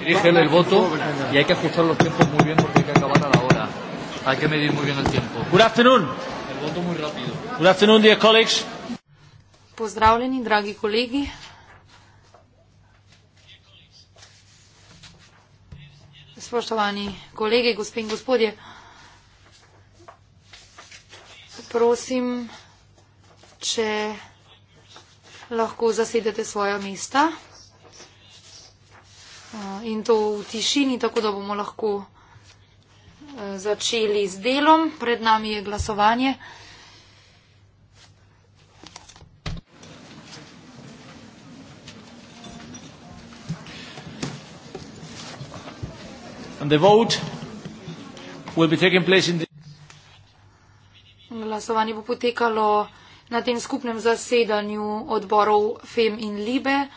rigen el voto y hay que ajustar los tiempos muy bien porque hay que acabar a la hora. Hay que medir muy bien el tiempo. Good afternoon. El voto muy rápido. Good afternoon, dear colleagues. Pozdravljeni, dragi kolegi. Spoštovani kolegi, gospe in gospodje, prosim, če lahko zasedete svoja mesta in to v tišini, tako da bomo lahko e, začeli z delom. Pred nami je glasovanje. Glasovanje bo potekalo na tem skupnem zasedanju odborov FEM in LIBE.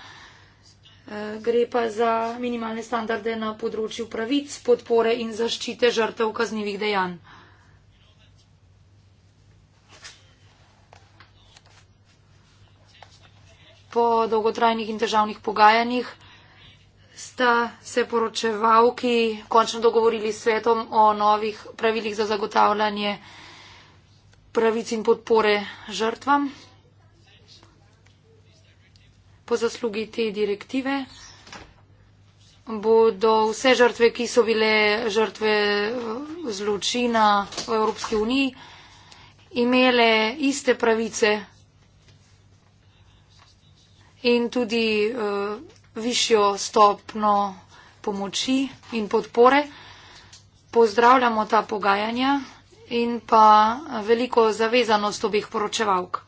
Eh, gre pa za minimalne standarde na področju pravic, podpore in zaščite žrtev kaznjivih dejanj. Po dolgotrajnih in težavnih pogajanjih sta se poročevalki končno dogovorili s svetom o novih pravilih za zagotavljanje pravic in podpore žrtvam po zaslugi te direktive bodo vse žrtve, ki so bile žrtve eh, zločina v Evropski uniji, imele iste pravice in tudi uh, višjo stopno pomoči in podpore. Pozdravljamo ta pogajanja in pa veliko zavezanost obih poročevalk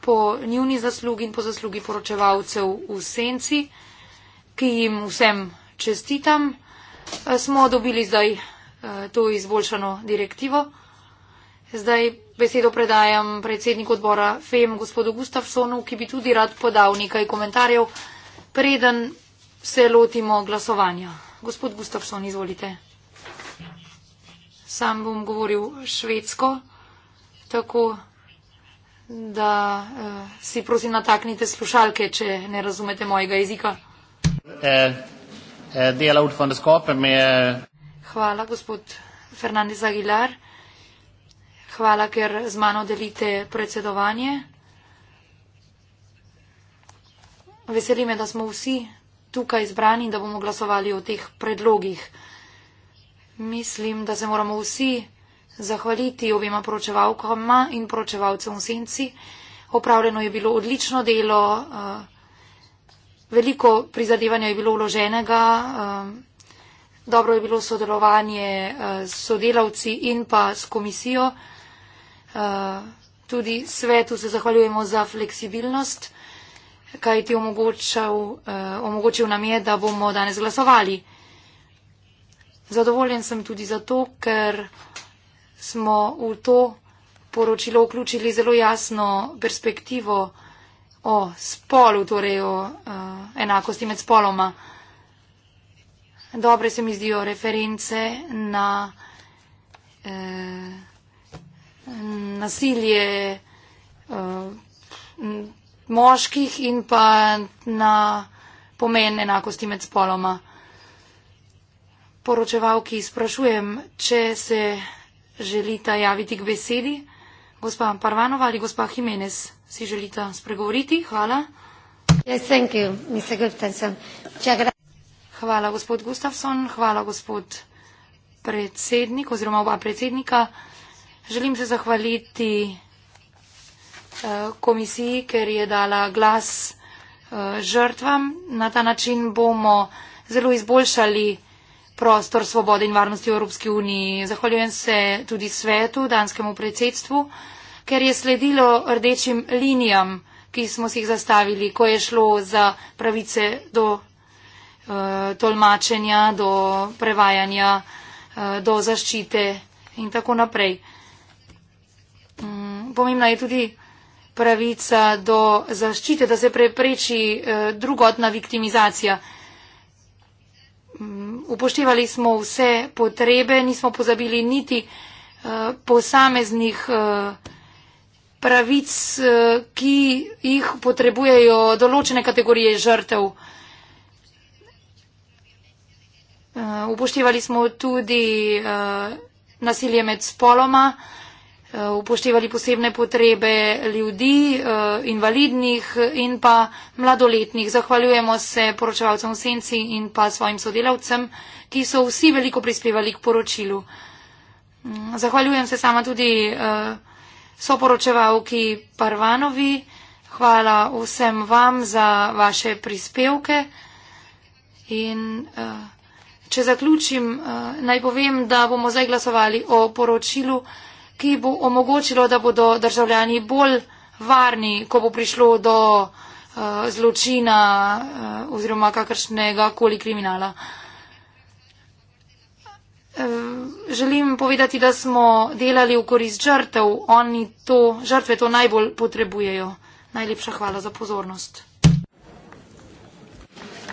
po njuni zaslugi in po zaslugi poročevalcev v senci, ki jim vsem čestitam, eh, smo dobili zdaj eh, to izboljšano direktivo. Zdaj besedo predajam predsedniku odbora FEM, gospodu Gustafsonu, ki bi tudi rad podal nekaj komentarjev, preden se lotimo glasovanja. Gospod Gustafson, izvolite. Sam bom govoril švedsko, tako da uh, si prosim nataknite slušalke, če ne razumete mojega jezika. Eh, eh, mi, eh. Hvala, gospod Fernandez Aguilar. Hvala, ker z mano delite predsedovanje. Veseli me, da smo vsi tukaj izbrani in da bomo glasovali o teh predlogih. Mislim, da se moramo vsi zahvaliti obima poročevalkama in poročevalcem v senci. Opravljeno je bilo odlično delo, eh, veliko prizadevanja je bilo vloženega, eh, dobro je bilo sodelovanje eh, s sodelavci in pa s komisijo. Tudi svetu se zahvaljujemo za fleksibilnost, kaj ti omogočil, omogočil nam je, da bomo danes glasovali. Zadovoljen sem tudi zato, ker smo v to poročilo vključili zelo jasno perspektivo o spolu, torej o uh, enakosti med spoloma. Dobre se mi zdijo reference na uh, nasilje uh, moških in pa na pomen enakosti med spoloma. Poročevalki sprašujem, če se želita javiti k besedi. Gospa Parvanova ali gospa Jimenez, si želita spregovoriti? Hvala. Yes, hvala, gospod Gustafson, hvala, gospod predsednik oziroma oba predsednika. Želim se zahvaliti eh, komisiji, ker je dala glas eh, žrtvam. Na ta način bomo zelo izboljšali prostor svobode in varnosti v Evropski uniji. Zahvaljujem se tudi svetu, danskemu predsedstvu, ker je sledilo rdečim linijam, ki smo si jih zastavili, ko je šlo za pravice do uh, tolmačenja, do prevajanja, uh, do zaščite in tako naprej. Um, pomembna je tudi pravica do zaščite, da se prepreči uh, drugotna viktimizacija upoštevali smo vse potrebe, nismo pozabili niti uh, posameznih uh, pravic, uh, ki jih potrebujejo določene kategorije žrtev. Uh, upoštevali smo tudi uh, nasilje med spoloma. Uh, Eh, upoštevali posebne potrebe ljudi, eh, invalidnih in pa mladoletnih. Zahvaljujemo se poročevalcem v Senci in pa svojim sodelavcem, ki so vsi veliko prispevali k poročilu. Mm, zahvaljujem se sama tudi eh, soporočevalki Parvanovi. Hvala vsem vam za vaše prispevke. In če zaključim, naj povem, da bomo zdaj glasovali o poročilu ki bo omogočilo, da bodo državljani bolj varni, ko bo prišlo do uh, zločina uh, oziroma kakršnega koli kriminala. Eh, želim povedati, da smo delali v korist žrtev. Oni to, žrtve to najbolj potrebujejo. Najlepša hvala za pozornost.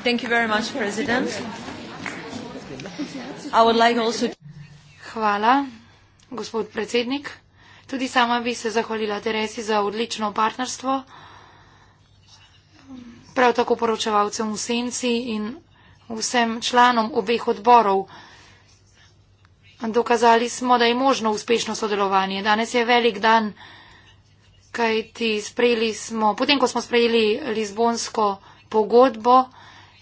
Much, like also... Hvala gospod predsednik. Tudi sama bi se zahvalila Teresi za odlično partnerstvo, prav tako poročevalcem v Senci in vsem članom obeh odborov. Dokazali smo, da je možno uspešno sodelovanje. Danes je velik dan, kajti sprejeli smo, potem ko smo sprejeli Lizbonsko pogodbo,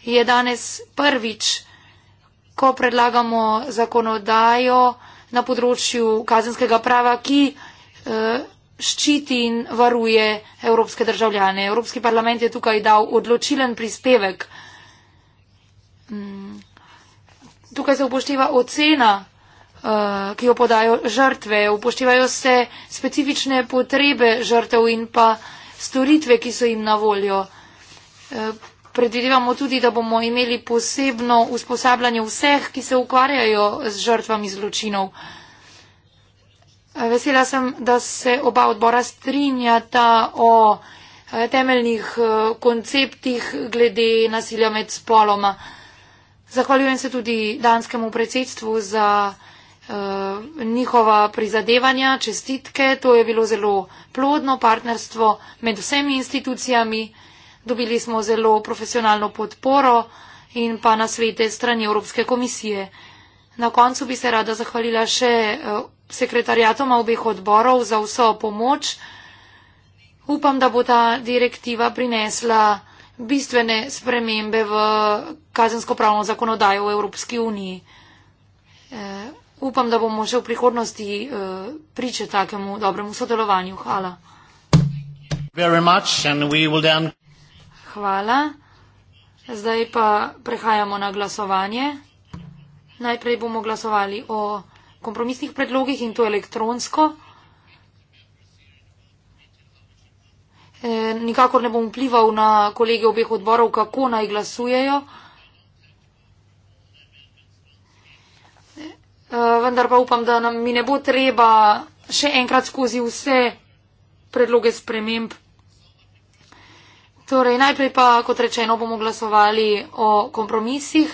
je danes prvič, ko predlagamo zakonodajo, na področju kazenskega prava, ki eh, ščiti in varuje evropske državljane. Evropski parlament je tukaj dal odločilen prispevek. Mm. Tukaj se upošteva ocena, eh, ki jo podajo žrtve, upoštevajo se specifične potrebe žrtev in pa storitve, ki so jim na voljo. Eh, predvidevamo tudi, da bomo imeli posebno usposabljanje vseh, ki se ukvarjajo z žrtvami zločinov. Vesela sem, da se oba odbora strinjata o eh, temeljnih eh, konceptih glede nasilja med spoloma. Zahvaljujem se tudi danskemu predsedstvu za eh, njihova prizadevanja, čestitke. To je bilo zelo plodno partnerstvo med vsemi institucijami dobili smo zelo profesionalno podporo in pa na svete strani Evropske komisije. Na koncu bi se rada zahvalila še eh, sekretarjatoma obeh odborov za vso pomoč. Upam, da bo ta direktiva prinesla bistvene spremembe v kazensko-pravno zakonodajo v Evropski uniji. Eh, upam, da bomo še v prihodnosti eh, priče takemu dobremu sodelovanju. Hvala. Very much and we will then hvala. Zdaj pa prehajamo na glasovanje. Najprej bomo glasovali o kompromisnih predlogih in to elektronsko. E, nikakor ne bom vplival na kolege obeh odborov, kako naj glasujejo. E, vendar pa upam, da nam mi ne bo treba še enkrat skozi vse predloge sprememb Torej, najprej pa, kot rečeno, bomo glasovali o kompromisih.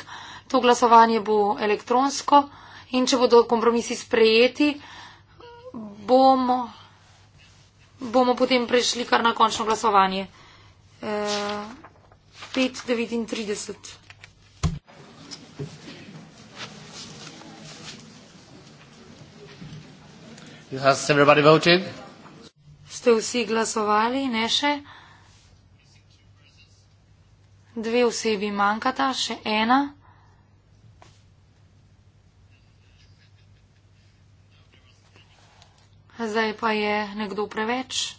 To glasovanje bo elektronsko in če bodo kompromisi sprejeti, bomo, bomo potem prešli kar na končno glasovanje. E, 5.39. Has everybody voted? Ste vsi glasovali, ne še? dve osebi manjkata, še ena. Zdaj pa je nekdo preveč.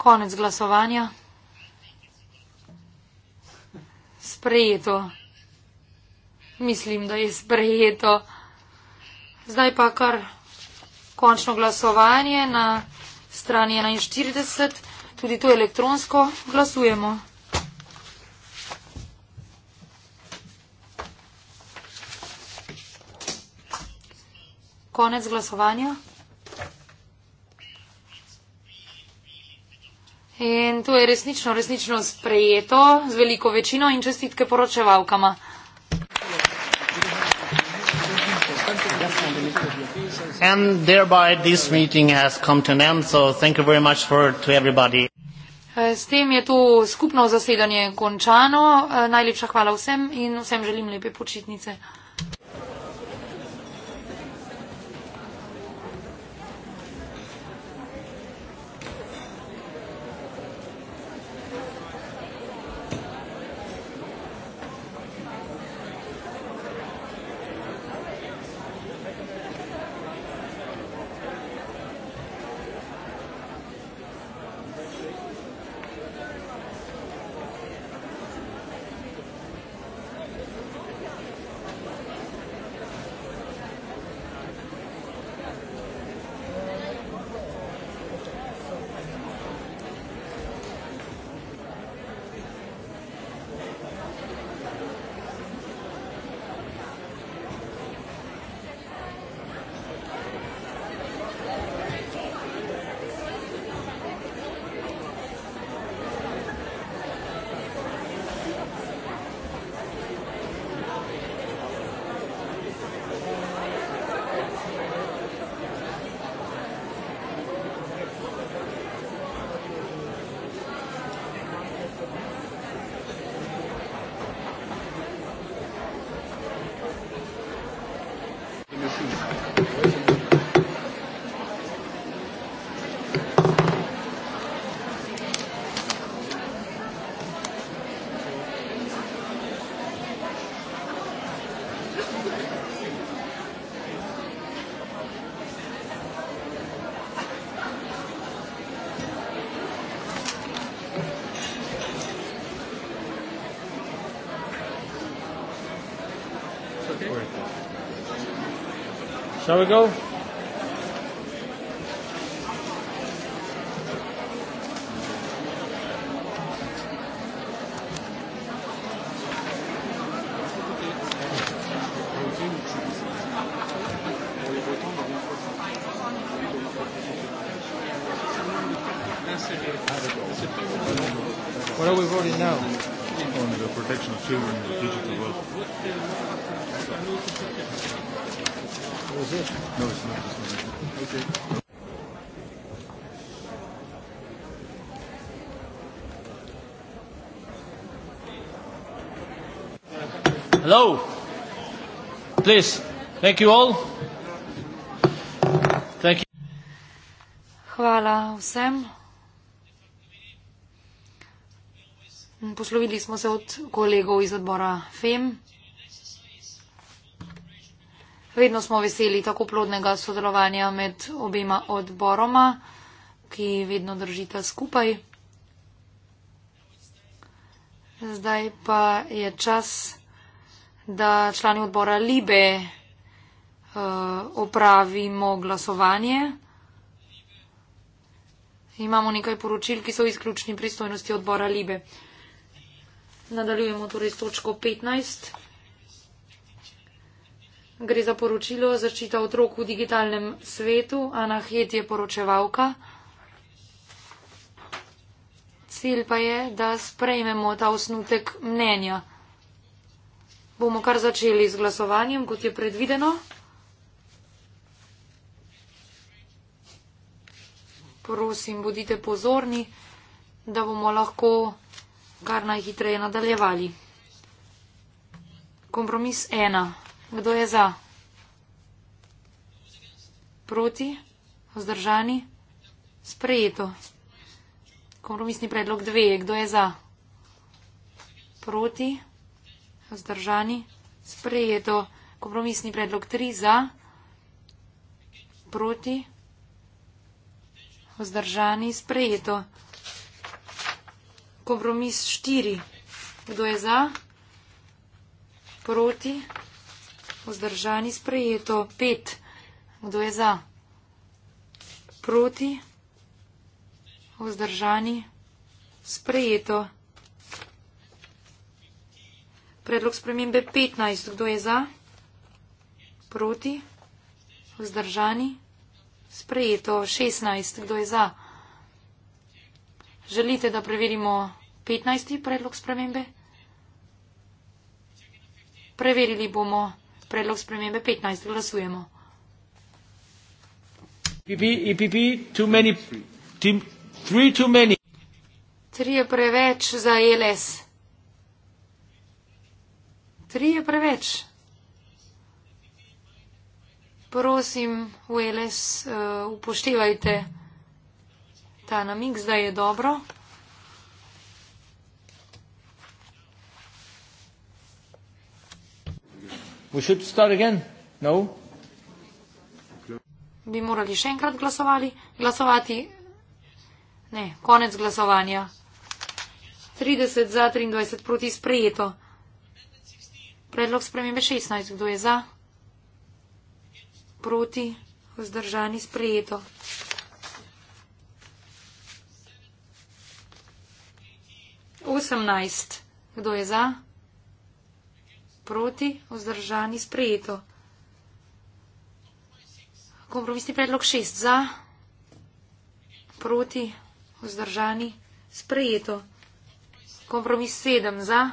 Konec glasovanja. Sprejeto. Mislim, da je sprejeto. Zdaj pa kar končno glasovanje na strani 41 tudi tu elektronsko glasujemo. Konec glasovanja. In to je resnično, resnično sprejeto z veliko večino in čestitke poročevalkama. And thereby this meeting has come to an end, so thank you very much for to everybody. Eh, s tem je to skupno zasedanje končano. Eh, najlepša hvala vsem in vsem želim lepe počitnice. shall we go? Hello. Please. Thank you all. Thank you. Hvala vsem. Poslovili smo se od kolegov iz odbora FEM. Vedno smo veseli tako plodnega sodelovanja med obema odboroma, ki vedno držita skupaj. Zdaj pa je čas, da člani odbora Libe uh, opravimo glasovanje. Imamo nekaj poročil, ki so izključni pristojnosti odbora Libe. Nadaljujemo torej s točko 15. Gre za poročilo zaščita otrok v digitalnem svetu. Ana Het je poročevalka. Cilj pa je, da sprejmemo ta osnutek mnenja. Bomo kar začeli z glasovanjem, kot je predvideno. Prosim, bodite pozorni, da bomo lahko kar najhitreje nadaljevali. Kompromis ena. Kdo je za? Proti? Vzdržani? Sprejeto. Kompromisni predlog dve. Kdo je za? Proti? Vzdržani? Sprejeto. Kompromisni predlog tri. Za? Proti? Vzdržani? Sprejeto. Kompromis štiri. Kdo je za? Proti? Vzdržani sprejeto. Pet. Kdo je za? Proti. Vzdržani sprejeto. Predlog spremembe 15. Kdo je za? Proti. Vzdržani sprejeto. 16. Kdo je za? Želite, da preverimo 15. predlog spremembe? Preverili bomo predlog spremembe 15. Glasujemo. EPP, EPP, too many, team, three too many. Tri je preveč za e LS. Tri je preveč. Prosim, v LS uh, eh, upoštevajte ta namik, zdaj je dobro. We should start again? No? Bi morali še enkrat glasovali? Glasovati? Ne, konec glasovanja. 30 za, 23 proti sprejeto. Predlog spremembe 16. Kdo je za? Proti, vzdržani, sprejeto. Osemnajst. Kdo je za? proti vzdržani sprejeto. Kompromisni predlog 6 za, proti vzdržani sprejeto. Kompromis 7 za,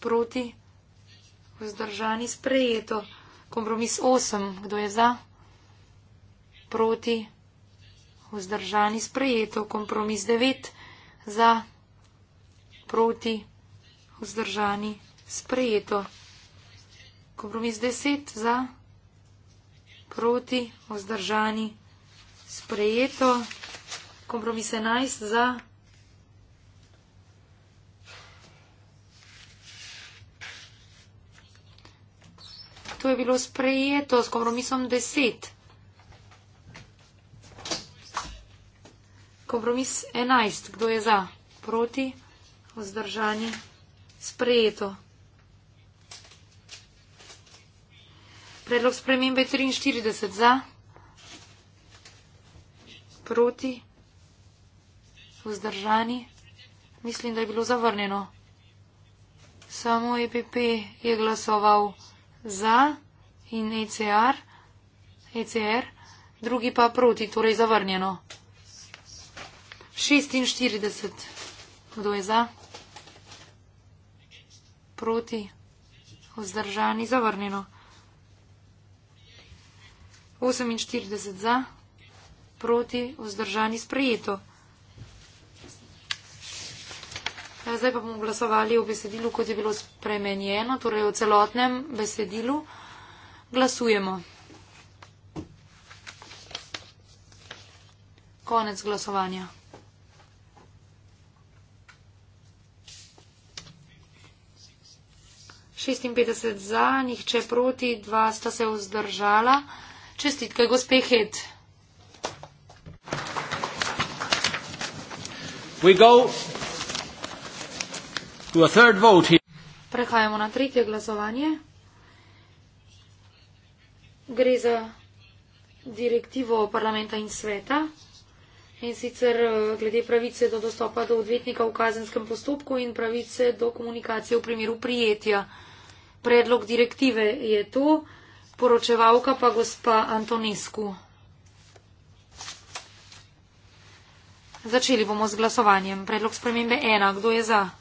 proti vzdržani sprejeto. Kompromis 8, kdo je za, proti vzdržani sprejeto. Kompromis 9 za, proti vzdržani sprejeto sprejeto. Kompromis 10 za, proti, vzdržani, sprejeto. Kompromis 11 za, To je bilo sprejeto s kompromisom 10. Kompromis 11. Kdo je za? Proti? Vzdržani? Sprejeto. Predlog spremembe 43 za, proti, vzdržani. Mislim, da je bilo zavrnjeno. Samo EPP je glasoval za in ECR, ECR, drugi pa proti, torej zavrnjeno. 46. Kdo je za? Proti. Vzdržani, zavrnjeno. 48 za, proti, vzdržani, sprejeto. Ja, zdaj pa bomo glasovali o besedilu, kot je bilo spremenjeno, torej o celotnem besedilu. Glasujemo. Konec glasovanja. Šestinpetdeset za, nihče proti, dva sta se vzdržala. Čestitke, gospe Het. Prehajamo na tretje glasovanje. Gre za direktivo parlamenta in sveta in sicer eh, glede pravice do dostopa do odvetnika v kazenskem postopku in pravice do komunikacije v primeru prijetja. Predlog direktive je to poročevalka pa gospa Antonescu. Začeli bomo z glasovanjem. Predlog spremembe ena. Kdo je za?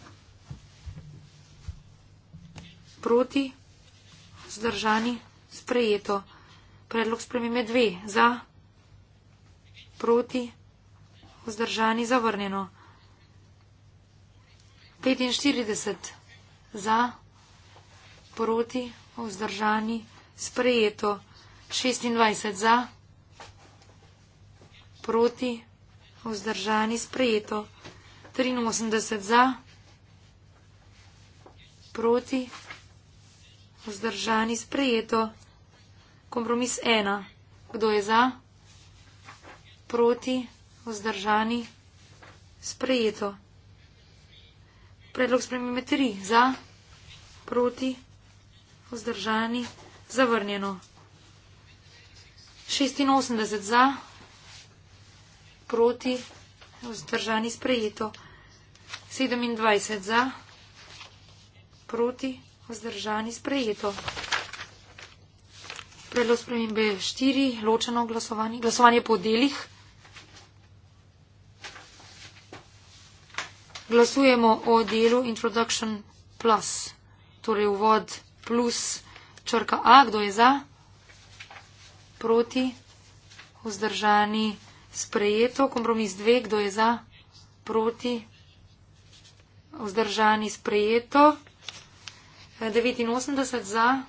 Proti? Zdržani? Sprejeto. Predlog spremembe dve. Za? Proti? Zdržani? Zavrnjeno. 45. Za? Proti? Vzdržani? sprejeto. 26 za, proti, vzdržani, sprejeto. 83 za, proti, vzdržani, sprejeto. Kompromis 1. Kdo je za, proti, vzdržani, sprejeto. Predlog spremembe 3. Za, proti, vzdržani, sprejeto. Zavrnjeno. 86 za, proti, vzdržani sprejeto. 27 za, proti, vzdržani sprejeto. Predlog spremembe 4, ločeno glasovanje, glasovanje po delih. Glasujemo o delu Introduction Plus, torej uvod plus črka A, kdo je za, proti, vzdržani, sprejeto, kompromis 2, kdo je za, proti, vzdržani, sprejeto, 89 za,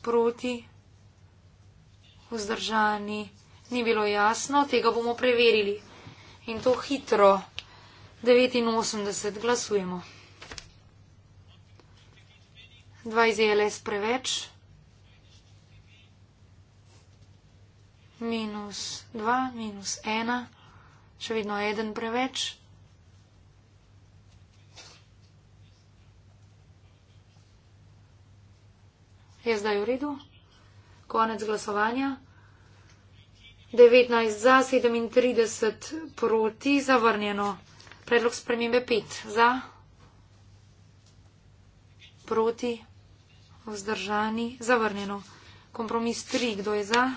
proti, vzdržani, ni bilo jasno, tega bomo preverili in to hitro. 89 glasujemo. 2 iz ELS preveč, minus 2, minus 1, še vedno 1 preveč. Je zdaj v redu? Konec glasovanja. 19 za, 37 proti, zavrnjeno. Predlog spremembe 5 za, proti, vzdržani, zavrnjeno. Kompromis 3, kdo je za,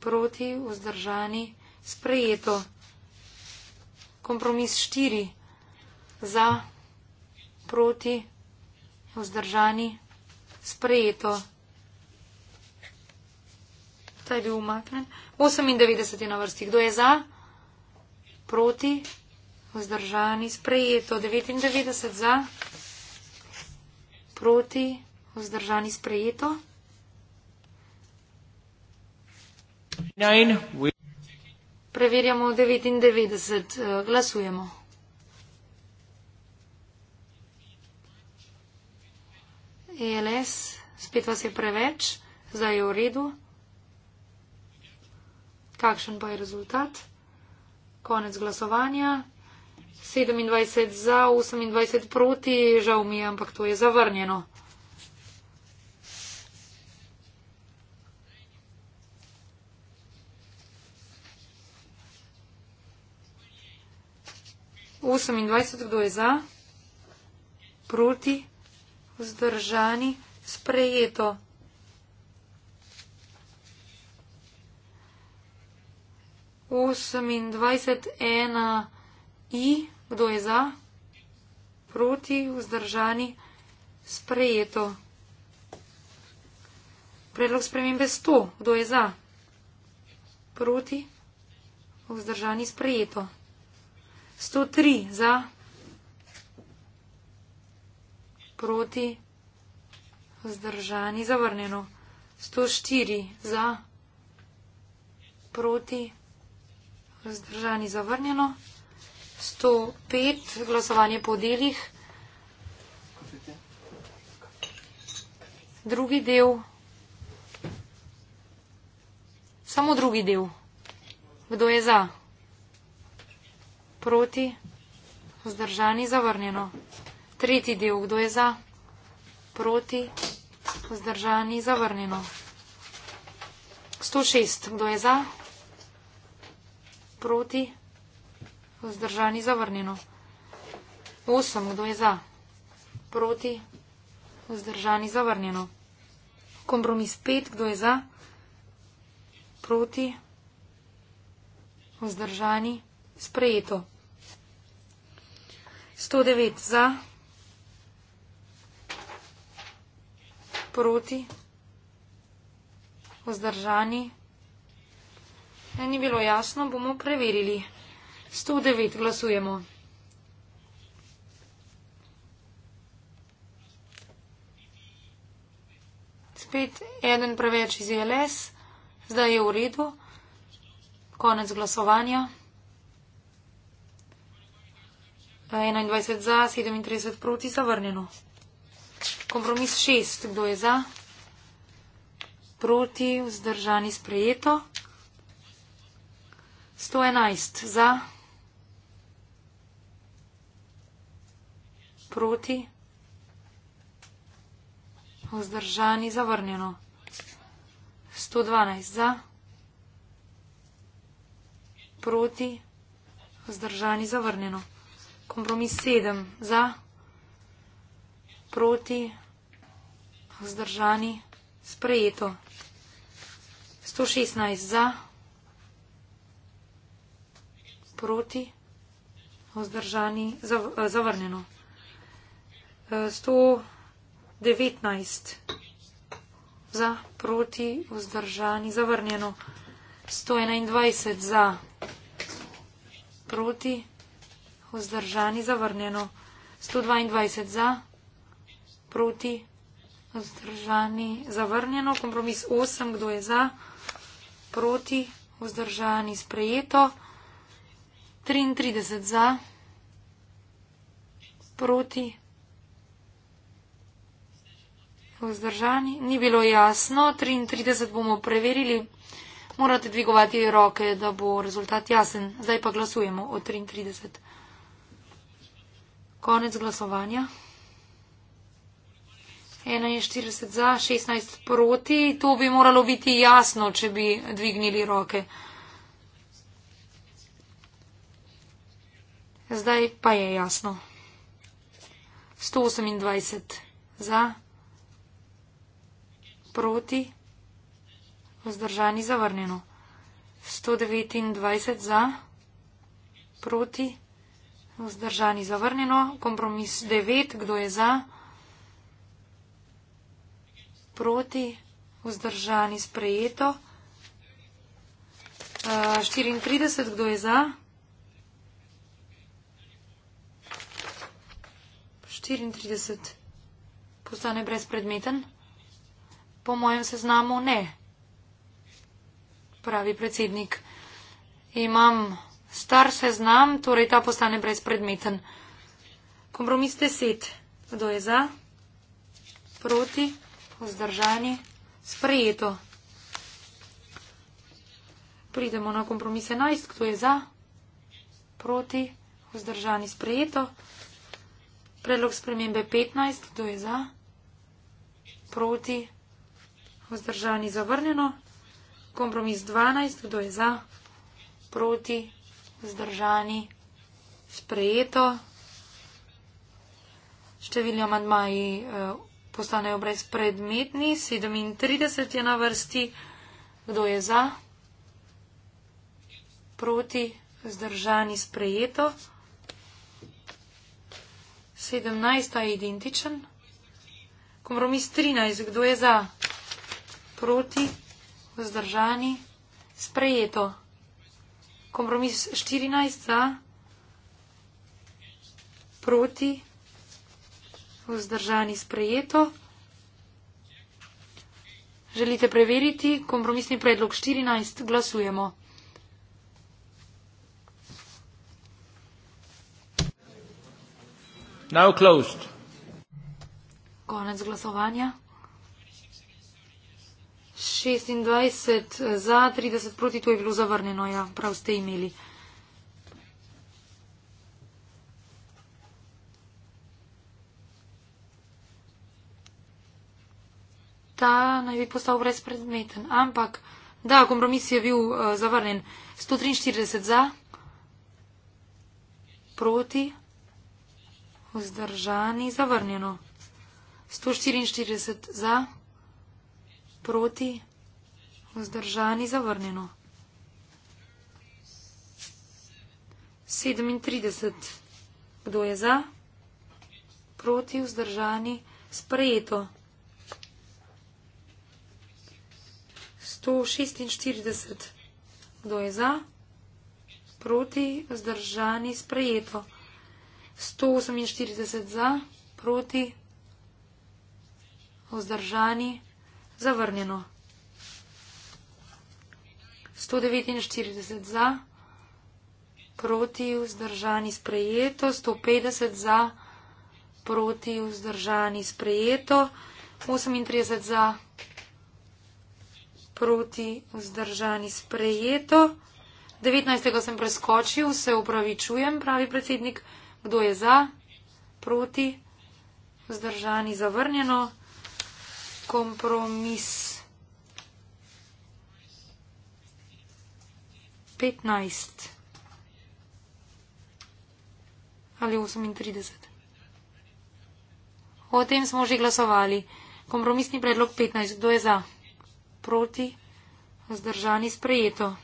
proti, vzdržani, sprejeto. Kompromis 4, za, proti, vzdržani, sprejeto. Ta je bil umaknen. 98 je na vrsti, kdo je za, proti, vzdržani, sprejeto. 99 za proti, vzdržani sprejeto. Preverjamo 99, eh, glasujemo. ELS, spet vas je preveč, zdaj je v redu. Kakšen pa je rezultat? Konec glasovanja. 27 za, 28 proti, žal mi je, ampak to je zavrnjeno. Osemindvajset, kdo je za? Proti? Vzdržani? Sprejeto. Osemindvajset, ena. I, kdo je za, proti, vzdržani, sprejeto. Predlog spremembe 100, kdo je za, proti, vzdržani, sprejeto. 103 za, proti, vzdržani, zavrnjeno. 104 za, proti, vzdržani, zavrnjeno. 105, glasovanje po delih. Drugi del. Samo drugi del. Kdo je za? Proti? Vzdržani? Zavrnjeno. Tretji del. Kdo je za? Proti? Vzdržani? Zavrnjeno. 106. Kdo je za? Proti? Vzdržani zavrnjeno. 8. Kdo je za? Proti. Vzdržani zavrnjeno. Kompromis 5. Kdo je za? Proti. Vzdržani. Sprejeto. 109 za. Proti. Vzdržani. Ne ni bilo jasno, bomo preverili. 109 glasujemo. Spet eden preveč iz LS, zdaj je v redu. Konec glasovanja. 21 za, 37 proti, zavrnjeno. Kompromis 6, kdo je za? Proti, vzdržani, sprejeto. 111 za. proti, vzdržani, zavrnjeno. 112 za, proti, vzdržani, zavrnjeno. Kompromis 7 za, proti, vzdržani, sprejeto. 116 za, proti, vzdržani, zavrnjeno. 119 za, proti, vzdržani, zavrnjeno. 121 za, proti, vzdržani, zavrnjeno. 122 za, proti, vzdržani, zavrnjeno. Kompromis 8, kdo je za, proti, vzdržani, sprejeto. 33 za, proti, vzdržani. Vzdržani. Ni bilo jasno. 33 bomo preverili. Morate dvigovati roke, da bo rezultat jasen. Zdaj pa glasujemo o 33. Konec glasovanja. 41 za, 16 proti. To bi moralo biti jasno, če bi dvignili roke. Zdaj pa je jasno. 128 za proti, vzdržani zavrnjeno. 129 za, proti, vzdržani zavrnjeno. Kompromis 9, kdo je za, proti, vzdržani sprejeto. 34, eh, kdo je za? 34 postane brezpredmeten. Po mojem seznamu ne, pravi predsednik. Imam star seznam, torej ta postane brezpredmeten. Kompromis deset. Kdo je za? Proti? Vzdržani? Sprejeto. Pridemo na kompromis enajst. Kdo je za? Proti? Vzdržani? Sprejeto. Predlog spremembe petnajst. Kdo je za? Proti? vzdržani zavrnjeno. Kompromis 12, kdo je za, proti, vzdržani, sprejeto. Številni amadmaji eh, postanejo brezpredmetni, 37 je na vrsti, kdo je za, proti, vzdržani, sprejeto. 17 je identičen. Kompromis 13, kdo je za? proti, vzdržani, sprejeto. Kompromis 14 za, proti, vzdržani, sprejeto. Želite preveriti kompromisni predlog 14? Glasujemo. Now closed. Konec glasovanja. 26 eh, za, 30 proti, to je bilo zavrnjeno, ja, prav ste imeli. Ta naj bi postal brezpredmeten, ampak da, kompromis je bil uh, zavrnjen. 143 za, proti, vzdržani, zavrnjeno. 144 za proti, vzdržani, zavrnjeno. 37. Kdo je za? Proti, vzdržani, sprejeto. 146. Kdo je za? Proti, vzdržani, sprejeto. 148 za, proti, vzdržani, sprejeto. Zavrnjeno. 149 za, proti vzdržani sprejeto, 150 za, proti vzdržani sprejeto, 38 za, proti vzdržani sprejeto. 19. sem preskočil, se upravičujem, pravi predsednik. Kdo je za? Proti. Vzdržani zavrnjeno kompromis. 15 ali 38. O tem smo že glasovali. Kompromisni predlog 15. Kdo je za? Proti? Zdržani sprejeto.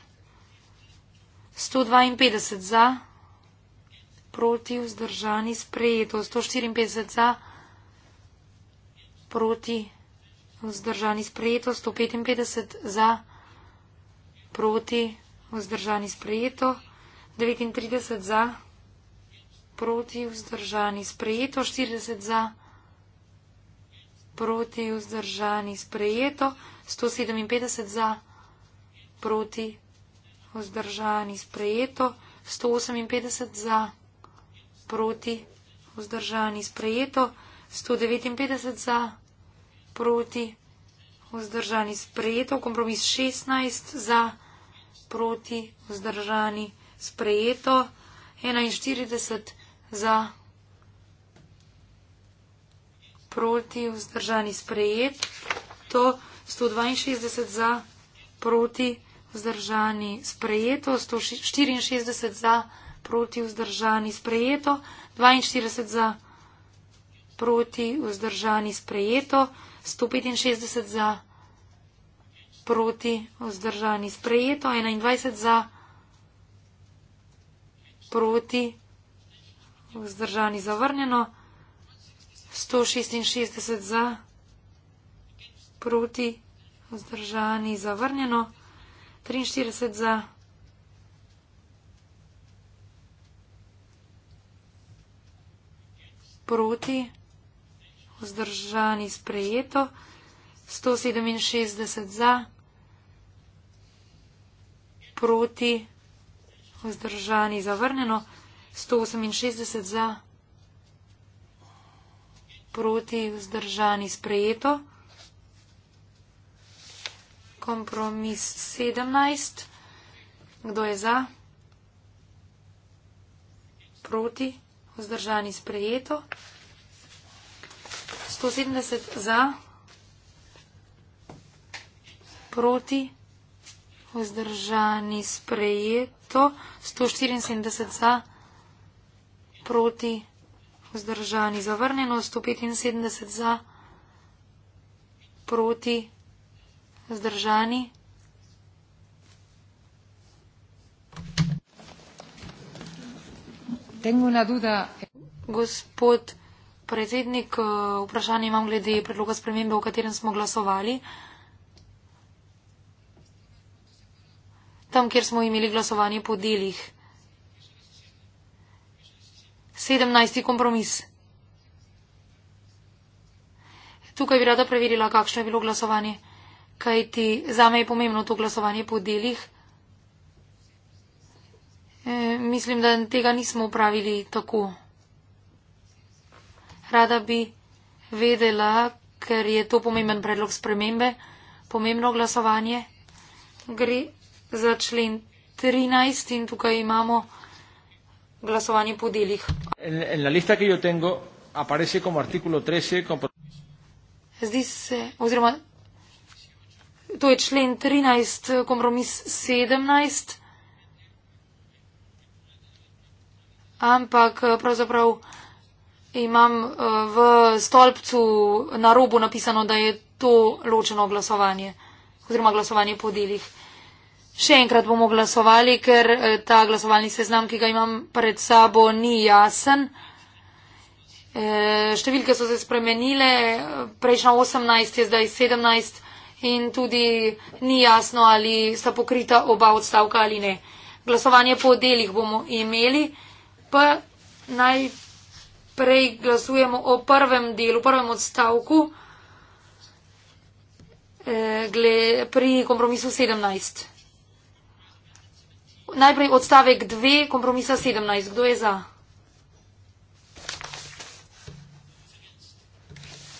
152 za. Proti? Zdržani sprejeto. 154 za. Proti? vzdržani sprejeto, 155 za, proti, vzdržani sprejeto, 39 za, proti, vzdržani sprejeto, 40 za, proti, vzdržani sprejeto, 157 za, proti, vzdržani sprejeto, 158 za, proti, vzdržani sprejeto, 159 za, proti, proti, vzdržani sprejeto, kompromis 16 za, proti, vzdržani sprejeto, 41 za, proti, vzdržani sprejet, to 162 za, proti, vzdržani sprejeto, 164 za, proti, vzdržani sprejeto, 42 za, proti, vzdržani sprejeto, 165 za, proti, vzdržani, sprejeto, 21 za, proti, vzdržani, zavrnjeno, 166 za, proti, vzdržani, zavrnjeno, 43 za, proti, vzdržani, zavrnjeno, vzdržani sprejeto, 167 za, proti, vzdržani zavrnjeno, 168 za, proti, vzdržani sprejeto, kompromis 17, kdo je za, proti, vzdržani sprejeto. 170 za, proti, vzdržani, sprejeto, 174 za, proti, vzdržani, zavrnjeno, 175 za, proti, vzdržani. Gospod predsednik, eh, vprašanje imam glede predloga spremembe, o katerem smo glasovali. Tam, kjer smo imeli glasovanje po delih. 17. kompromis. Tukaj bi rada preverila, kakšno je bilo glasovanje, kajti zame je pomembno to glasovanje po delih. E, mislim, da tega nismo upravili tako. Rada bi vedela, ker je to pomemben predlog spremembe, pomembno glasovanje. Gre za člen 13 in tukaj imamo glasovanje po delih. Zdi se, oziroma to je člen 13, kompromis 17, ampak pravzaprav imam eh, v stolpcu na robu napisano, da je to ločeno glasovanje oziroma glasovanje po delih. Še enkrat bomo glasovali, ker eh, ta glasovalni seznam, ki ga imam pred sabo, ni jasen. E, številke so se spremenile, prejšnja 18 je zdaj 17 in tudi ni jasno, ali sta pokrita oba odstavka ali ne. Glasovanje po delih bomo imeli, pa naj prej glasujemo o prvem delu, prvem odstavku eh, gle, pri kompromisu 17. Najprej odstavek 2 kompromisa 17. Kdo je za?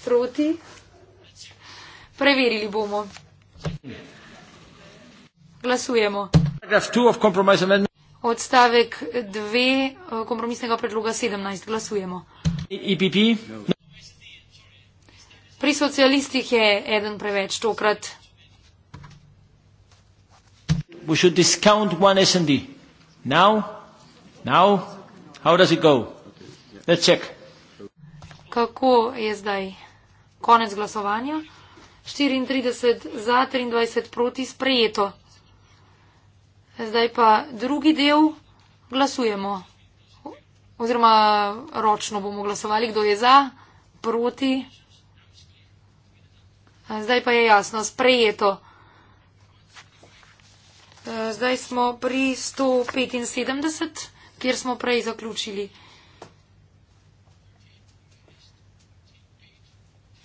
Proti? Preverili bomo. Glasujemo. Paragraf 2 of compromise amendment. Odstavek 2 eh, kompromisnega predloga 17. Glasujemo. IPP. E Pri socialistih je eden preveč tokrat. Now? Now? Kako je zdaj? Konec glasovanja. 34 za, 23 proti, sprejeto. Zdaj pa drugi del glasujemo. Oziroma ročno bomo glasovali, kdo je za, proti. Zdaj pa je jasno, sprejeto. E, zdaj smo pri 175, kjer smo prej zaključili.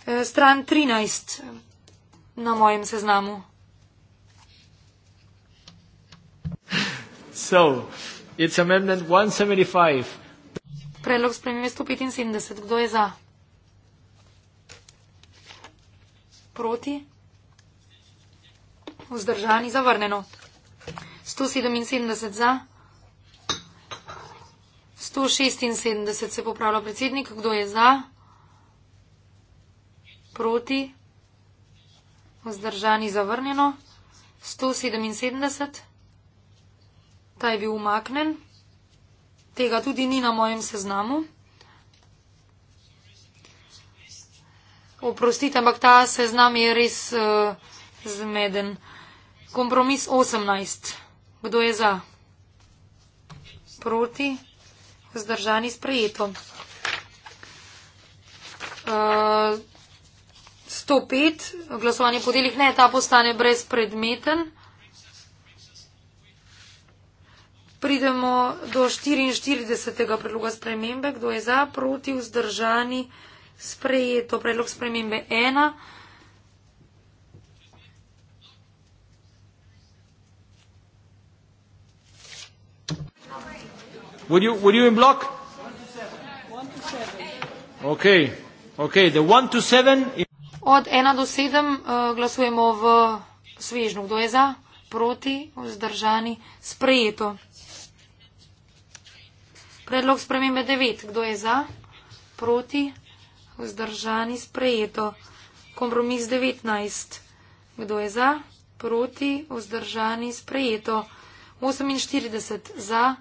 E, stran 13 na mojem seznamu. So, it's amendment 175. Predlog spremembe 175. Kdo je za? Proti? Vzdržani? Zavrneno. 177 za. 176 se popravlja predsednik. Kdo je za? Proti? Vzdržani? Zavrneno. 177 ta je bil umaknen, tega tudi ni na mojem seznamu. Oprostite, ampak ta seznam je res uh, zmeden. Kompromis 18. Kdo je za? Proti? Zdržani sprejeto. Uh, eh, 105. Glasovanje po delih ne, ta postane brezpredmeten. Pridemo do 44. predloga spremembe. Kdo je za, proti, vzdržani, sprejeto predlog spremembe 1. Would you, would you in block? One to seven. One to seven. Okay. Okay, the one to seven. Od 1 do 7 uh, eh, glasujemo v svežnju. Kdo je za? Proti, vzdržani, sprejeto. Predlog spremembe 9. Kdo je za? Proti? Vzdržani sprejeto. Kompromis 19. Kdo je za? Proti? Vzdržani sprejeto. 48. Za?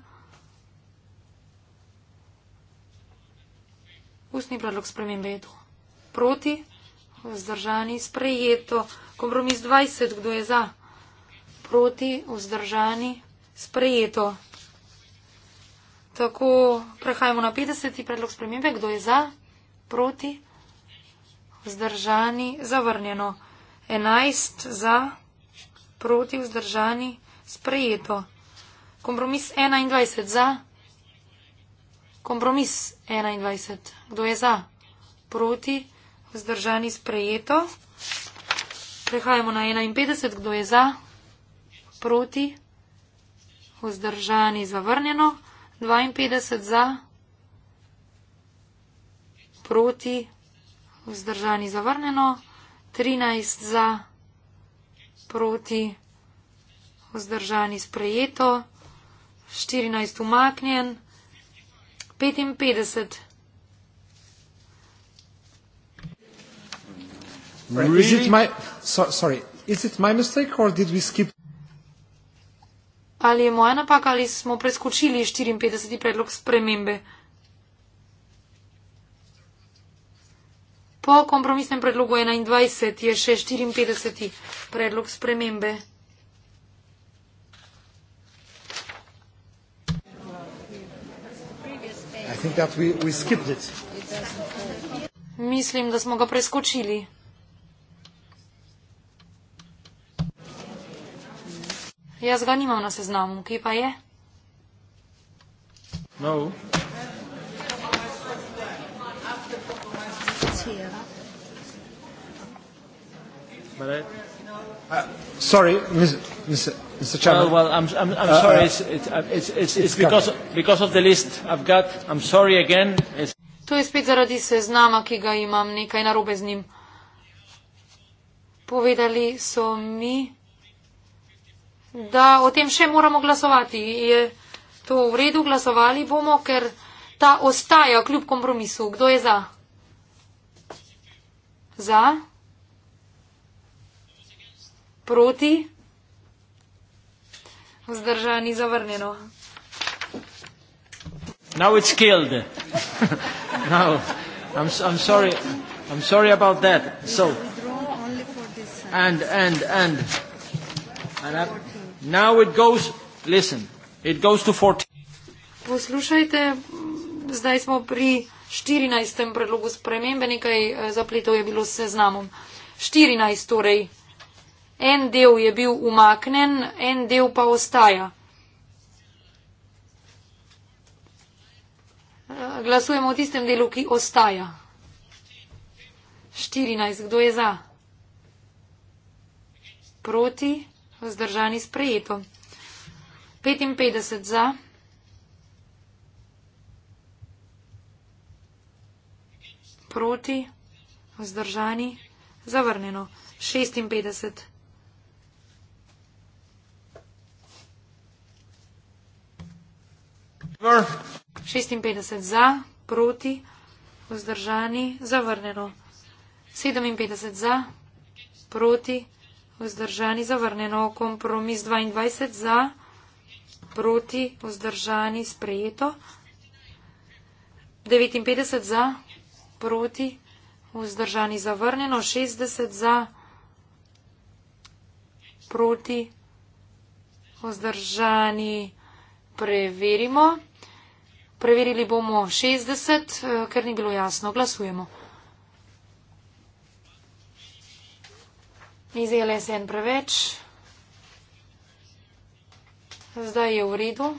Ustni predlog spremembe je to. Proti? Vzdržani sprejeto. Kompromis 20. Kdo je za? Proti? Vzdržani sprejeto. Tako, prehajamo na 50. predlog spremembe. Kdo je za? Proti? Vzdržani? Zavrnjeno. 11 za? Proti? Vzdržani? Sprejeto. Kompromis 21 za? Kompromis 21. Kdo je za? Proti? Vzdržani? Sprejeto. Prehajamo na 51. Kdo je za? Proti? Vzdržani? Zavrnjeno. 52 za, proti, vzdržani zavrnjeno, 13 za, proti, vzdržani sprejeto, 14 umaknjen, 55. Is it my, so, sorry, is it my mistake or did we skip? Ali je moja napaka ali smo preskočili 54. predlog spremembe? Po kompromisnem predlogu 21 je še 54. predlog spremembe. We, we Mislim, da smo ga preskočili. Jaz ga nimam na seznamu. Kje pa je? No. Uh, sorry, Mr. Mr. Chairman. Well, well I'm, I'm, I'm uh, sorry. Uh, uh, it's, it's, it's, it's, it's because, because of the list I've got. I'm sorry again. It's to je spet zaradi seznama, ki ga imam nekaj narobe z njim. Povedali so mi da o tem še moramo glasovati. Je to v redu, glasovali bomo, ker ta ostaja kljub kompromisu. Kdo je za? Za? Proti? Vzdržani, zavrnjeno. Now it's killed. Now, I'm, I'm sorry. I'm sorry about that. So, and, and, and, and I'm, Now it goes, listen, it goes to 14. Zdaj smo pri 14. predlogu spremembe, nekaj eh, zapletov je bilo s seznamom. 14 torej. En del je bil umaknen, en del pa ostaja. Eh, glasujemo o tistem delu, ki ostaja. 14. Kdo je za? Proti? vzdržani sprejeto. 55 za. 1 proti, vzdržani, zavrnjeno. 56. Vr. 56 za, proti, vzdržani, zavrnjeno. 57 za, proti, vzdržani vzdržani, zavrnjeno kompromis 22 za, proti, vzdržani, sprejeto. 59 za, proti, vzdržani, zavrnjeno, 60 za, proti, vzdržani, preverimo. Preverili bomo 60, eh, ker ni bilo jasno, glasujemo. Ni zdajle se en preveč. Zdaj je v redu.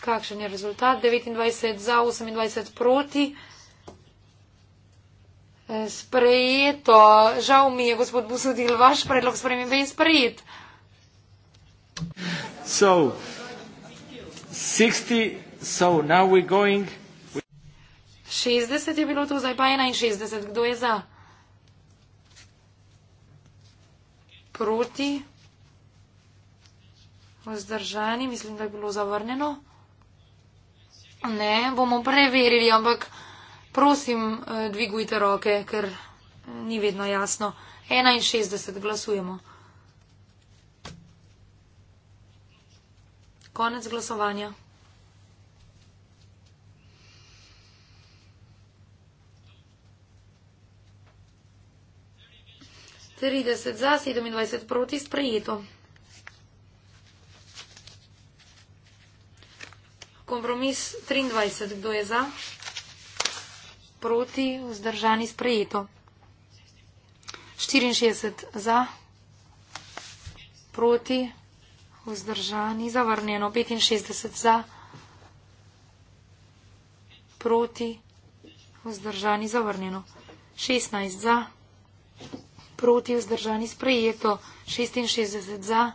Kakšen je rezultat? 29 za, 28 proti. Sprejeto. Žal mi je, gospod Busudil, vaš predlog spremembe je sprejet. So, 60, so now we're going. 60 je bilo to, zdaj pa 61. Kdo je za? proti, vzdržani, mislim, da je bilo zavrnjeno. Ne, bomo preverili, ampak prosim, eh, dvigujte roke, ker ni vedno jasno. 61 glasujemo. Konec glasovanja. 30 za, 27 proti, sprejeto. Kompromis 23, kdo je za? Proti, vzdržani, sprejeto. 64 za, proti, vzdržani, zavrnjeno. 65 za, proti, vzdržani, zavrnjeno. 16 za, proti proti vzdržani sprejeto, 66 za,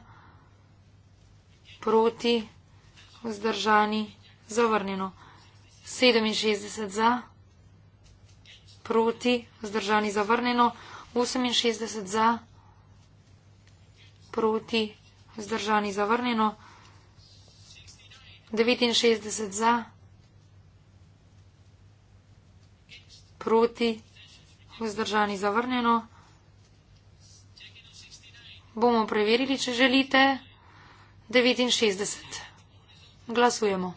proti vzdržani zavrnjeno, 67 za, proti vzdržani zavrnjeno, 68 za, proti vzdržani zavrnjeno, 69 za, proti vzdržani zavrnjeno, Bomo preverili, če želite. 69. Glasujemo.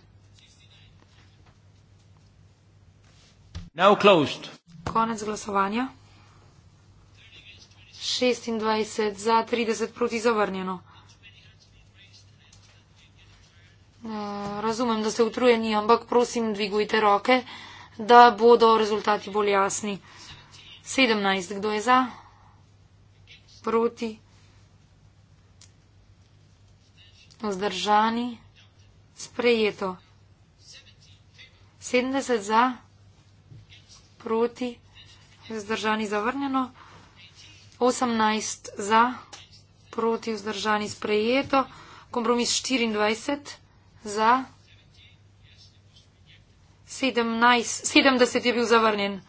Konec glasovanja. 26 za 30 proti zavrnjeno. E, razumem, da ste utrujeni, ampak prosim, dvigujte roke, da bodo rezultati bolj jasni. 17. Kdo je za? Proti. smo zdržani, sprejeto. 70 za, proti, zdržani, zavrnjeno. 18 za, proti, zdržani, sprejeto. Kompromis 24 za, 17, 70 je bil zavrnjen.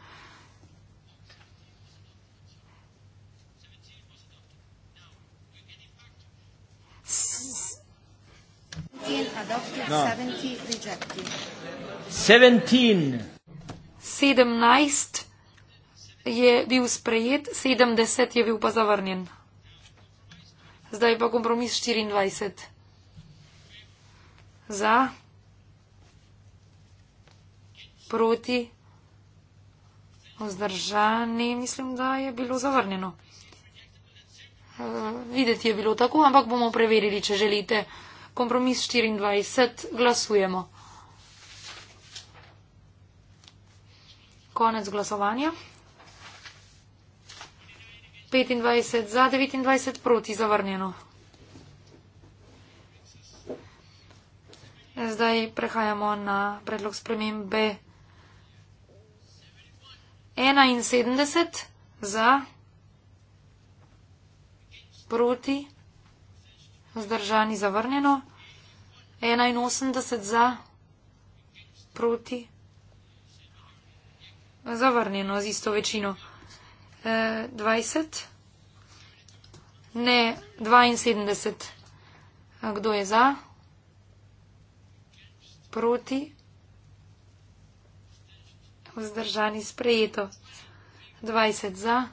no. 17 je bil sprejet, 70 je bil pa zavrnjen. Zdaj pa kompromis 24. Za, proti, vzdržani, mislim, da je bilo zavrnjeno. E, videti je bilo tako, ampak bomo preverili, če želite kompromis 24 glasujemo. Konec glasovanja. 25 za, 29 proti, zavrnjeno. Zdaj prehajamo na predlog spremembe 71 za, proti, vzdržani, zavrnjeno. 81 za, proti, zavrnjeno z isto večino. E, 20, ne 72. Kdo je za, proti, vzdržani, sprejeto. 20 za,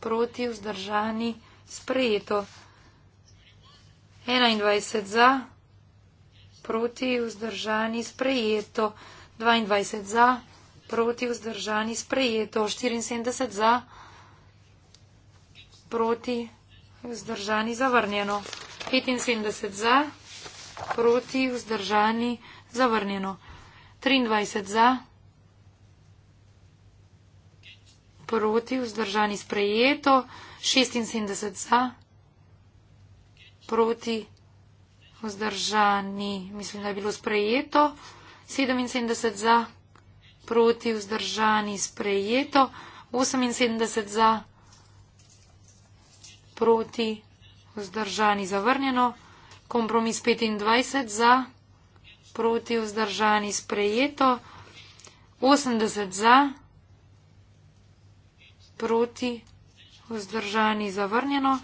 proti, vzdržani, sprejeto. 21 za, proti, vzdržani, sprejeto, 22 za, proti, vzdržani, sprejeto, 74 za, proti, vzdržani, zavrnjeno, 75 za, proti, vzdržani, zavrnjeno, 23 za, proti, vzdržani, sprejeto, 76 za, proti, vzdržani, sprejeto, 76 za, proti, vzdržani, mislim, da je bilo sprejeto. 77 za, proti vzdržani, sprejeto. 78 za, proti vzdržani, zavrnjeno. Kompromis 25 za, proti vzdržani, sprejeto. 80 za, proti vzdržani, zavrnjeno.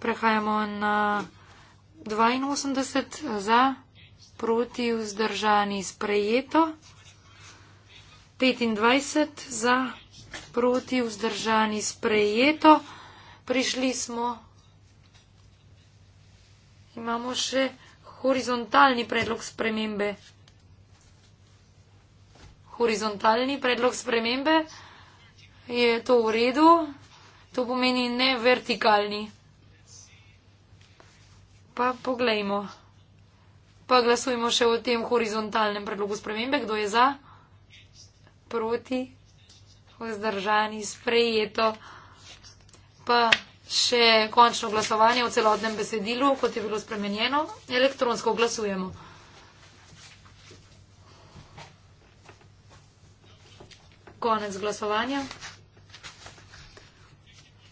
Prehajamo na. 82 za, proti vzdržani sprejeto, 25 za, proti vzdržani sprejeto. Prišli smo, imamo še horizontalni predlog spremembe. Horizontalni predlog spremembe je to v redu, to pomeni ne vertikalni. Pa poglejmo. Pa glasujmo še o tem horizontalnem predlogu spremembe. Kdo je za? Proti? Vzdržani? Sprejeto? Pa še končno glasovanje o celotnem besedilu, kot je bilo spremenjeno. Elektronsko glasujemo. Konec glasovanja.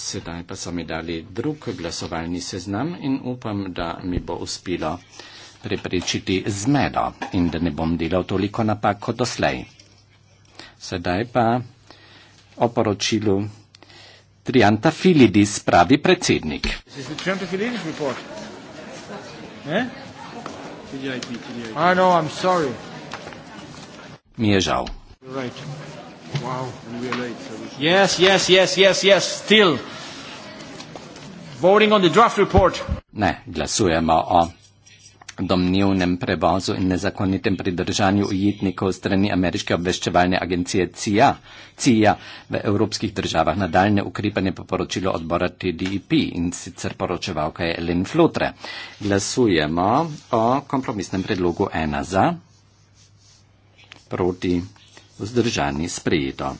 Sedaj pa so mi dali drug glasovalni seznam in upam, da mi bo uspelo preprečiti zmedo in da ne bom delal toliko napak kot doslej. Sedaj pa o poročilu Trianta Filidis pravi predsednik. Mi je žal. Right. Wow, and we are late. So we yes, yes, yes, yes, yes, still. Voting on the draft report. Ne, glasujemo o domnevnem prevozu in nezakonitem pridržanju ujetnikov strani ameriške obveščevalne agencije CIA, CIA v evropskih državah. Nadaljne ukrepanje po poročilu odbora TDP in sicer poročevalka je Ellen Flutre. Glasujemo o kompromisnem predlogu 1 za, proti vzdržani sprejeto.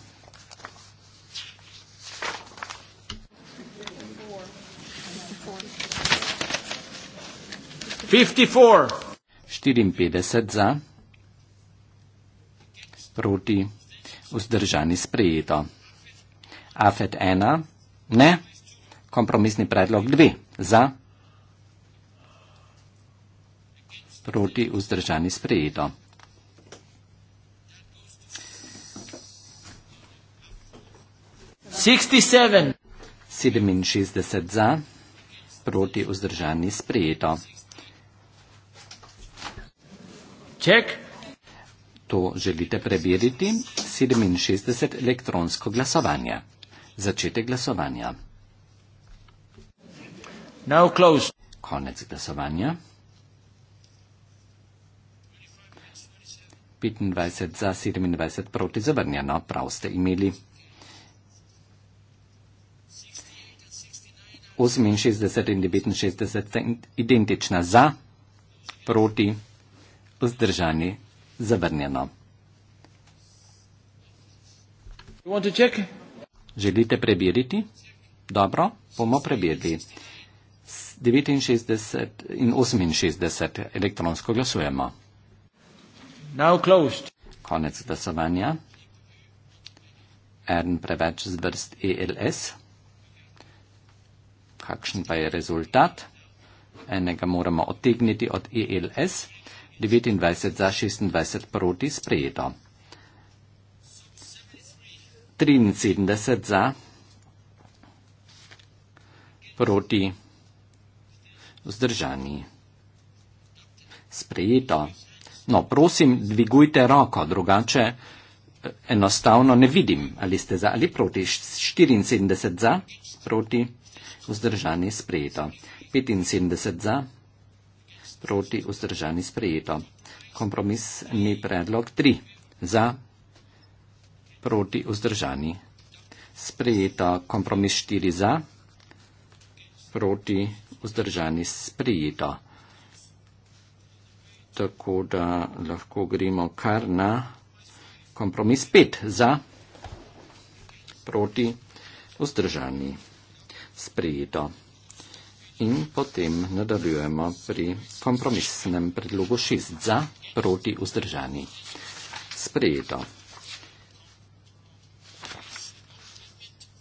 Štiriinpetdeset za, proti, vzdržani sprejeto. Afet ena, ne, kompromisni predlog dve, za, proti, vzdržani sprejeto. 67 za, proti vzdržani sprejeto. Ček. To želite preveriti? 67 elektronsko glasovanje. Začetek glasovanja. Now close. Konec glasovanja. 25 za, 27 proti zavrnjeno, prav ste imeli. 68 in 69 sta identična za, proti, vzdržani, zavrnjeno. Želite prebiriti? Dobro, bomo prebirali. 69 in 68 elektronsko glasujemo. Konec glasovanja. Eden preveč z vrst ELS kakšen pa je rezultat. Enega moramo otegniti od ELS, 29 za 26 proti sprejeto. 73 za proti vzdržani. Sprejeto. No, prosim, dvigujte roko, drugače eh, enostavno ne vidim, ali ste za ali proti. 74 za proti vzdržani vzdržani sprejeto. 75 za, proti vzdržani sprejeto. Kompromisni predlog 3 za, proti vzdržani sprejeto. Kompromis 4 za, proti vzdržani sprejeto. Tako da lahko gremo kar na kompromis 5 za, proti vzdržani sprejeto sprejeto. In potem nadaljujemo pri kompromisnem predlogu 6 za proti vzdržani. Sprejeto.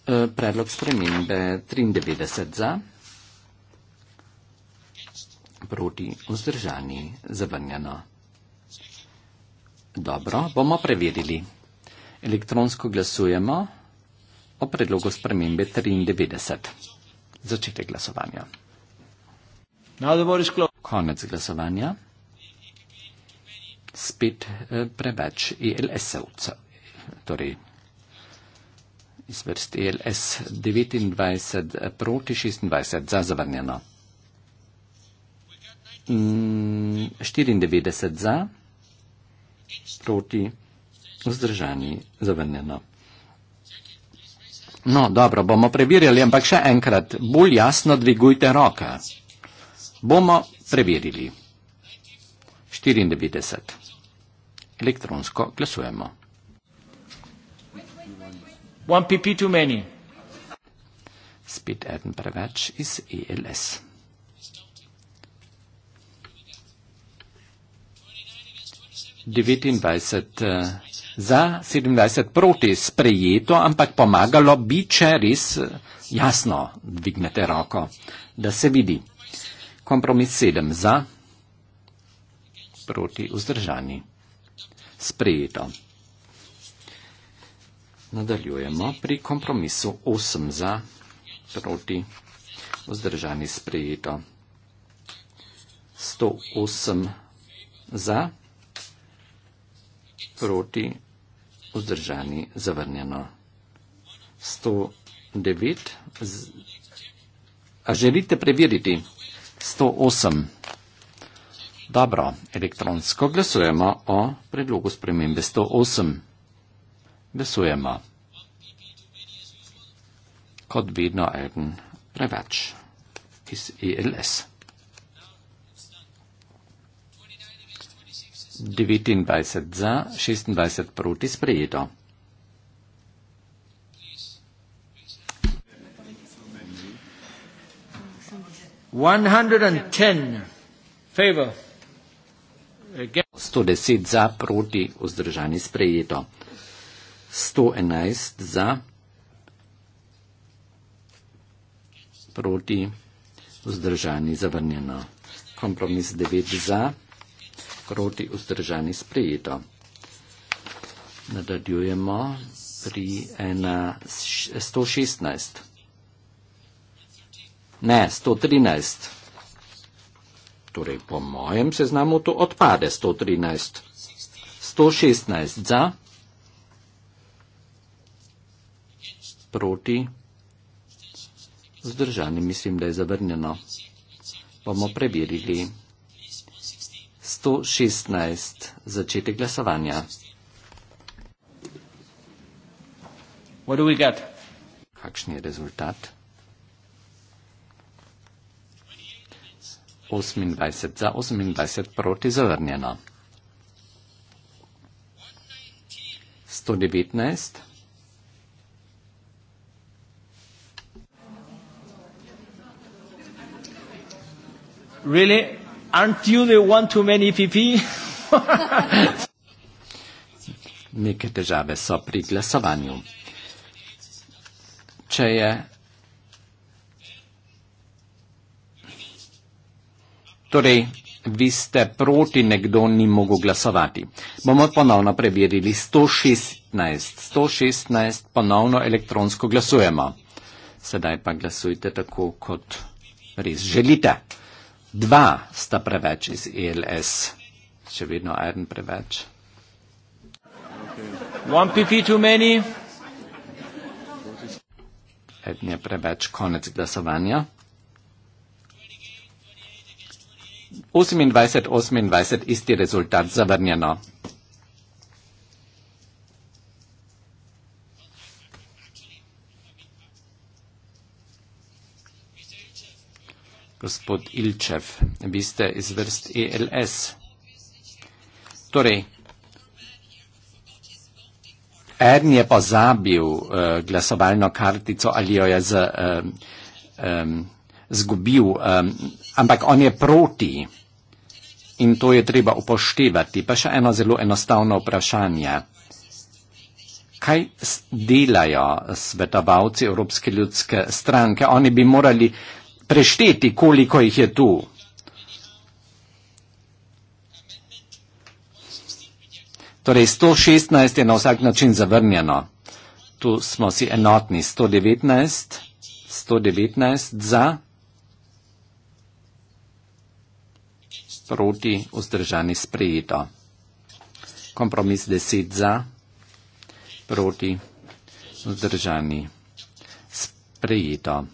E, predlog spremembe 93 za proti vzdržani zavrnjeno. Dobro, bomo preverili. Elektronsko glasujemo o predlogu spremembe 93. Začetek glasovanja. Konec glasovanja. Spet eh, preveč ELS-ovcev. Torej, iz vrst ELS 29 eh, proti 26 za zavrnjeno. 94 mm, za, proti vzdržani zavrnjeno. No, dobro, bomo preverjali, ampak še enkrat, bolj jasno dvigujte roke. Bomo preverili. 94. Elektronsko glasujemo. One PP too many. Spet eden preveč iz ELS. Devetindvajset eh, za 27 proti sprejeto, ampak pomagalo bi, če res eh, jasno dvignete roko, da se vidi. Kompromis 7 za proti vzdržani. Sprejeto. Nadaljujemo pri kompromisu 8 za proti vzdržani sprejeto. 108 za proti vzdržani zavrnjeno. 109. A želite preveriti? 108. Dobro, elektronsko glasujemo o predlogu spremembe 108. Glasujemo. Kot vedno, eden preveč iz ILS. E 29 za, 26 proti sprejeto. Sto deset za proti vzdržani sprejeto. Sto enajst za proti vzdržani zavrnjeno. Kompromis devet za proti vzdržani sprejeto. Nadaljujemo pri 116. Ne, 113. Torej, po mojem seznamu to odpade 113. 116 za. Proti. Zdržani mislim, da je zavrnjeno. Bomo preverili. 116. Začetek glasovanja. Kakšen je rezultat? 28 za 28 proti zavrnjeno. 119. Really? aren't you the one too many PP? Neke težave so pri glasovanju. Če je Torej, vi ste proti, nekdo ni mogel glasovati. Bomo ponovno preverili 116. 116 ponovno elektronsko glasujemo. Sedaj pa glasujte tako, kot res želite. Dva sta preveč iz ELS. Še vedno en preveč. One PP too many. En je preveč, konec glasovanja. 28-28, isti rezultat zavrnjeno. gospod Ilčev, vi ste iz vrst ELS. Torej, en je pozabil uh, glasovalno kartico ali jo je z, um, um, zgubil, um, ampak on je proti in to je treba upoštevati. Pa še eno zelo enostavno vprašanje. Kaj delajo svetovalci Evropske ljudske stranke? Oni bi morali uh, prešteti, koliko jih je tu. Torej, 116 je na vsak način zavrnjeno. Tu smo si enotni. 119, 119 za, proti, vzdržani sprejeto. Kompromis 10 za, proti, vzdržani sprejeto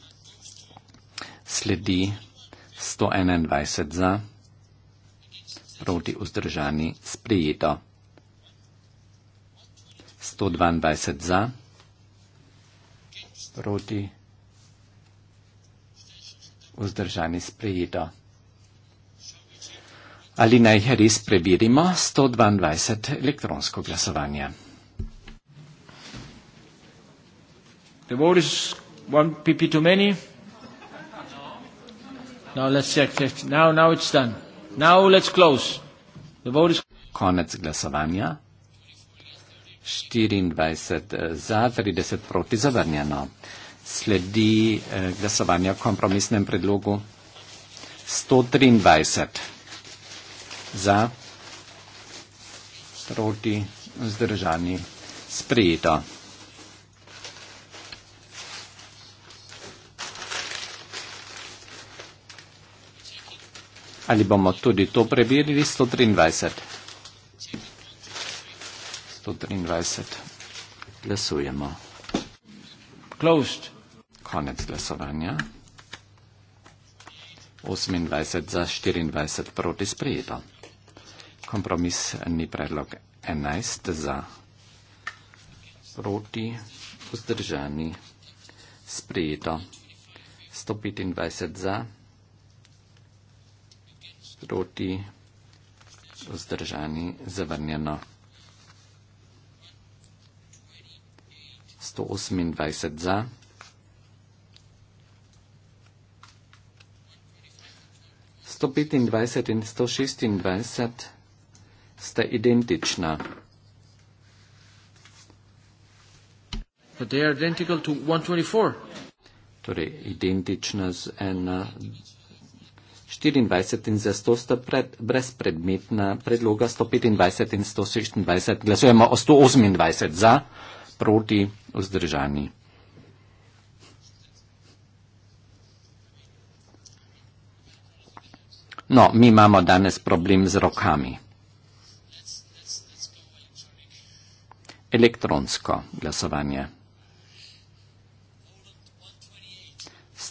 sledi 121 za, proti vzdržani sprijeto. 122 za, proti vzdržani sprijeto. Ali naj res preverimo 122 elektronsko glasovanje? There was one PP too many. Now let's say, now, now it's done. Now let's close. The vote is... Konec glasovanja. 24 eh, za, 30 proti zavrnjeno. Sledi eh, glasovanje o kompromisnem predlogu. 123 za, proti zdržani sprejeto. Ali bomo tudi to preverili? 123. 123. Glasujemo. Closed. Konec glasovanja. 28 za 24 proti sprejeto. Kompromis ni predlog 11 za proti vzdržani sprejeto. 125 za proti, vzdržani, zavrnjeno. 128 za. 125 in 126 sta identična. But they are identical to 124. Torej, identična z ena. 24 in za 100 sta pred, brezpredmetna predloga 125 in 126. Glasujemo o 128 za, proti vzdržani. No, mi imamo danes problem z rokami. Elektronsko glasovanje.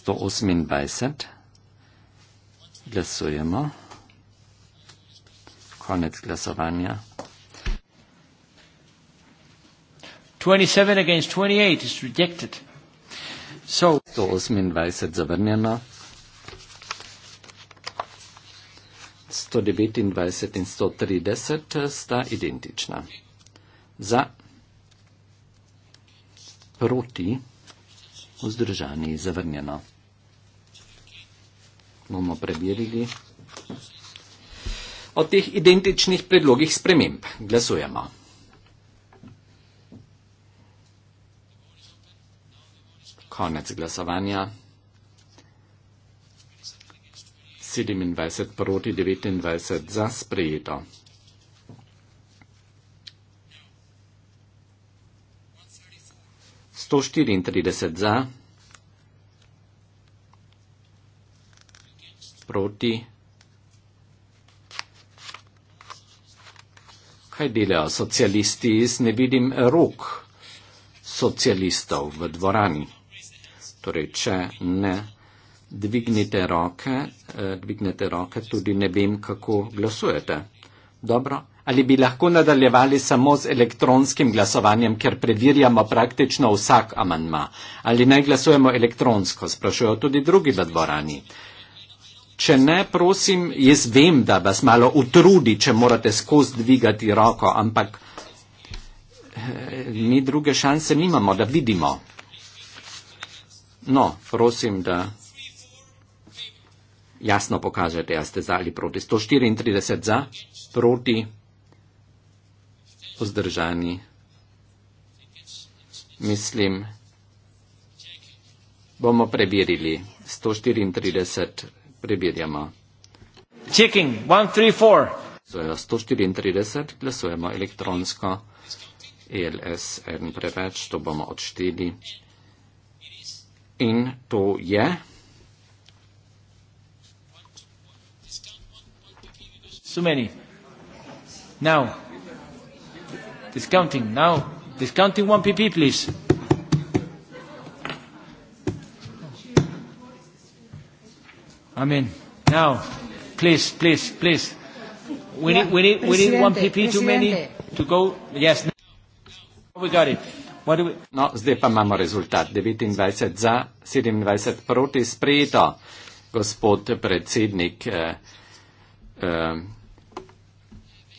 128. Glasujemo. Konec glasovanja. 27 against 28 is rejected. So, 128 zavrnjeno. 129 in 130 sta identična. Za, proti, vzdržani, zavrnjeno bomo preverili. O teh identičnih predlogih sprememb glasujemo. Konec glasovanja. 27 proti 29 za sprejeto. 134 za. proti. Kaj delajo socialisti? Jaz ne vidim rok socialistov v dvorani. Torej, če ne dvignete roke, eh, dvignete roke, tudi ne vem, kako glasujete. Dobro. Ali bi lahko nadaljevali samo z elektronskim glasovanjem, ker preverjamo praktično vsak amanma? Ali naj glasujemo elektronsko? Sprašujejo tudi drugi v dvorani. Če ne, prosim, jaz vem, da vas malo utrudi, če morate skozi dvigati roko, ampak eh, mi druge šanse nimamo, da vidimo. No, prosim, da jasno pokažete, a ste za ali proti. 134 za, proti, vzdržani. Mislim, bomo preverili. 134 prebirjama. Checking, one, three, four. Glasujejo 134, glasujemo elektronsko. ELS, en preveč, to bomo odšteli. In to je. So many. Now. Discounting, now. Discounting one PP, please. I mean, now, please, please, please. We yeah, need, we need, we need one PP too many to go. Yes. We got it. What do we... No, zdaj pa imamo rezultat. 29 za, 27 proti sprejeto. Gospod predsednik, eh, eh,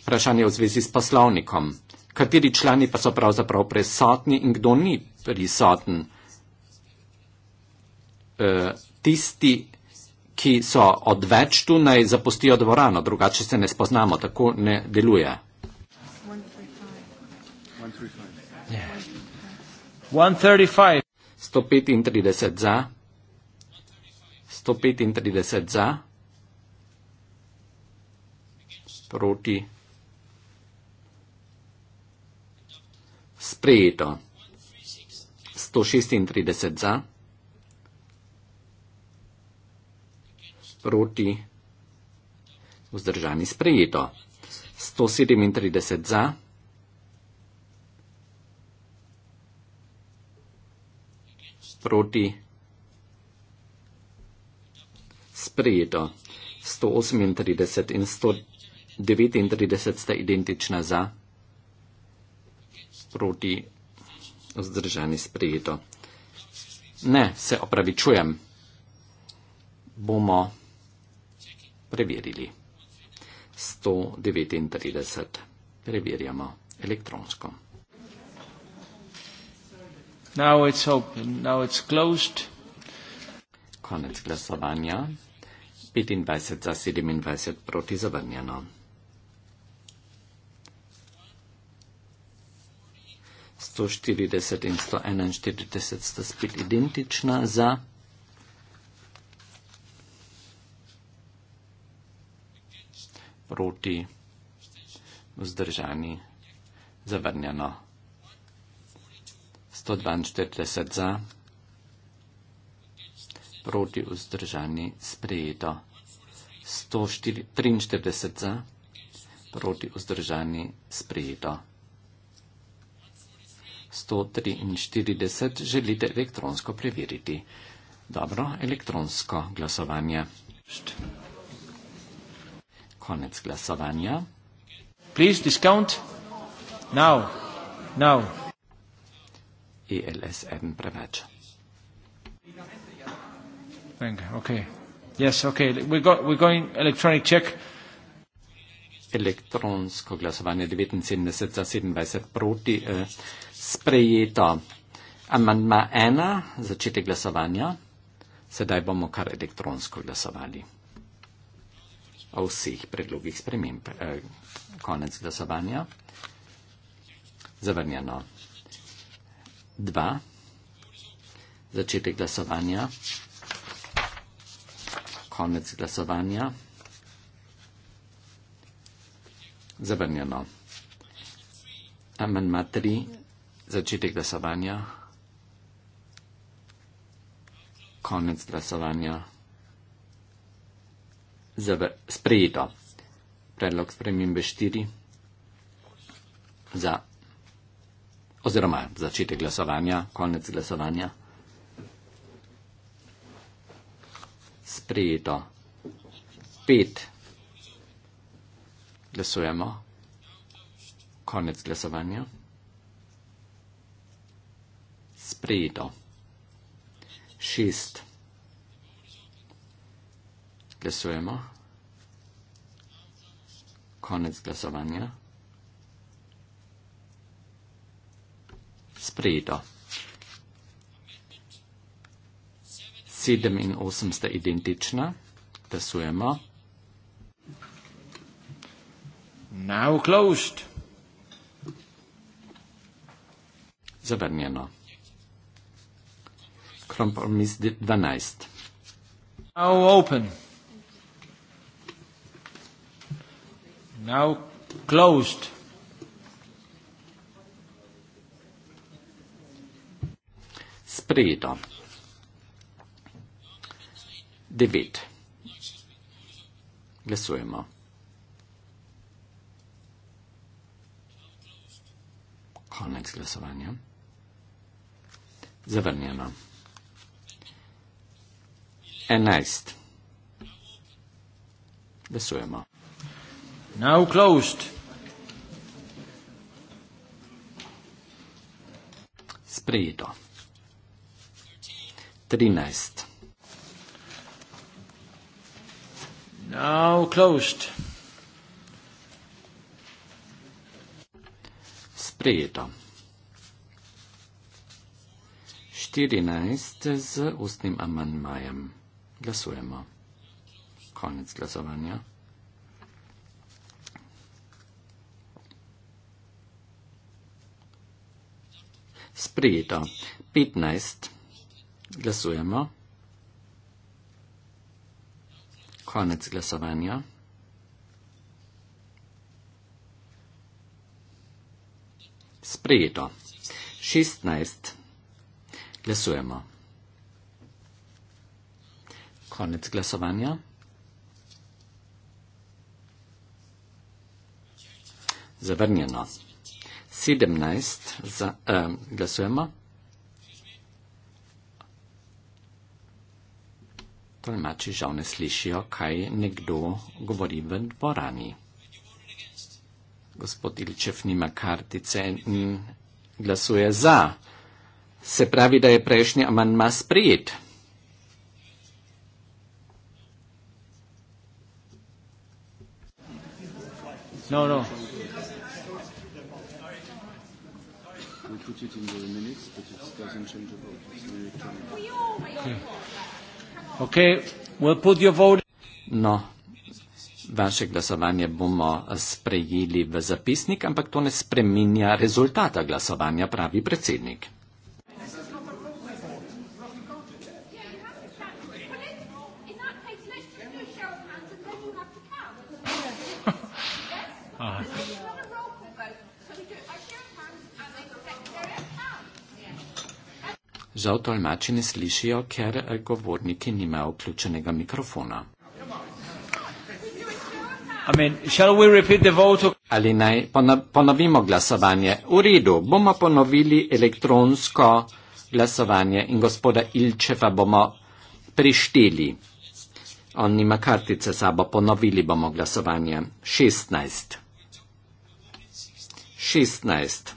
vprašanje v zvezi s poslovnikom. Kateri člani pa so pravzaprav prisotni in kdo ni prisoten? Eh, tisti ki so odveč tu, naj zapustijo dvorano, drugače se ne spoznamo, tako ne deluje. 135 za. 135 za. Proti. Sprejeto. 136 za. proti vzdržani sprejeto. 137 za. Proti sprejeto. 138 in 139 sta identična za. Proti vzdržani sprejeto. Ne, se opravičujem. Bomo preverili. 139. Preverjamo elektronsko. Now it's open, now it's closed. Konec glasovanja. 25 za 27 proti zavrnjeno. 140 in 141 sta spet identična za proti, vzdržani, zavrnjeno. 142 za, proti, vzdržani, sprejeto. 143 za, proti, vzdržani, sprejeto. 143 želite elektronsko preveriti. Dobro, elektronsko glasovanje. Štiri konec glasovanja. Please discount now. Now. ELS eden preveč. Okay. Yes, okay. We got, we're going electronic check. Elektronsko glasovanje 79 za 27 proti eh, sprejeto. Amandma 1, začetek glasovanja. Sedaj bomo kar elektronsko glasovali o vseh predlogih sprememb. Eh, konec glasovanja. Zavrnjeno. Dva. Začetek glasovanja. Konec glasovanja. Zavrnjeno. Amen matri. Začetek glasovanja. Konec glasovanja sprejeto. Predlog spremembe 4 za oziroma začetek glasovanja, konec glasovanja. Sprejeto. 5. Glasujemo. Konec glasovanja. Sprejeto. 6. Glasujemo. Konec glasovanja. Sprejeto. 7 in 8 sta identična. Glasujemo. Now closed. Zavrnjeno. Kompromis 12. Now open. now closed. Sprejeto. 9. Glasujemo. Konec glasovanja. Zavrnjeno. 11. Glasujemo now closed. Sprejeto. 13. Now closed. Sprejeto. 14 z ustnim amandmajem. Glasujemo. Konec glasovanja. sprejeto. 15. Glasujemo. Konec glasovanja. Sprejeto. 16. Glasujemo. Konec glasovanja. Zavrnjeno. 17 za, eh, glasujemo. Tolmači žal ne slišijo, kaj nekdo govori v dvorani. Gospod Ilčev nima kartice in glasuje za. Se pravi, da je prejšnji amandma sprijet. No, no. put it in the minutes, but it doesn't change the vote. Okay. okay, we'll put your vote. No. Vaše glasovanje bomo sprejeli v zapisnik, ampak to ne spreminja rezultata glasovanja, pravi predsednik. Žal tolmači ne slišijo, ker eh, govorniki nimajo vključenega mikrofona. I mean, shall we repeat the vote? Ali naj ponovimo glasovanje? V redu, bomo ponovili elektronsko glasovanje in gospoda Ilčeva bomo prišteli. On nima kartice sabo, ponovili bomo glasovanje. 16. 16.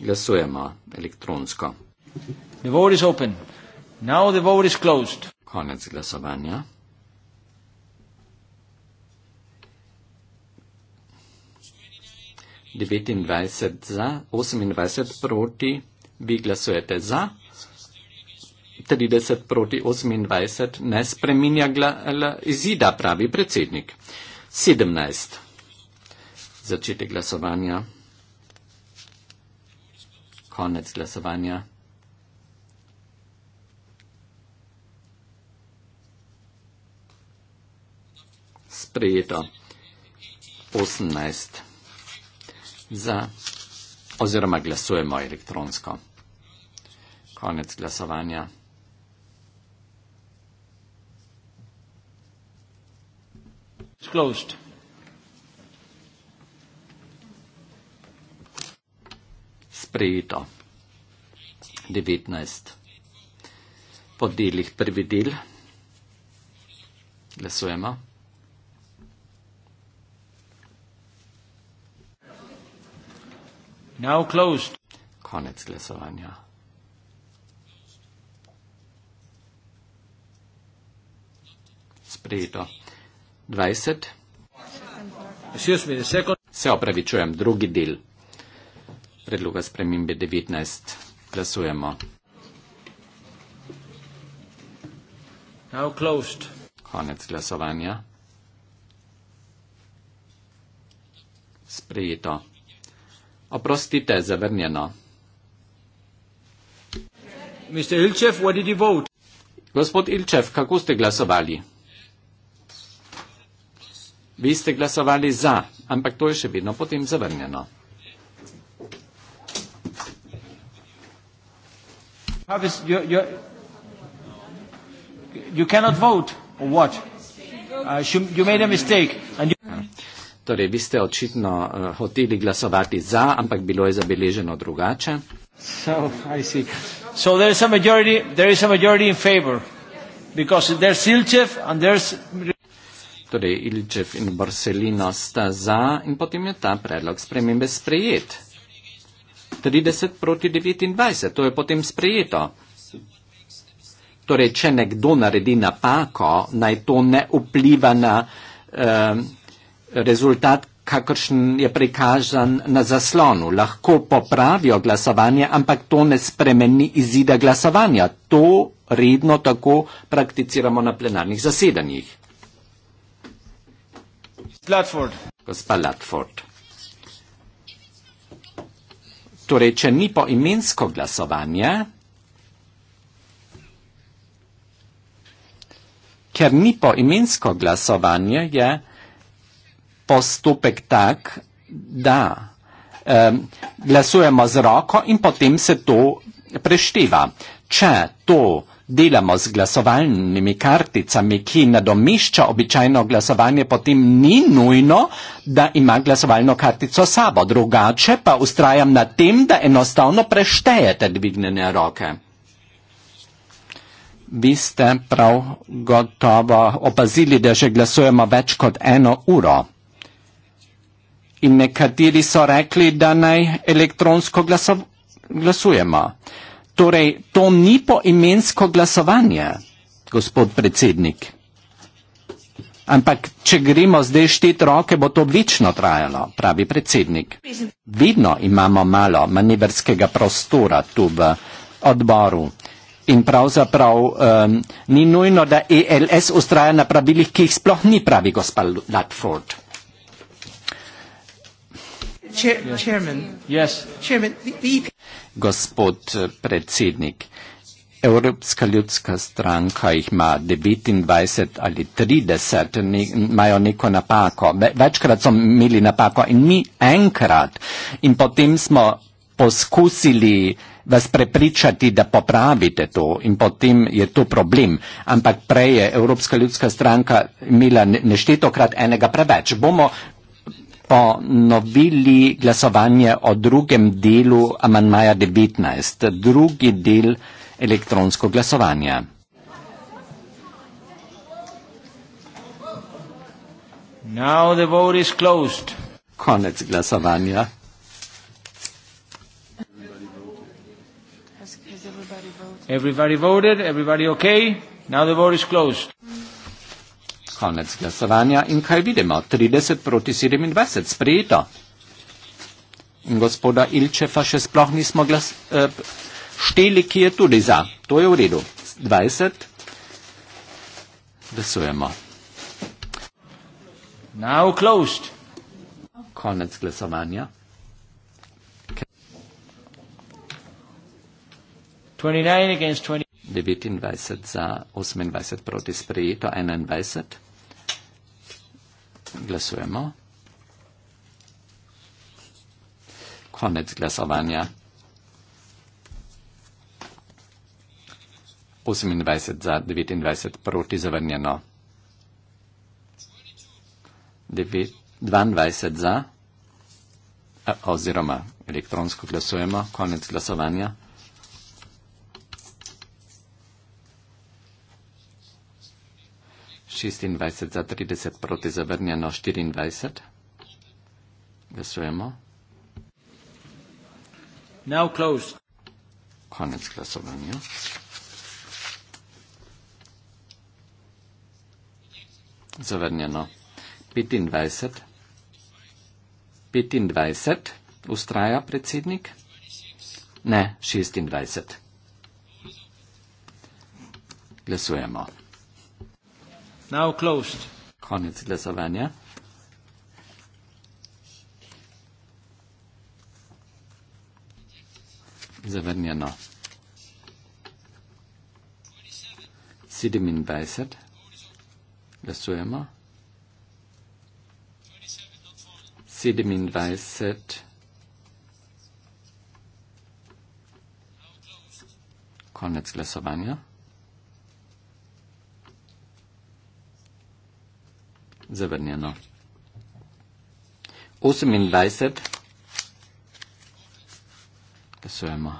Glasujemo elektronsko. The vote is open. Now the vote is closed. Konec glasovanja. Devetindvajset za, osemindvajset proti, vi glasujete za, trideset proti, osemindvajset ne spreminja izida, pravi predsednik. Sedemnajst. Začetek glasovanja konec glasovanja. Sprejeto 18 za oziroma glasujemo elektronsko. Konec glasovanja. Closed. sprejeto. 19. Po delih prvi del. Glasujemo. Now closed. Konec glasovanja. Sprejeto. 20. Se opravičujem, drugi del predloga spremembe 19. Glasujemo. Konec glasovanja. Sprejeto. Oprostite, zavrnjeno. Ilčev, Gospod Ilčev, kako ste glasovali? Vi ste glasovali za, ampak to je še vedno potem zavrnjeno. have is you, you, you cannot vote or what uh, you made a mistake and you Torej, vi ste očitno uh, hoteli glasovati za, ampak bilo je zabeleženo drugače. So, so there is a majority, there is a majority in favor, because there's Ilčev and there's... Torej, Ilčev in Borselino sta za in potem je ta predlog spremembe sprejet. 30 proti 29, to je potem sprejeto. Torej, če nekdo naredi napako, naj to ne vpliva na eh, rezultat, kakršen je prikazan na zaslonu. Lahko popravijo glasovanje, ampak to ne spremeni izida glasovanja. To redno tako prakticiramo na plenarnih zasedanjih. Gospa Latford. Torej, če ni poimensko glasovanje, ker ni poimensko glasovanje, je postopek tak, da um, glasujemo z roko in potem se to prešteva. Če to delamo z glasovalnimi karticami, ki nadomešča običajno glasovanje, potem ni nujno, da ima glasovalno kartico sabo. Drugače pa ustrajam na tem, da enostavno preštejete dvignjene roke. Vi ste prav gotovo opazili, da že glasujemo več kot eno uro. In nekateri so rekli, da naj elektronsko glasujemo. Torej, to ni poimensko glasovanje, gospod predsednik. Ampak, če gremo zdaj štet roke, bo to večno trajalo, pravi predsednik. Vedno imamo malo manevrskega prostora tu v odboru. In pravzaprav um, ni nujno, da ELS ustraja na pravilih, ki jih sploh ni, pravi gospod Ludford. Chair, yes. Chairman, yes. Chairman, the EP gospod eh, predsednik. Evropska ljudska stranka jih ima 29 ali 30, ne, imajo neko napako. Večkrat so imeli napako in mi enkrat. In potem smo poskusili vas prepričati, da popravite to in potem je to problem. Ampak prej je Evropska ljudska stranka imela neštetokrat enega preveč. Bomo ponovili glasovanje o drugem delu amanmaja 19, drugi del elektronsko glasovanja. Now the vote is closed. Konec glasovanja. Everybody voted, everybody okay, now the vote is closed konec glasovanja in kaj vidimo? 30 proti 27, sprejeto. In gospoda Ilčefa še sploh nismo glas, eh, šteli, ki je tudi za. To je v redu. 20. Glasujemo. Now closed. Konec glasovanja. 29 against 20. 29 za 28 proti sprejeto 21. Glasujemo. Konec glasovanja. 28 za 29 proti zavrnjeno. 22 za oziroma elektronsko glasujemo. Konec glasovanja. 26 za 30 proti zavrnjeno 24. Glasujemo. Now closed. Konec glasovanja. Zavrnjeno 25. 25. Ustraja predsednik? Ne, 26. Glasujemo. Now closed. Konec glasovanja. Zavrnjeno. 27. Glasujemo. 27. Konec glasovanja. zavrnjeno. 28. Glasujemo.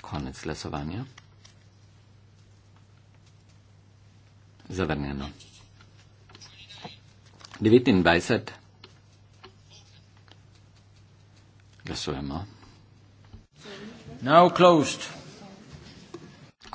Konec glasovanja. Zavrnjeno. 29. Glasujemo. Now closed.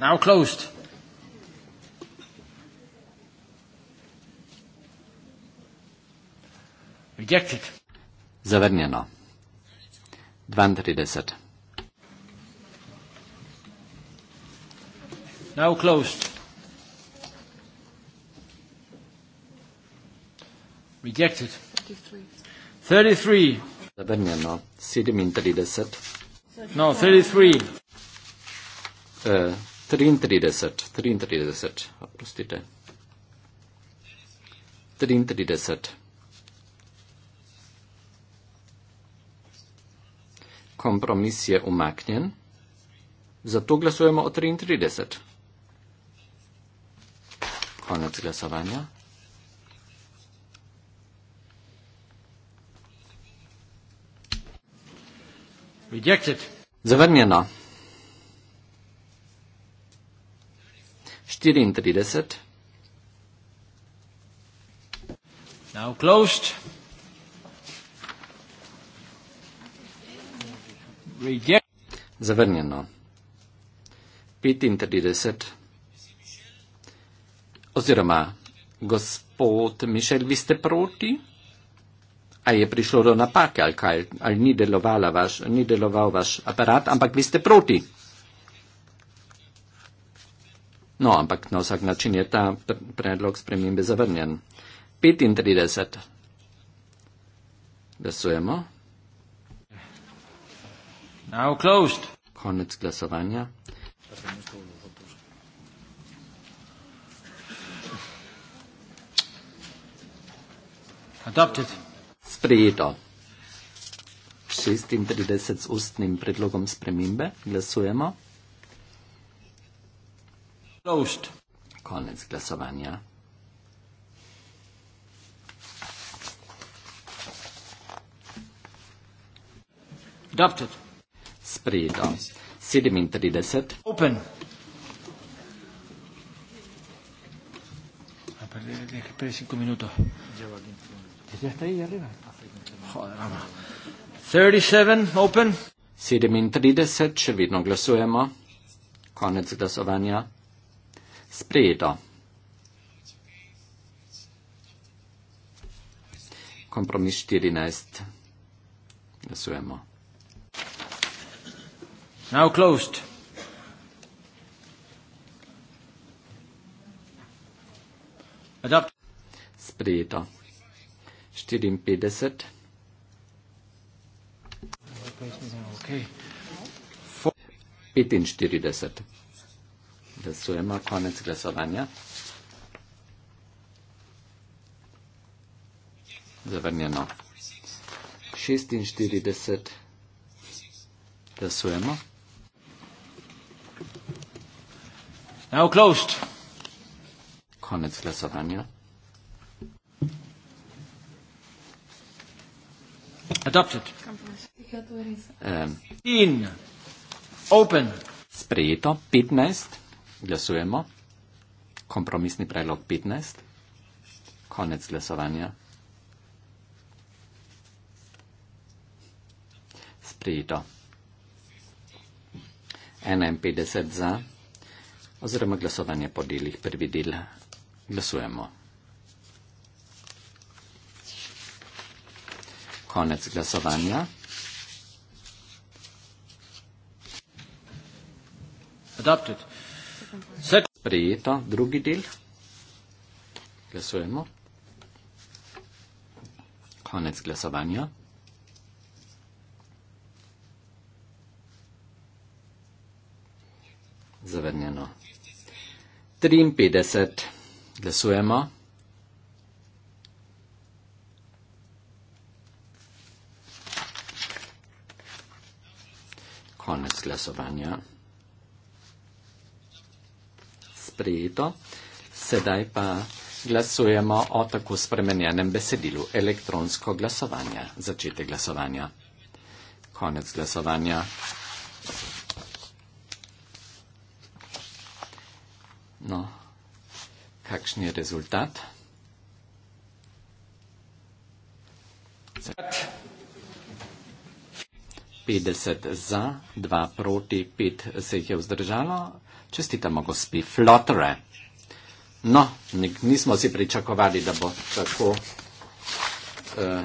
now closed. Rejected. Zavrnjeno. 32. Now closed. Rejected. 33. Zavrnjeno. 37. No, 33. Uh, eh, 33, 33, oprostite. 33. Kompromis je umaknjen, zato glasujemo o 33. Konec glasovanja. Zavrnjeno. 34. Zavrnjeno. 35. Oziroma, gospod Mišel, vi ste proti? A je prišlo do napake, ali, kaj, ali ni, vaš, ni deloval vaš aparat, ampak vi ste proti? No, ampak na vsak način je ta pr predlog spremembe zavrnjen. 35. Glasujemo. Now closed. Konec glasovanja. Adopted. Sprejeto. 36 z ustnim predlogom spremembe. Glasujemo. Toast. Koniec glasowania. Adopted. Sprito. 37. Open. A perder, tienes que esperar 5 minutos. Lleva 15 minutos. ¿Ya está ahí arriba? Joder, vamos. 37, open. 37, še vedno glasujemo. Konec glasovanja sprejeta. Kompromis 14. Glasujemo. Now closed. Adopt. Sprejeta. 54. Okay. 45. Głosujemy. Koniec głosowania. Zawarniono. 46. Głosujemy. Now closed. Koniec głosowania. Adopted. Um. In. Open. Sprejeto. 15. Glasujemo. Kompromisni predlog 15. Konec glasovanja. Sprejeto. 51 za oziroma glasovanje po delih prvi del. Glasujemo. Konec glasovanja. Adopted. Vse prijeto, drugi del. Glasujemo. Konec glasovanja. Zavrnjeno. 53. Glasujemo. Konec glasovanja sprejeto. Sedaj pa glasujemo o tako spremenjenem besedilu. Elektronsko glasovanje. Začete glasovanja. Konec glasovanja. No, kakšen je rezultat? Zdaj. 50 za, 2 proti, 5 se jih je vzdržalo čestitamo gospi Flotore. No, nismo si pričakovali, da bo tako eh,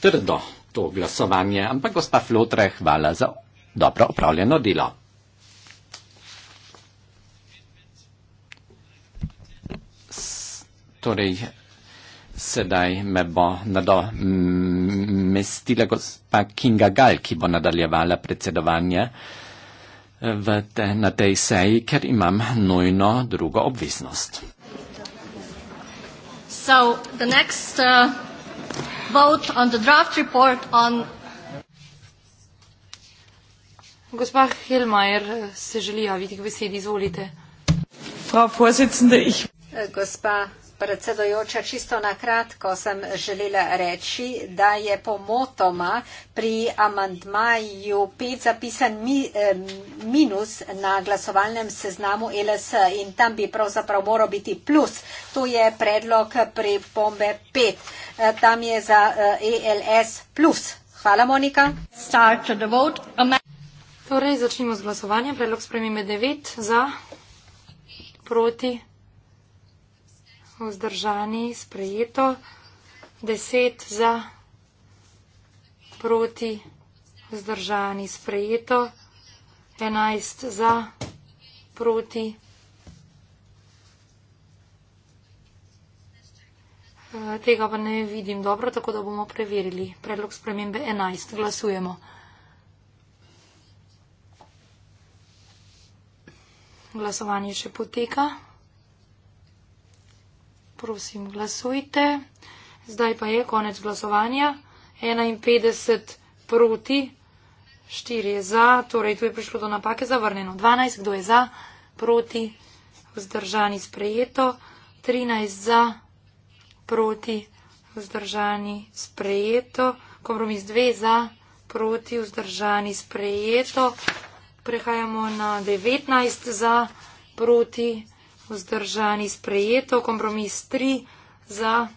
trdo to glasovanje, ampak gospa Flotore, hvala za dobro opravljeno delo. Torej, sedaj me bo nadomestila gospa Kinga Gal, ki bo nadaljevala predsedovanje. Eh, v te, na tej seji, ker imam nujno drugo obveznost. Uh, gospa Helmajer eh, se želi javiti k besedi, izvolite. Eh, gospa predsedojoča, čisto na kratko sem želela reči, da je pomotoma pri amandmaju 5 zapisan mi, eh, minus na glasovalnem seznamu LS in tam bi pravzaprav moral biti plus. To je predlog pri pombe 5. Eh, tam je za eh, ELS plus. Hvala, Monika. Torej, začnimo z glasovanjem. Predlog spremembe 9 za proti vzdržani, sprejeto. Deset za, proti, vzdržani, sprejeto. Enajst za, proti. E, tega pa ne vidim dobro, tako da bomo preverili. Predlog spremembe 11. Glasujemo. Glasovanje še poteka prosim, glasujte. Zdaj pa je konec glasovanja. 51 proti, 4 je za, torej tu je prišlo do napake, zavrnjeno. 12, kdo je za, proti, vzdržani, sprejeto. 13 za, proti, vzdržani, sprejeto. Kompromis 2 za, proti, vzdržani, sprejeto. Prehajamo na 19 za, proti, vzdržani vzdržani sprejeto, kompromis 3 za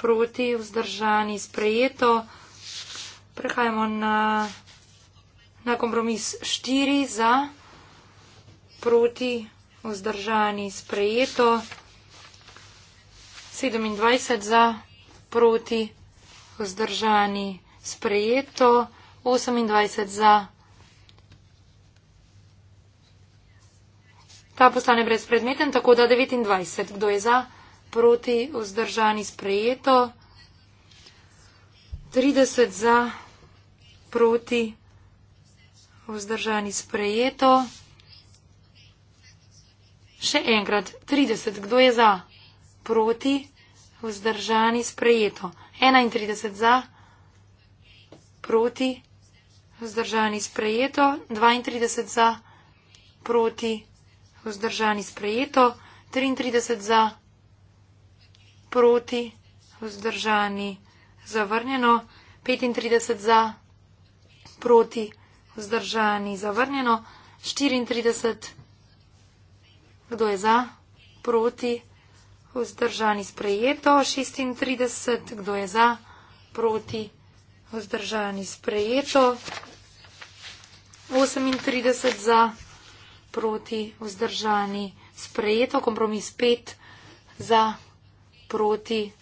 proti vzdržani sprejeto. Prehajamo na, na kompromis 4 za proti vzdržani sprejeto. 27 za proti vzdržani sprejeto. 28 za proti vzdržani sprejeto. Ta postane brezpredmeten, tako da 29. Kdo je za? Proti, vzdržani, sprejeto. 30 za, proti, vzdržani, sprejeto. Še enkrat, 30. Kdo je za? Proti, vzdržani, sprejeto. 31 za, proti, vzdržani, sprejeto. 32 za, proti, vzdržani, sprejeto vzdržani sprejeto, 33 za, proti, vzdržani zavrnjeno, 35 za, proti, vzdržani zavrnjeno, 34, kdo je za, proti, vzdržani sprejeto, 36, kdo je za, proti, vzdržani sprejeto, 38 za, proti, proti, vzdržani, sprejeto, kompromis pet za, proti,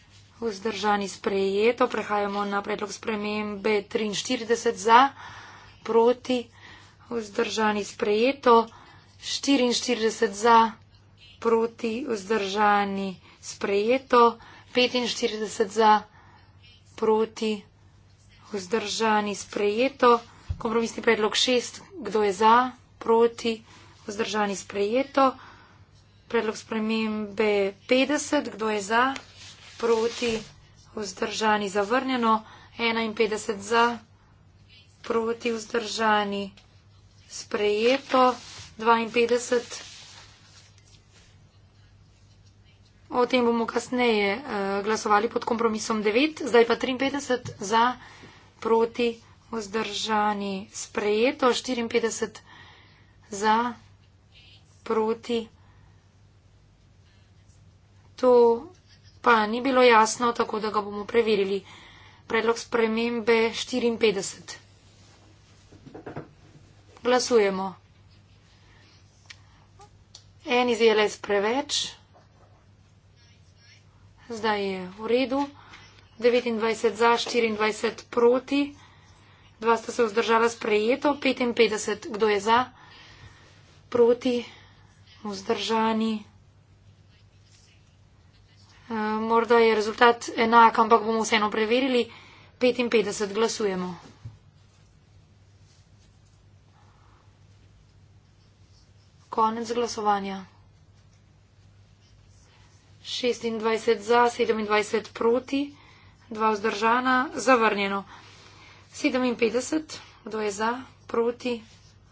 vzdržani, sprejeto. Prehajamo na predlog spremembe 43 za, proti, vzdržani, sprejeto. 44 za, proti, vzdržani, sprejeto. 45 za, proti, vzdržani, sprejeto. Kompromisni predlog 6, kdo je za, proti, vzdržani. Vzdržani sprejeto. Predlog spremembe 50. Kdo je za? Proti. Vzdržani zavrnjeno. 51 za. Proti. Vzdržani sprejeto. 52. O tem bomo kasneje eh, glasovali pod kompromisom 9. Zdaj pa 53 za. Proti. Vzdržani sprejeto. 54 za proti. To pa ni bilo jasno, tako da ga bomo preverili. Predlog spremembe 54. Glasujemo. En izjelec preveč. Zdaj je v redu. 29 za, 24 proti. Dva sta se vzdržala sprejeto. 55. Kdo je za? Proti vzdržani. Eh, morda je rezultat enak, ampak bomo vseeno preverili. 55 glasujemo. Konec glasovanja. 26 za, 27 proti, 2 vzdržana, zavrnjeno. 57, kdo je za, proti,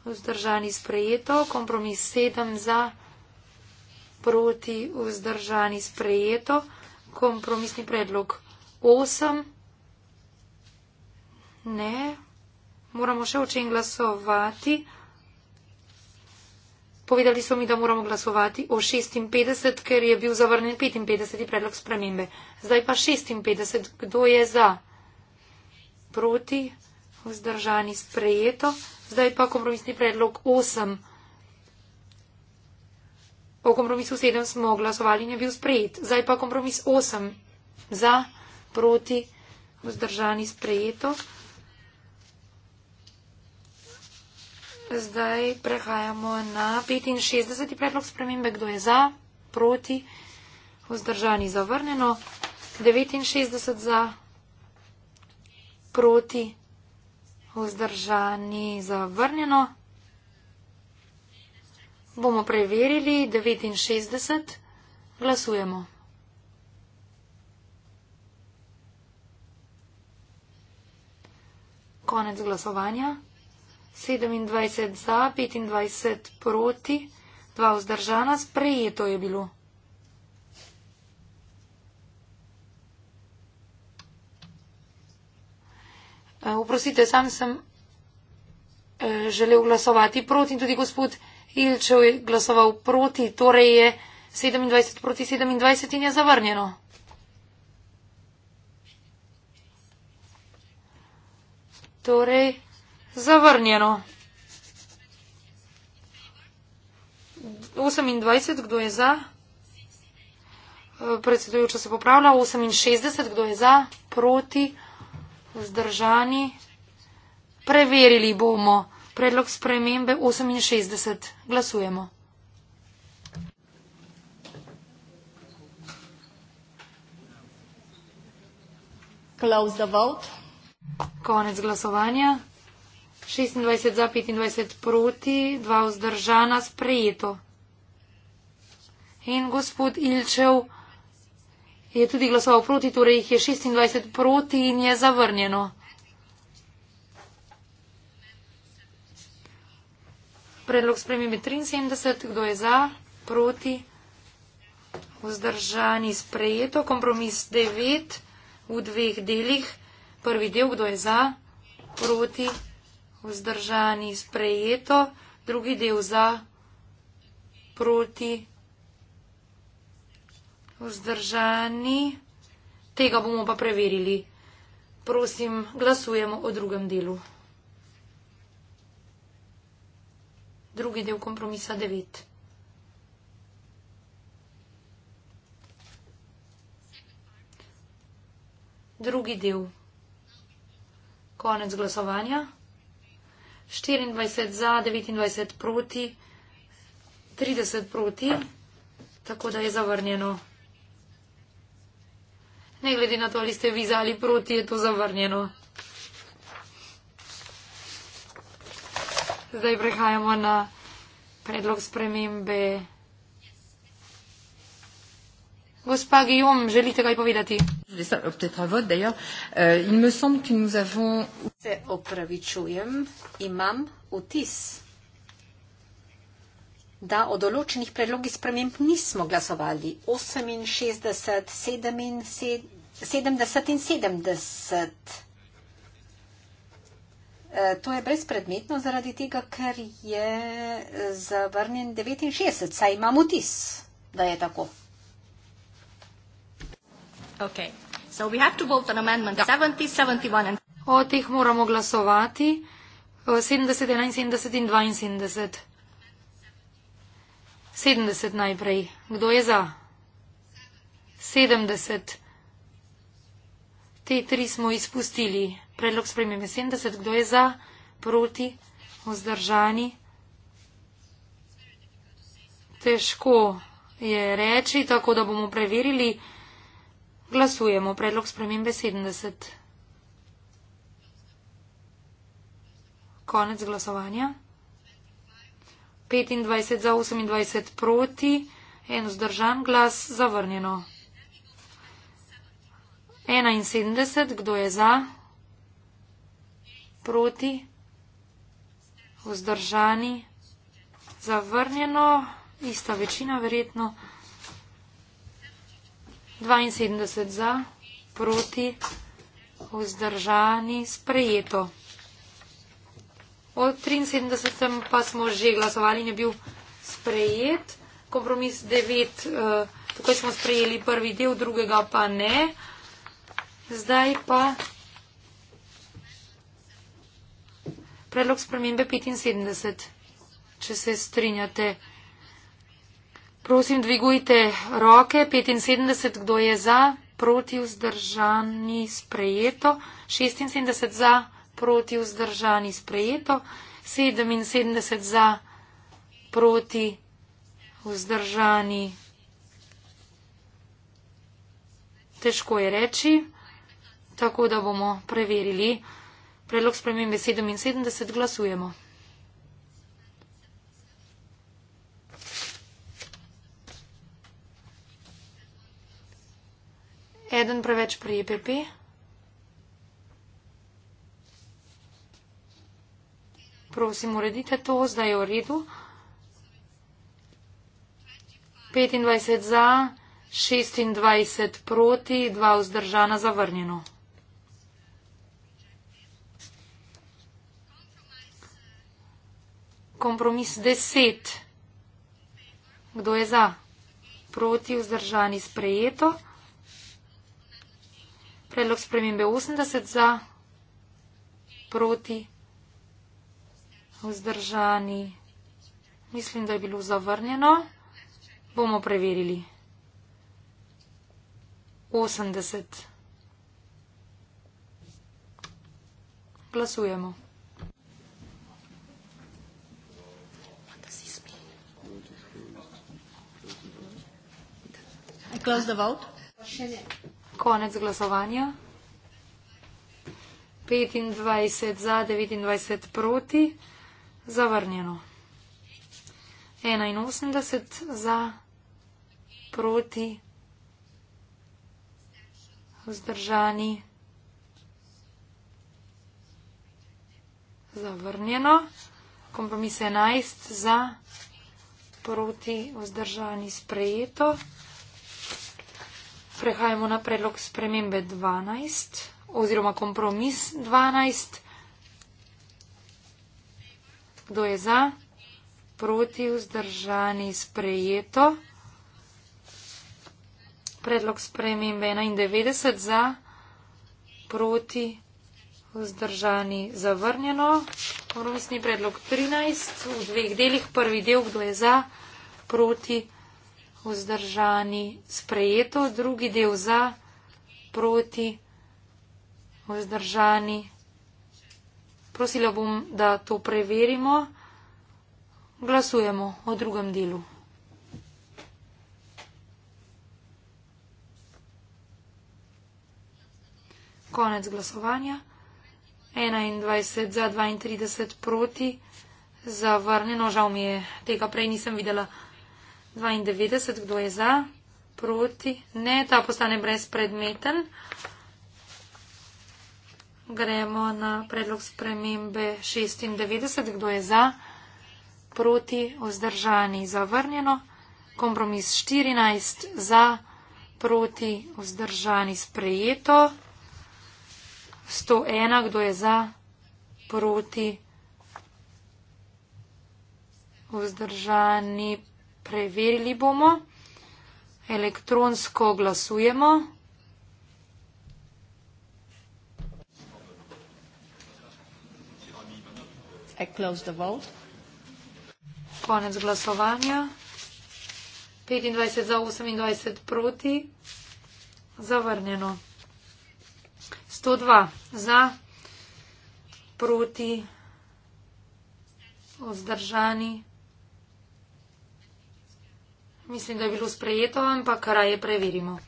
vzdržani sprejeto, kompromis 7 za, proti vzdržani sprejeto, kompromisni predlog 8, ne, moramo še o čem glasovati. Povedali so mi, da moramo glasovati o 56, ker je bil zavrnen 55. predlog spremembe. Zdaj pa 56. Kdo je za? Proti? Vzdržani sprejeto? Zdaj pa kompromisni predlog 8. O kompromisu 7 smo glasovali in je bil sprejet. Zdaj pa kompromis 8. Za, proti, vzdržani sprejeto. Zdaj prehajamo na 65. predlog spremembe. Kdo je za, proti, vzdržani zavrnjeno. 69 za, proti, vzdržani vzdržani, zavrnjeno. Bomo preverili 69. Glasujemo. Konec glasovanja. 27 za, 25 proti, 2 vzdržana, sprejeto je bilo. Eh, oprostite, sam sem eh, želel glasovati proti in tudi gospod Ilčev je glasoval proti, torej je 27 proti 27 in je zavrnjeno. Torej, zavrnjeno. 28, kdo je za? Eh, predsedujoča se popravlja. 68, kdo je za? Proti vzdržani. Preverili bomo predlog spremembe 68. Glasujemo. Close the vote. Konec glasovanja. 26 za, 25 proti, 2 vzdržana, sprejeto. In gospod Ilčev je tudi glasoval proti, torej jih je 26 proti in je zavrnjeno. Predlog spremembe 73, kdo je za, proti, vzdržani, sprejeto, kompromis 9 v dveh delih, prvi del, kdo je za, proti, vzdržani, sprejeto, drugi del za, proti, vzdržani. Vzdržani. Tega bomo pa preverili. Prosim, glasujemo o drugem delu. Drugi del kompromisa 9. Drugi del. Konec glasovanja. 24 za, 29 proti, 30 proti, tako da je zavrnjeno ne glede na to, ali ste vi za ali proti, je to zavrnjeno. Zdaj prehajamo na predlog spremembe. Gospa Guillaume, želite kaj povedati? Euh, Se opravičujem, imam vtis, da o določenih predlogih sprememb nismo glasovali. 68, 77. 70 in 70. E, to je brezpredmetno zaradi tega, ker je zavrnjen 69, saj imam vtis, da je tako. O teh moramo glasovati. 70, 71 in 72. 70 najprej. Kdo je za? 70 te tri smo izpustili. Predlog spremembe 70, kdo je za, proti, vzdržani. Težko je reči, tako da bomo preverili. Glasujemo. Predlog spremembe 70. Konec glasovanja. 25 za 28 proti, en vzdržan glas zavrnjeno. 71, kdo je za, proti, vzdržani, zavrnjeno, ista večina verjetno. 72 za, proti, vzdržani, sprejeto. O 73 pa smo že glasovali in je bil sprejet. Kompromis 9, eh, tukaj smo sprejeli prvi del, drugega pa ne. Zdaj pa predlog spremembe 75, če se strinjate. Prosim, dvigujte roke. 75, kdo je za, proti vzdržani sprejeto. 76 za, proti vzdržani sprejeto. 77 za, proti vzdržani. Težko je reči tako da bomo preverili. Predlog spremembe 77 glasujemo. Eden preveč pri EPP. Prosim, uredite to, zdaj je v redu. 25 za, 26 proti, 2 vzdržana, zavrnjeno. kompromis 10. Kdo je za? Proti vzdržani sprejeto. Predlog spremembe 80 za. Proti vzdržani. Mislim, da je bilo zavrnjeno. Bomo preverili. 80. Glasujemo. close the vote? Konec glasovanja. 25 za, 29 proti. Zavrnjeno. 81 za, proti. Vzdržani. Zavrnjeno. Kompromis 11 za, proti. Vzdržani sprejeto. Prehajamo na predlog spremembe 12 oziroma kompromis 12. Kdo je za? Proti vzdržani sprejeto. Predlog spremembe 91 za. Proti vzdržani zavrnjeno. Kompromisni predlog 13 v dveh delih. Prvi del, kdo je za? Proti vzdržani sprejeto vzdržani, sprejeto, drugi del za, proti, vzdržani. Prosila bom, da to preverimo. Glasujemo o drugem delu. Konec glasovanja. 21 za 32 proti. Zavrnjeno, žal mi je, tega prej nisem videla. 92, kdo je za, proti, ne, ta postane brezpredmeten. Gremo na predlog spremembe 96, kdo je za, proti, vzdržani, zavrnjeno. Kompromis 14, za, proti, vzdržani, sprejeto. 101, kdo je za, proti, vzdržani, prejeto preverili bomo. Elektronsko glasujemo. Konec glasovanja. 25 za 28 proti. Zavrnjeno. 102 za, proti, vzdržani. Mislim, da je bilo sprejeto, ampak raje preverimo.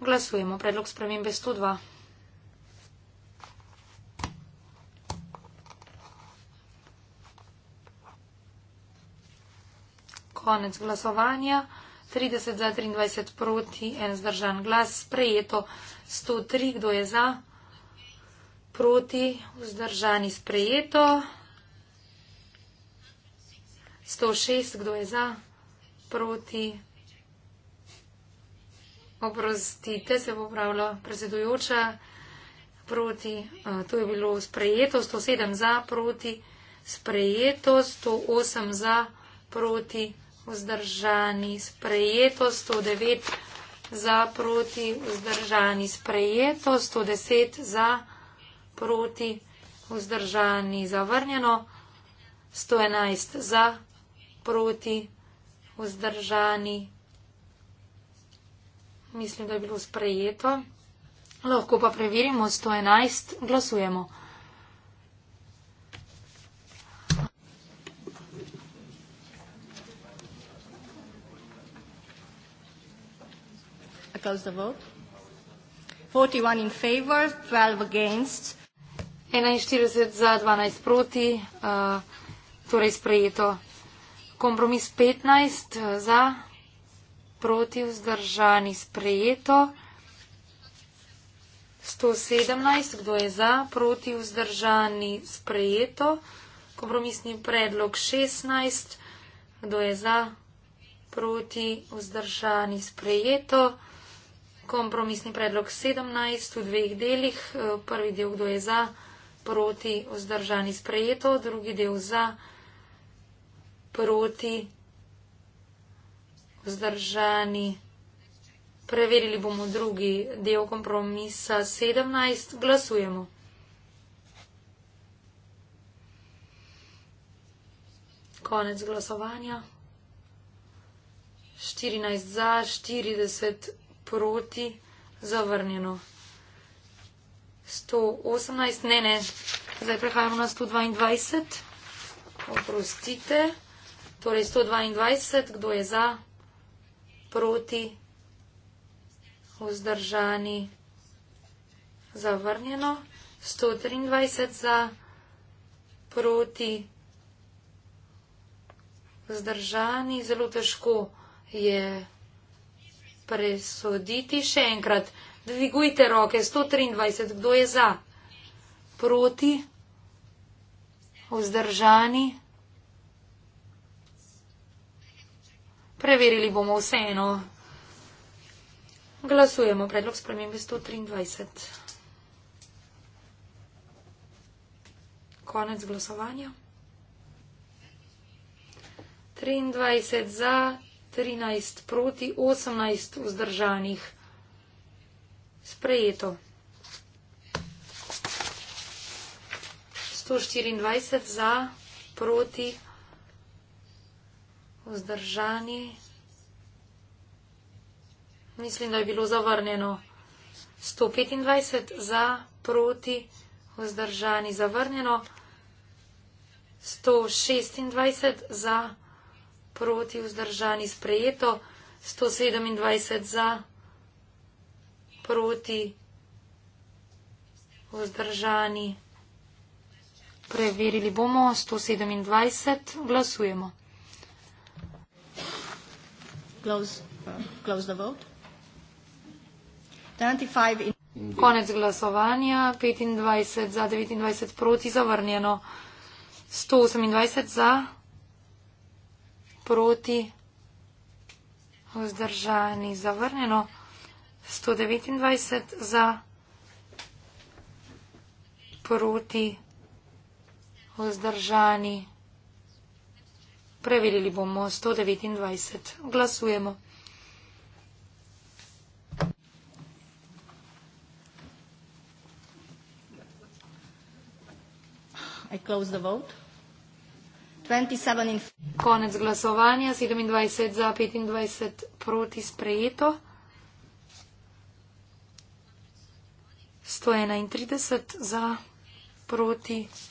Glasujemo. Predlog spremembe 102. Konec glasovanja. 30 za, 23 proti, en zdržan glas. Sprejeto 103. Kdo je za? Proti, vzdržani sprejeto. 106. Kdo je za? proti. Oprostite, se bo pravila predsedujoča proti. To je bilo sprejeto 107 za, proti. Sprejeto 108 za, proti. Vzdržani sprejeto 109 za, proti. Vzdržani sprejeto 110 za, proti. Vzdržani zavrnjeno 111 za, proti vzdržani. Mislim, da je bilo sprejeto. Lahko pa preverimo 111. Glasujemo. Favor, 41 za, 12 proti, uh, torej sprejeto kompromis 15 eh, za, proti vzdržani sprejeto. 117, kdo je za, proti vzdržani sprejeto. Kompromisni predlog 16, kdo je za, proti vzdržani sprejeto. Kompromisni predlog 17 v dveh delih. Eh, prvi del, kdo je za, proti vzdržani sprejeto. Drugi del za proti, vzdržani. Preverili bomo drugi del kompromisa 17. Glasujemo. Konec glasovanja. 14 za, 40 proti, zavrnjeno. 118, ne, ne, zdaj prehajamo na 122. Oprostite. Torej 122, kdo je za, proti, vzdržani, zavrnjeno. 123 za, proti, vzdržani, zelo težko je presoditi. Še enkrat, dvigujte roke, 123, kdo je za, proti, vzdržani, zavrnjeno. Preverili bomo vseeno. Glasujemo predlog spremembe 123. Konec glasovanja. 23 za, 13 proti, 18 vzdržanih. Sprejeto. 124 za, proti, 18 vzdržani. Mislim, da je bilo zavrnjeno 125 za, proti, vzdržani, zavrnjeno 126 za, proti, vzdržani, sprejeto 127 za, proti, vzdržani. Preverili bomo 127, glasujemo. Konec glasovanja, 25 za, 29 proti, zavrnjeno. 128 za, proti, vzdržani, zavrnjeno. 129 za, proti, vzdržani. Preverili bomo 129. Glasujemo. I close the vote. 27 in... Konec glasovanja, 27 za, 25 proti sprejeto. 131 za, proti sprejeto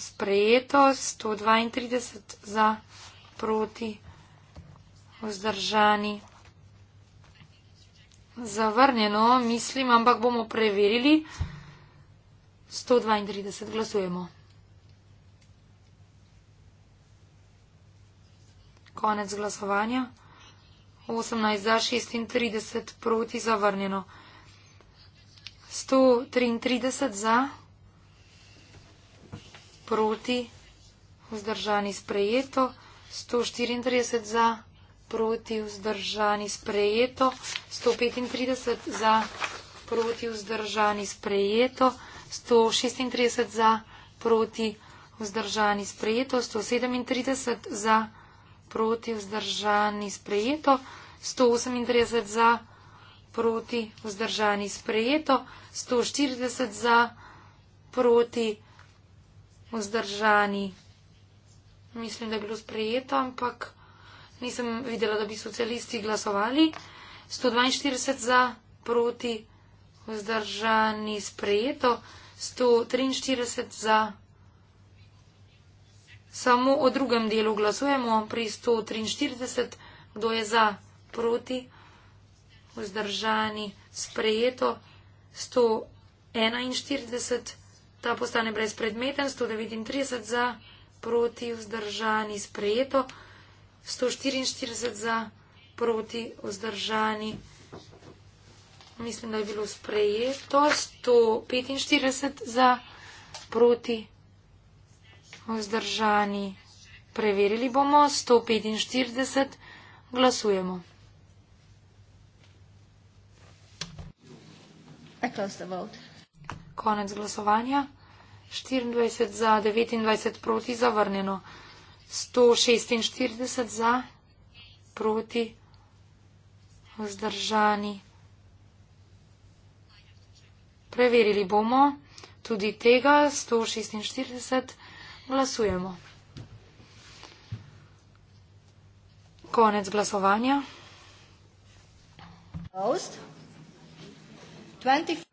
sprejeto, 132 za, proti, vzdržani. Zavrnjeno, mislim, ampak bomo preverili. 132 glasujemo. Konec glasovanja. 18 za, 36 proti, zavrnjeno. 133 za, proti, vzdržani sprejeto, 134 za, proti, vzdržani sprejeto, 135 za, proti, vzdržani sprejeto, 136 za, proti, vzdržani sprejeto, 137 za, proti, vzdržani sprejeto, 138 za, proti, vzdržani sprejeto, 140 za, proti, vzdržani sprejeto, vzdržani. Mislim, da je bilo sprejeto, ampak nisem videla, da bi socialisti glasovali. 142 za, proti, vzdržani, sprejeto. 143 za. Samo o drugem delu glasujemo. Pri 143, kdo je za, proti, vzdržani, sprejeto. 141 ta postane brezpredmeten, 139 za, proti vzdržani sprejeto, 144 za, proti vzdržani, mislim, da je bilo sprejeto, 145 za, proti vzdržani, preverili bomo, 145, glasujemo. I close the vote. Konec glasovanja. 24 za, 29 proti zavrnjeno. 146 za, proti vzdržani. Preverili bomo tudi tega. 146 glasujemo. Konec glasovanja. 24.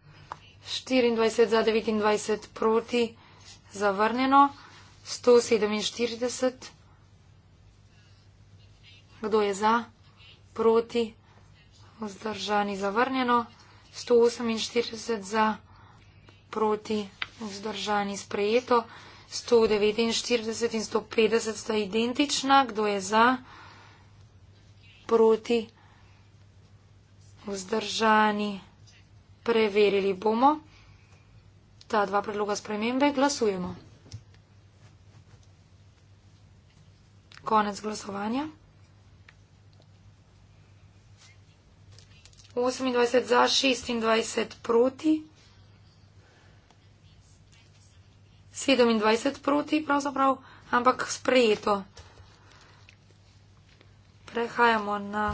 24 za 29 proti, zavrnjeno. 147. Kdo je za? Proti. Vzdržani, zavrnjeno. 148 za. Proti. Vzdržani, sprejeto. 149 in 150 sta identična. Kdo je za? Proti. Vzdržani. Preverili bomo ta dva predloga spremembe. Glasujemo. Konec glasovanja. 28 za, 26 proti, 27 proti pravzaprav, ampak sprejeto. Prehajamo na.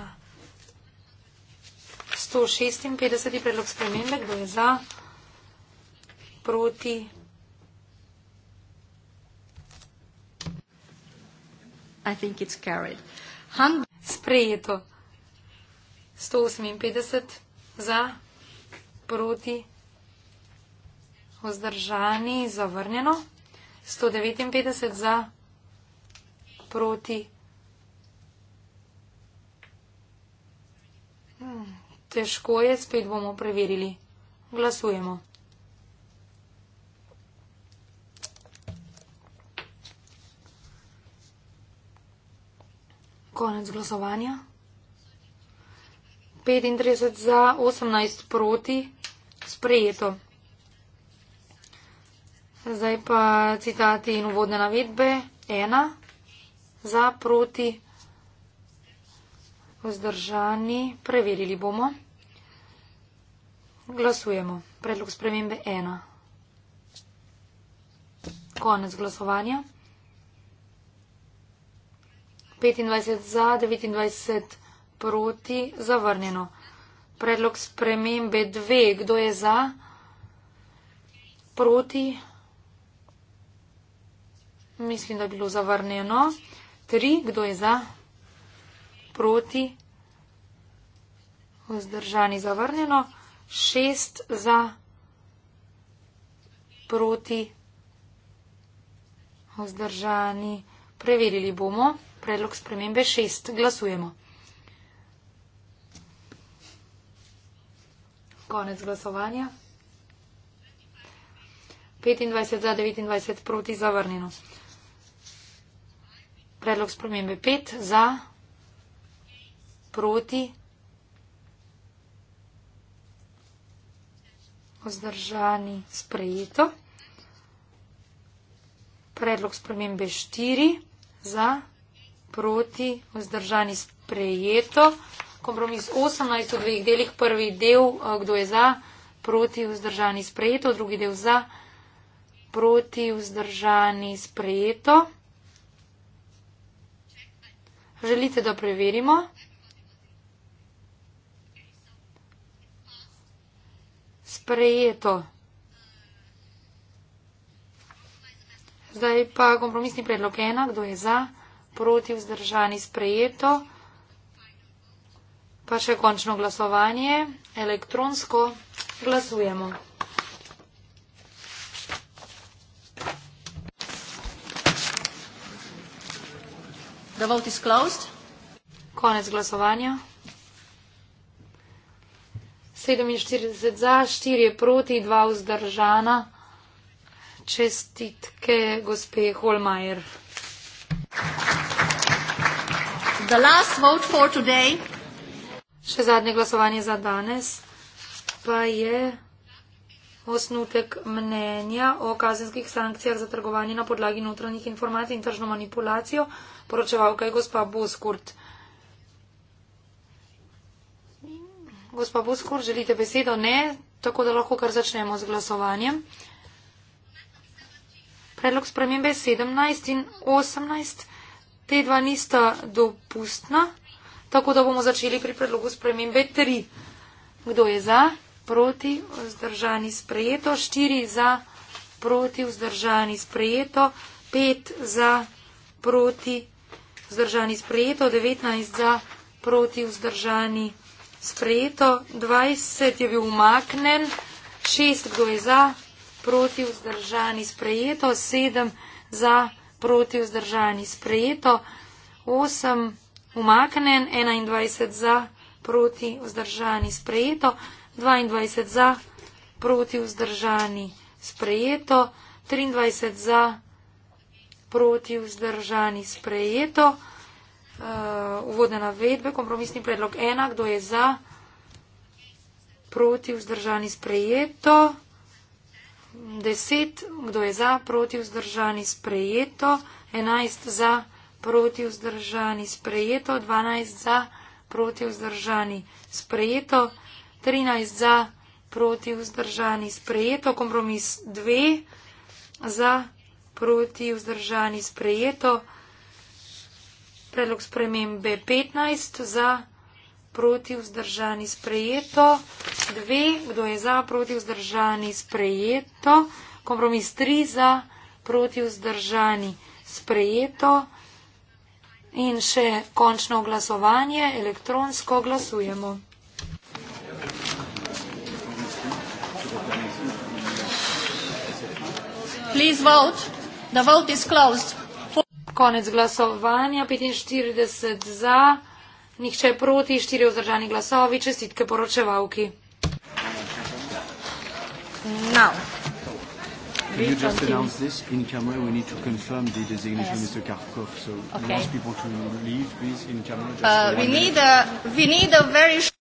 156. predlog spremembe, kdo je za, proti. Sprejeto. 158 za, proti, vzdržani, zavrnjeno. 159 za, proti. Hmm. Težko je, spet bomo preverili. Glasujemo. Konec glasovanja. 35 za, 18 proti, sprejeto. Zdaj pa citati in uvodne navedbe. 1 za, proti, Vzdržani. Preverili bomo. Glasujemo. Predlog spremembe ena. Konec glasovanja. 25 za, 29 proti, zavrnjeno. Predlog spremembe 2. Kdo je za? Proti? Mislim, da je bilo zavrnjeno. 3. Kdo je za? proti, vzdržani zavrnjeno, šest za, proti, vzdržani, preverili bomo, predlog spremembe šest, glasujemo. Konec glasovanja. 25 za, 29 proti, zavrnjeno. Predlog spremembe 5 za proti, vzdržani sprejeto. Predlog spremembe 4 za, proti, vzdržani sprejeto. Kompromis 18 v dveh delih. Prvi del, eh, kdo je za, proti, vzdržani sprejeto. Drugi del za, proti, vzdržani sprejeto. Želite, da preverimo? sprejeto. Zdaj pa kompromisni predlog ena, kdo je za, proti vzdržani sprejeto. Pa še končno glasovanje, elektronsko glasujemo. The vote is closed. Konec glasovanja. 47 za, 4 proti, 2 vzdržana. Čestitke, gospe Holmajer. The last vote for today. Še zadnje glasovanje za danes pa je osnutek mnenja o kazenskih sankcijah za trgovanje na podlagi notranjih informacij in tržno manipulacijo. Poročevalka je gospa Boskurt. Gospa Buskur, želite besedo? Ne, tako da lahko kar začnemo z glasovanjem. Predlog spremembe 17 in 18, te dva nista dopustna, tako da bomo začeli pri predlogu spremembe 3. Kdo je za, proti, vzdržani, sprejeto, 4 za, proti, vzdržani, sprejeto, 5 za, proti, vzdržani, sprejeto, 19 za, proti, vzdržani, sprejeto sprejeto, 20 je bil umaknen, 6 kdo je za, proti vzdržani sprejeto, 7 za, proti vzdržani sprejeto, 8 umaknen, 21 za, proti vzdržani sprejeto, 22 za, proti vzdržani sprejeto, 23 za, proti vzdržani sprejeto uh, uvodne navedbe. Kompromisni predlog ena, kdo je za, proti, vzdržani, sprejeto. Deset, kdo je za, proti, vzdržani, sprejeto. Enajst za, proti, vzdržani, sprejeto. Dvanajst za, proti, vzdržani, sprejeto. Trinajst za, proti, vzdržani, sprejeto. Kompromis dve za, proti, vzdržani, sprejeto. Predlog spremembe 15 za, proti vzdržani sprejeto. 2. Kdo je za, proti vzdržani sprejeto. Kompromis 3 za, proti vzdržani sprejeto. In še končno glasovanje, elektronsko glasujemo. Please vote. The vote is closed. Konec glasovanja, 45 za, nihče proti, 4 vzdržani glasovi, čestitke poročevalki. Now. Can you just announce this in camera? We need to confirm the designation yes. of Mr. Karkov. So okay. we ask people to leave, please, in camera. Just uh, we, need a, we need a very short...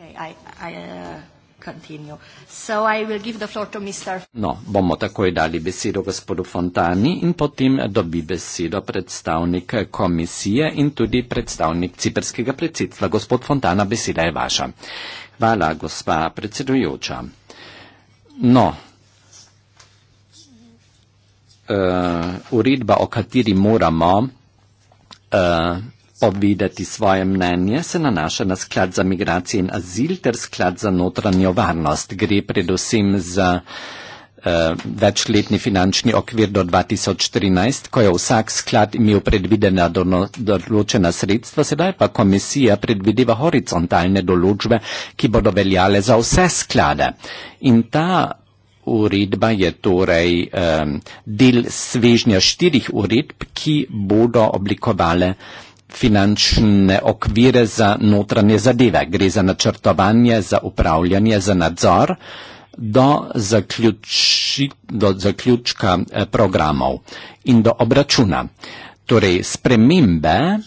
Okay, I, I, uh... No, bomo takoj dali besedo gospodu Fontani in potem dobi besedo predstavnik komisije in tudi predstavnik ciperskega predsedstva. Gospod Fontana, beseda je vaša. Hvala, gospa predsedujoča. No, uh, uredba, o kateri moramo. Uh, povedati svoje mnenje, se nanaša na sklad za migracije in azil ter sklad za notranjo varnost. Gre predvsem za uh, večletni finančni okvir do 2013, ko je vsak sklad imel predvidena določena sredstva, sedaj pa komisija predvideva horizontalne določbe, ki bodo veljale za vse sklade. In ta Uredba je torej um, del svežnja štirih uredb, ki bodo oblikovale um, finančne okvire za notranje zadeve. Gre za načrtovanje, za upravljanje, za nadzor do, zaključi, do zaključka eh, programov in do obračuna. Torej, spremembe,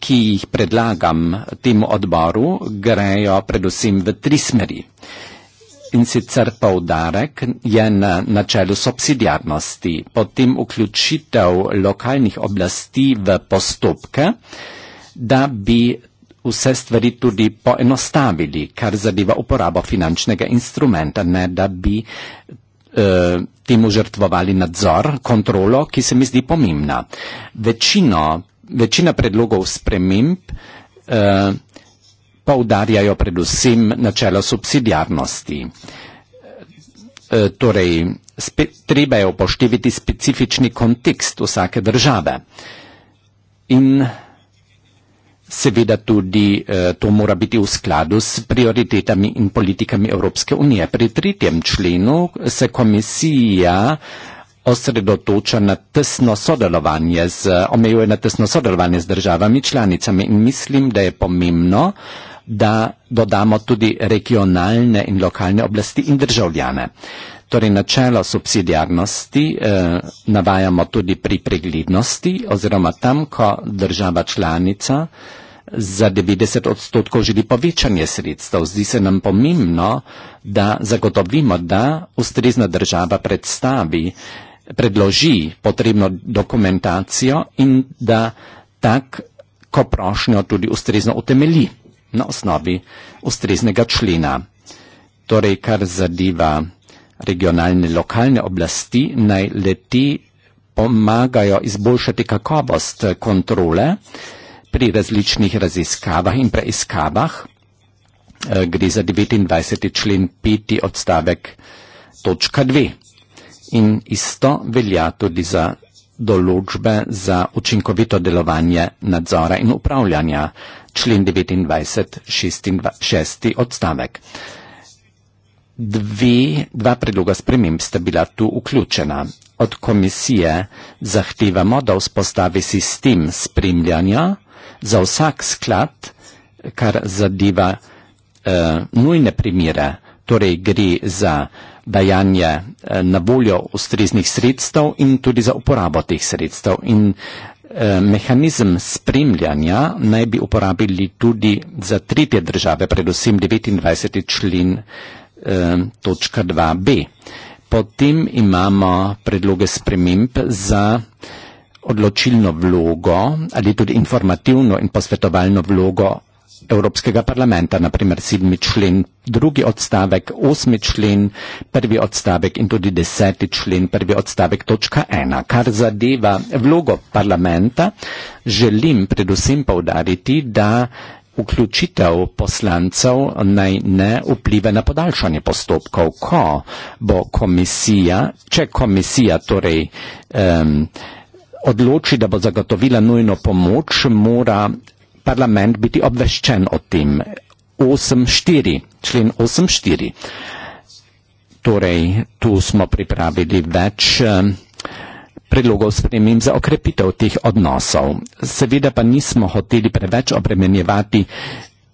ki jih predlagam temu odboru, grejo predvsem v tri smeri. In sicer poudarek je na načelu subsidiarnosti, potem vključitev lokalnih oblasti v postopke, da bi vse stvari tudi poenostavili, kar zadeva uporabo finančnega instrumenta, ne da bi eh, temu žrtvovali nadzor, kontrolo, ki se mi zdi pomembna. Večino, večina predlogov sprememb eh, poudarjajo predvsem načelo subsidiarnosti. E, torej, spe, treba je upoštevati specifični kontekst vsake države. In seveda tudi e, to mora biti v skladu s prioritetami in politikami Evropske unije. Pri tretjem členu se komisija osredotoča na tesno sodelovanje z, omejuje na tesno sodelovanje z državami članicami in mislim, da je pomembno, da dodamo tudi regionalne in lokalne oblasti in državljane. Torej načelo subsidijarnosti eh, navajamo tudi pri preglednosti oziroma tam, ko država članica za 90 odstotkov želi povečanje sredstev. Zdi se nam pomembno, da zagotovimo, da ustrezna država predstavi, predloži potrebno dokumentacijo in da tak, ko prošnjo tudi ustrezno utemeli na osnovi ustreznega člena. Torej, kar zadeva regionalne, lokalne oblasti, naj leti pomagajo izboljšati kakovost eh, kontrole pri različnih raziskavah in preiskavah. Eh, gre za 29. člen 5. odstavek točka 2. In isto velja tudi za določbe za učinkovito delovanje nadzora in upravljanja, člen 29, 6 odstavek. Dve, dva predloga sprememb sta bila tu vključena. Od komisije zahtevamo, da vzpostavi sistem spremljanja za vsak sklad, kar zadeva eh, nujne primere, torej gre za eh, dajanje eh, na voljo ustreznih sredstev in tudi za uporabo teh sredstev. In eh, mehanizem spremljanja naj bi uporabili tudi za tretje države, predvsem 29. člen eh, točka 2b. Potem imamo predloge sprememb za odločilno vlogo ali tudi informativno in posvetovalno vlogo Evropskega parlamenta, naprimer sedmi člen, drugi odstavek, osmi člen, prvi odstavek in tudi deseti člen, prvi odstavek, točka ena. Kar zadeva vlogo parlamenta, želim predvsem povdariti, da vključitev poslancev naj ne vpliva na podaljšanje postopkov, ko bo komisija, če komisija torej um, odloči, da bo zagotovila nujno pomoč, mora parlament biti obveščen o tem. 8.4, člen 8.4. Torej, tu smo pripravili več eh, predlogov spremem za okrepitev teh odnosov. Seveda pa nismo hoteli preveč obremenjevati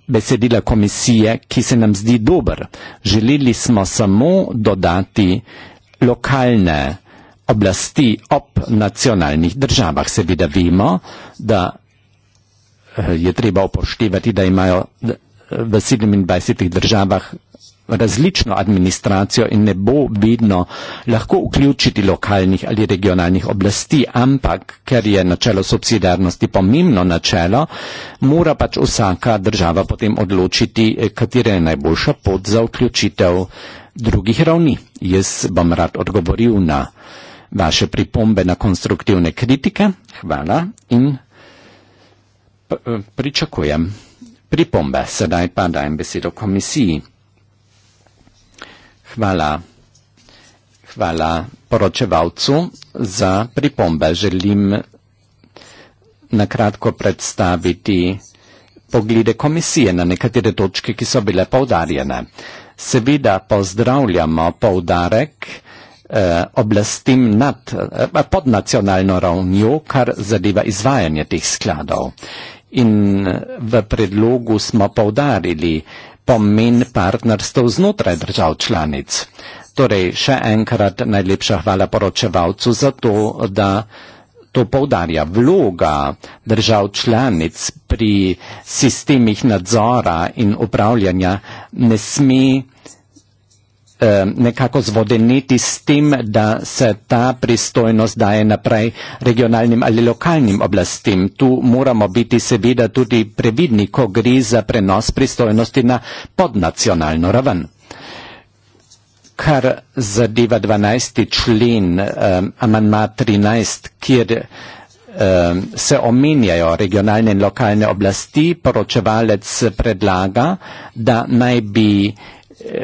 besedila komisije, ki se nam zdi dober. Želeli smo samo dodati lokalne oblasti ob nacionalnih državah. Seveda vemo, da Eh, je treba upoštevati, da imajo eh, v 27 državah različno administracijo in ne bo vedno lahko vključiti lokalnih ali regionalnih oblasti, ampak ker je načelo subsidarnosti pomembno načelo, mora pač vsaka država potem odločiti, eh, katera je najboljša pot za vključitev drugih ravni. Jaz bom rad odgovoril na vaše pripombe na konstruktivne kritike. Hvala in pričakujem pripombe. Sedaj pa dajem besedo komisiji. Hvala. Hvala poročevalcu za pripombe. Želim nakratko predstaviti poglede komisije na nekatere točke, ki so bile poudarjene. Seveda pozdravljamo poudarek eh, oblastim nad, eh, pod nacionalno ravnjo, kar zadeva izvajanje teh skladov. In v predlogu smo povdarili pomen partnerstv znotraj držav članic. Torej, še enkrat najlepša hvala poročevalcu za to, da to povdarja vloga držav članic pri sistemih nadzora in upravljanja ne sme Eh, nekako zvodeniti s tem, da se ta pristojnost daje naprej regionalnim ali lokalnim oblastim. Tu moramo biti seveda tudi previdni, ko gre za prenos pristojnosti na podnacionalno raven. Kar zadeva 12. člen eh, amanma 13, kjer eh, se omenjajo regionalne in lokalne oblasti, poročevalec predlaga, da naj bi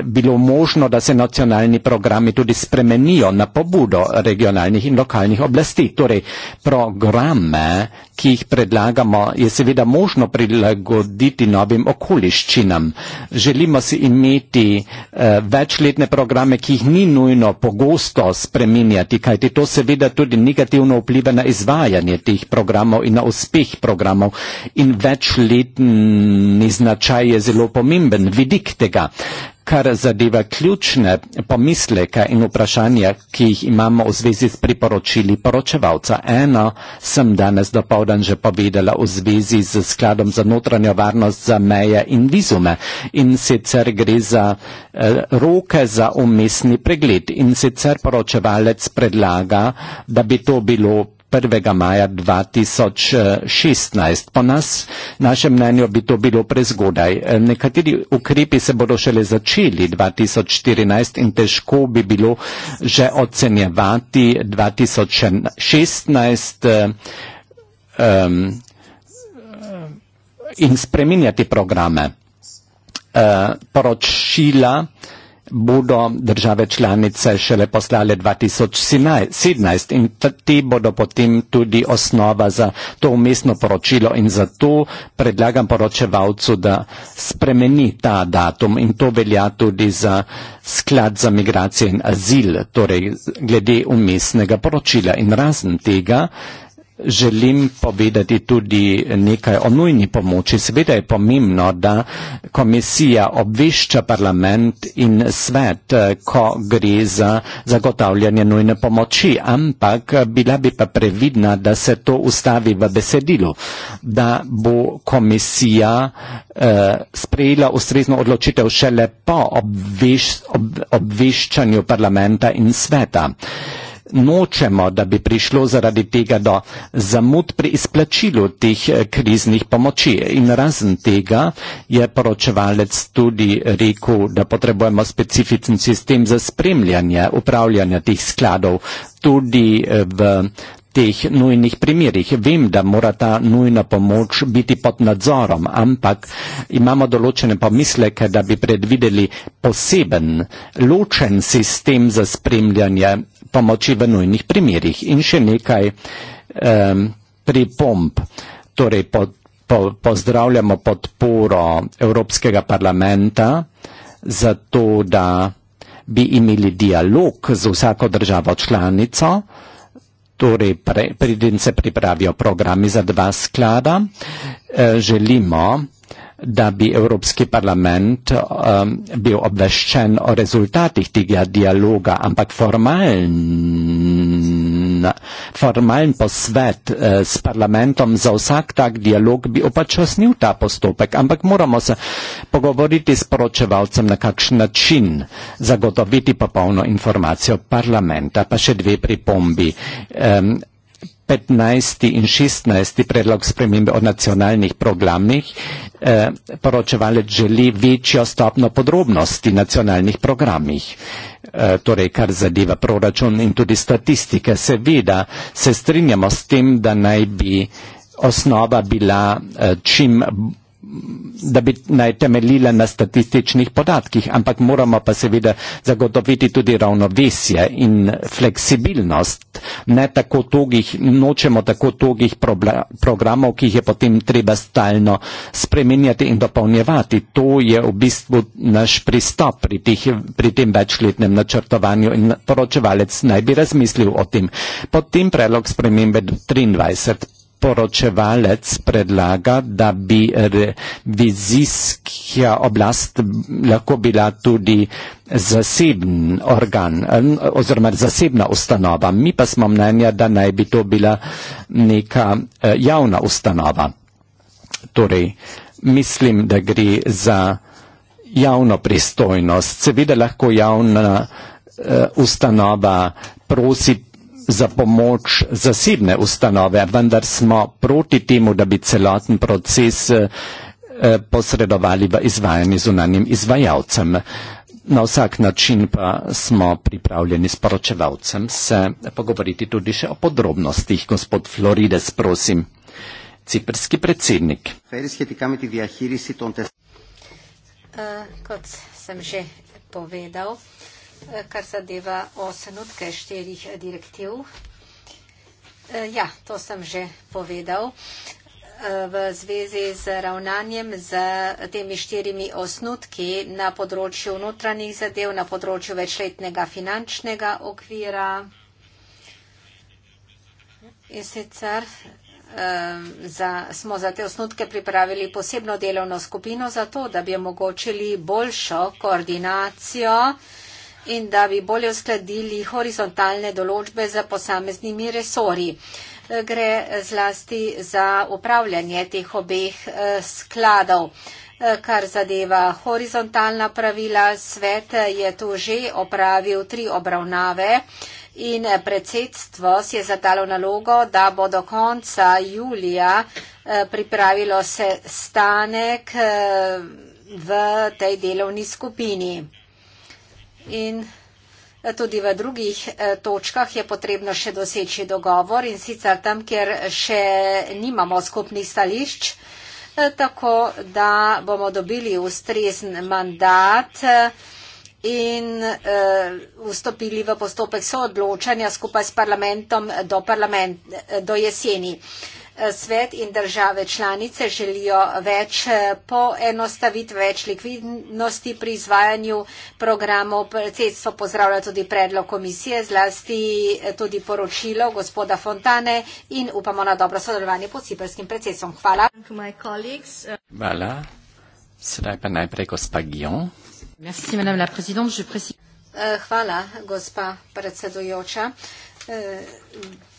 bilo možno, da se nacionalni programi tudi spremenijo na pobudo regionalnih in lokalnih oblasti. Torej, programe, ki jih predlagamo, je seveda možno prilagoditi novim okoliščinam. Želimo si imeti eh, večletne programe, ki jih ni nujno pogosto spreminjati, kajti to seveda tudi negativno vpliva na izvajanje teh programov in na uspeh programov. In večletni značaj je zelo pomemben vidik tega kar zadeva ključne pomisleke in vprašanja, ki jih imamo v zvezi s priporočili poročevalca. Eno sem danes dopovdan že povedala v zvezi z skladom za notranjo varnost za meje in vizume. In sicer gre za eh, roke za umestni pregled. In sicer poročevalec predlaga, da bi to bilo 1. maja 2016. Po nas, našem mnenju bi to bilo prezgodaj. E, nekateri ukrepi se bodo šele začeli 2014 in težko bi bilo že ocenjevati 2016. Um, e, in spreminjati programe. Uh, poročila uh, bodo države članice šele poslale 2017 in ti bodo potem tudi osnova za to umestno poročilo in zato predlagam poročevalcu, da spremeni ta datum in to velja tudi za sklad za migracije in azil, torej glede umestnega poročila in razen tega Želim povedati tudi nekaj o nujni pomoči. Seveda je pomembno, da komisija obvešča parlament in svet, eh, ko gre za zagotavljanje nujne pomoči, ampak bila bi pa previdna, da se to ustavi v besedilu, da bo komisija eh, sprejela ustrezno odločitev šele po obveš, ob, obveščanju parlamenta in sveta. Eh, nočemo, da bi prišlo zaradi tega do zamud pri izplačilu teh eh, kriznih pomoči. In razen tega je poročevalec tudi rekel, da potrebujemo specifičen sistem za spremljanje upravljanja teh skladov tudi eh, v teh nujnih primerih. Vem, da mora ta nujna pomoč biti pod nadzorom, ampak imamo določene pomisleke, da bi predvideli poseben, ločen sistem za spremljanje pomoči v nujnih primerih. In še nekaj um, pripomp. Torej, po, po, pozdravljamo podporo Evropskega parlamenta za to, da bi imeli dialog z vsako državo članico, torej pre, pridince pripravijo programi za dva sklada. E, želimo, da bi Evropski parlament um, bil obveščen o rezultatih tega dialoga, ampak formalno formalen posvet eh, s parlamentom za vsak tak dialog bi upočasnil ta postopek, ampak moramo se pogovoriti s poročevalcem, na kakšen način zagotoviti popolno informacijo parlamenta. Pa še dve pripombi. 15. in 16. predlog spremembe o nacionalnih programih, eh, poročevalec želi večjo stopno podrobnosti nacionalnih programih. Eh, torej, kar zadeva proračun in tudi statistike, seveda se strinjamo s tem, da naj bi osnova bila eh, čim bolj da bi naj temeljila na statističnih podatkih, ampak moramo pa seveda zagotoviti tudi ravnovesje in fleksibilnost, ne tako togih, nočemo tako togih programov, ki jih je potem treba stalno spremenjati in dopolnjevati. To je v bistvu naš pristop pri, tih, pri tem večletnem načrtovanju in poročevalec naj bi razmislil o tem. Potem predlog spremembe 23 poročevalec predlaga, da bi revizijska oblast lahko bila tudi zaseben organ oziroma zasebna ustanova. Mi pa smo mnenja, da naj bi to bila neka eh, javna ustanova. Torej, mislim, da gre za javno pristojnost. Seveda lahko javna eh, ustanova prosi za pomoč zasebne ustanove, vendar smo proti temu, da bi celoten proces eh, posredovali v izvajanje zunanjim izvajalcem. Na vsak način pa smo pripravljeni s poročevalcem se pogovoriti tudi še o podrobnostih. Gospod Florides, prosim, ciprski predsednik. Uh, kot sem že povedal, uh, kar zadeva osnutke štirih direktiv. E, ja, to sem že povedal e, v zvezi z ravnanjem z temi štirimi osnutki na področju notranjih zadev, na področju večletnega finančnega okvira. In sicer e, za, smo za te osnutke pripravili posebno delovno skupino za to, da bi omogočili boljšo koordinacijo in da bi bolje uskladili horizontalne določbe za posameznimi resori. Gre zlasti za upravljanje teh obeh eh, skladov. Eh, kar zadeva horizontalna pravila, svet eh, je tu že opravil tri obravnave in predsedstvo si je zadalo nalogo, da bo do konca julija pripravilo se stanek v tej delovni skupini in eh, tudi v drugih eh, točkah je potrebno še doseči dogovor in sicer tam, kjer še nimamo skupnih stališč, eh, tako da bomo dobili ustrezen mandat in vstopili v postopek soodločanja skupaj s parlamentom do, parlament, do jeseni svet in države članice želijo več eh, poenostavitve, več likvidnosti pri izvajanju programov. Predsedstvo pozdravlja tudi predlog komisije, zlasti eh, tudi poročilo gospoda Fontane in upamo na dobro sodelovanje pod ciprskim predsedstvom. Hvala. Hvala. Sedaj pa najprej gospa Gion. Eh, hvala, gospa predsedujoča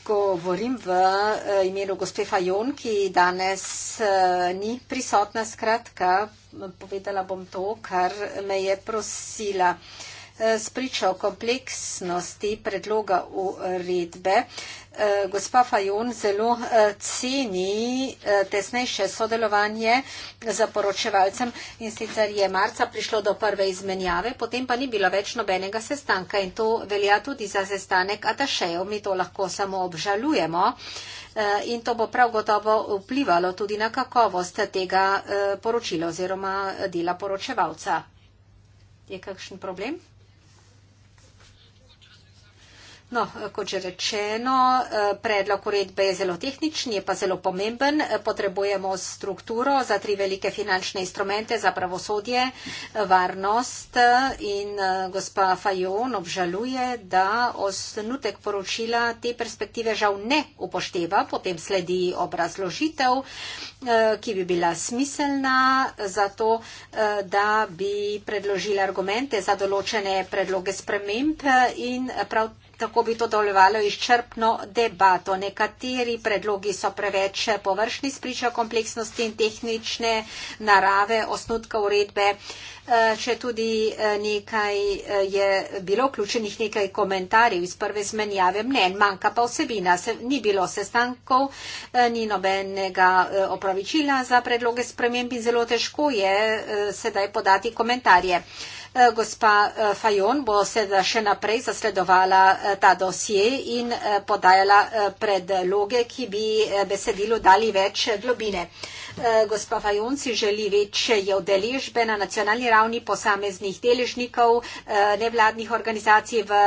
govorim v eh, imenu gospe Fajon, ki danes eh, ni prisotna, skratka, povedala bom to, kar me je prosila. Eh, Spričal kompleksnosti predloga uredbe, Eh, gospa Fajon zelo eh, ceni eh, tesnejše sodelovanje z poročevalcem in sicer je marca prišlo do prve izmenjave, potem pa ni bilo več nobenega sestanka in to velja tudi za sestanek Atašejev. Mi to lahko samo obžalujemo in to bo prav gotovo vplivalo tudi na kakovost tega poročila oziroma dela poročevalca. Je kakšen problem? No, kot že rečeno, eh, predlog uredbe je zelo tehničen, je pa zelo pomemben. Eh, potrebujemo strukturo za tri velike finančne instrumente, za pravosodje, eh, varnost in gospa Fajon obžaluje, da osnutek poročila te perspektive žal ne upošteva. Potem sledi obrazložitev, ki bi bila smiselna za to, da bi predložila argumente za določene predloge sprememb in prav tako bi to dolevalo izčrpno debato. Nekateri predlogi so preveč površni s pričo kompleksnosti in tehnične narave osnutka uredbe. Eh, Če tudi eh, nekaj eh, je bilo vključenih nekaj komentarjev iz prve zmenjave mnen, manjka pa vsebina, se, ni bilo sestankov, ni nobenega opravičila za predloge spremembi in zelo težko je sedaj podati komentarje. Eh, gospa eh, Fajon bo seveda še naprej zasledovala eh, ta dosje in podajala predloge, ki bi besedilo dali več globine. Gospa Fajon si želi večje udeležbe na nacionalni ravni posameznih deležnikov nevladnih organizacij v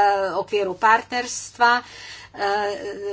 okviru partnerstva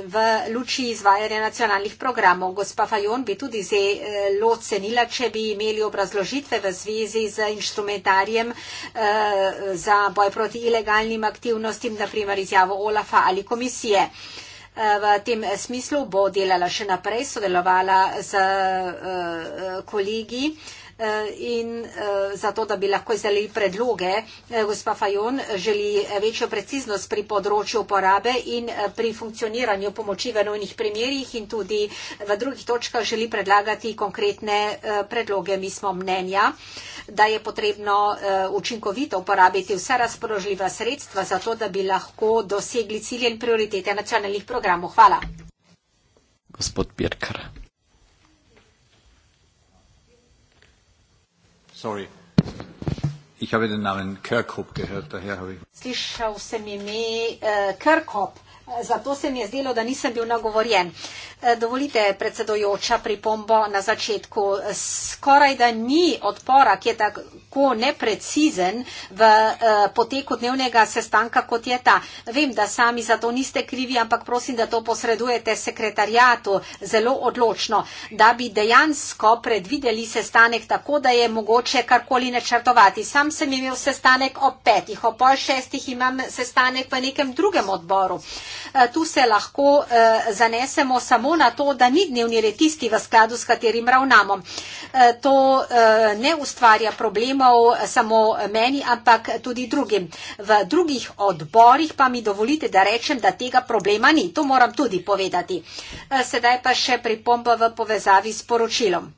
v luči izvajanja nacionalnih programov. Gospa Fajon bi tudi zelo cenila, če bi imeli obrazložitve v zvezi z instrumentarjem eh, za boj proti ilegalnim aktivnostim, naprimer izjavo Olafa ali komisije. Eh, v tem smislu bo delala še naprej, sodelovala z eh, kolegi. Uh, uh, Eh, in eh, zato, da bi lahko izdelili predloge, eh, gospa Fajon želi večjo preciznost pri področju uporabe in pri funkcioniranju pomoči v nujnih primerjih in tudi v drugih točkah želi predlagati konkretne predloge. Mi smo mnenja, da je potrebno učinkovito uporabiti vse razpoložljiva sredstva za to, da bi lahko dosegli cilje in prioritete nacionalnih programov. Hvala. Gospod Birkar. Sorry. Ich habe den Namen Kirkhope gehört, daher habe ich. Eh, Kirkhope. Zato se mi je zdelo, da nisem bil nagovorjen. E, dovolite, predsedojoča, pripombo na začetku. Skoraj da ni odpora, ki je tako neprecizen v e, poteku dnevnega sestanka, kot je ta. Vem, da sami za to niste krivi, ampak prosim, da to posredujete sekretarjatu zelo odločno, da bi dejansko predvideli sestanek tako, da je mogoče karkoli načrtovati. Sam sem imel sestanek ob petih, ob pol šestih imam sestanek v nekem drugem odboru. Eh, tu se lahko eh, zanesemo samo na to, da ni dnevni red tisti v skladu, s katerim ravnamo. Eh, to ne ustvarja problemov samo meni, ampak tudi drugim. V drugih odborih pa mi dovolite, da rečem, da tega problema ni. To moram tudi povedati. Sedaj pa še pripomba v povezavi s poročilom.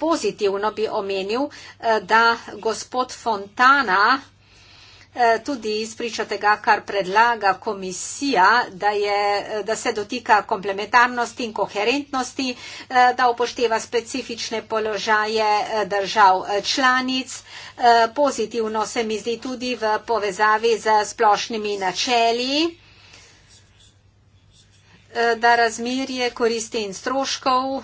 Pozitivno bi omenil, da gospod Fontana Eh, tudi izpriča tega, kar predlaga komisija, da, je, eh, da se dotika komplementarnosti in koherentnosti, eh, da upošteva specifične položaje držav članic. Pozitivno se mi zdi tudi v povezavi z splošnimi načeli da razmerje koristi in stroškov,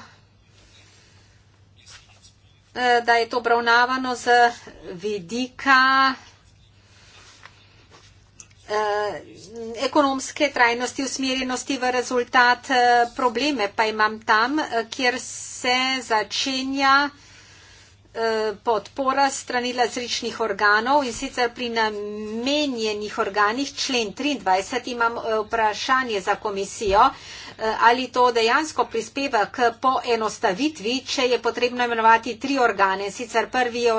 da je to obravnavano z vidika Eh, ekonomske trajnosti, usmerjenosti v rezultat. Eh, probleme pa imam tam, eh, kjer se začenja podpora strani različnih organov in sicer pri namenjenih organih. Člen 23 imam vprašanje za komisijo ali to dejansko prispeva k poenostavitvi, če je potrebno imenovati tri organe. Sicer prvi je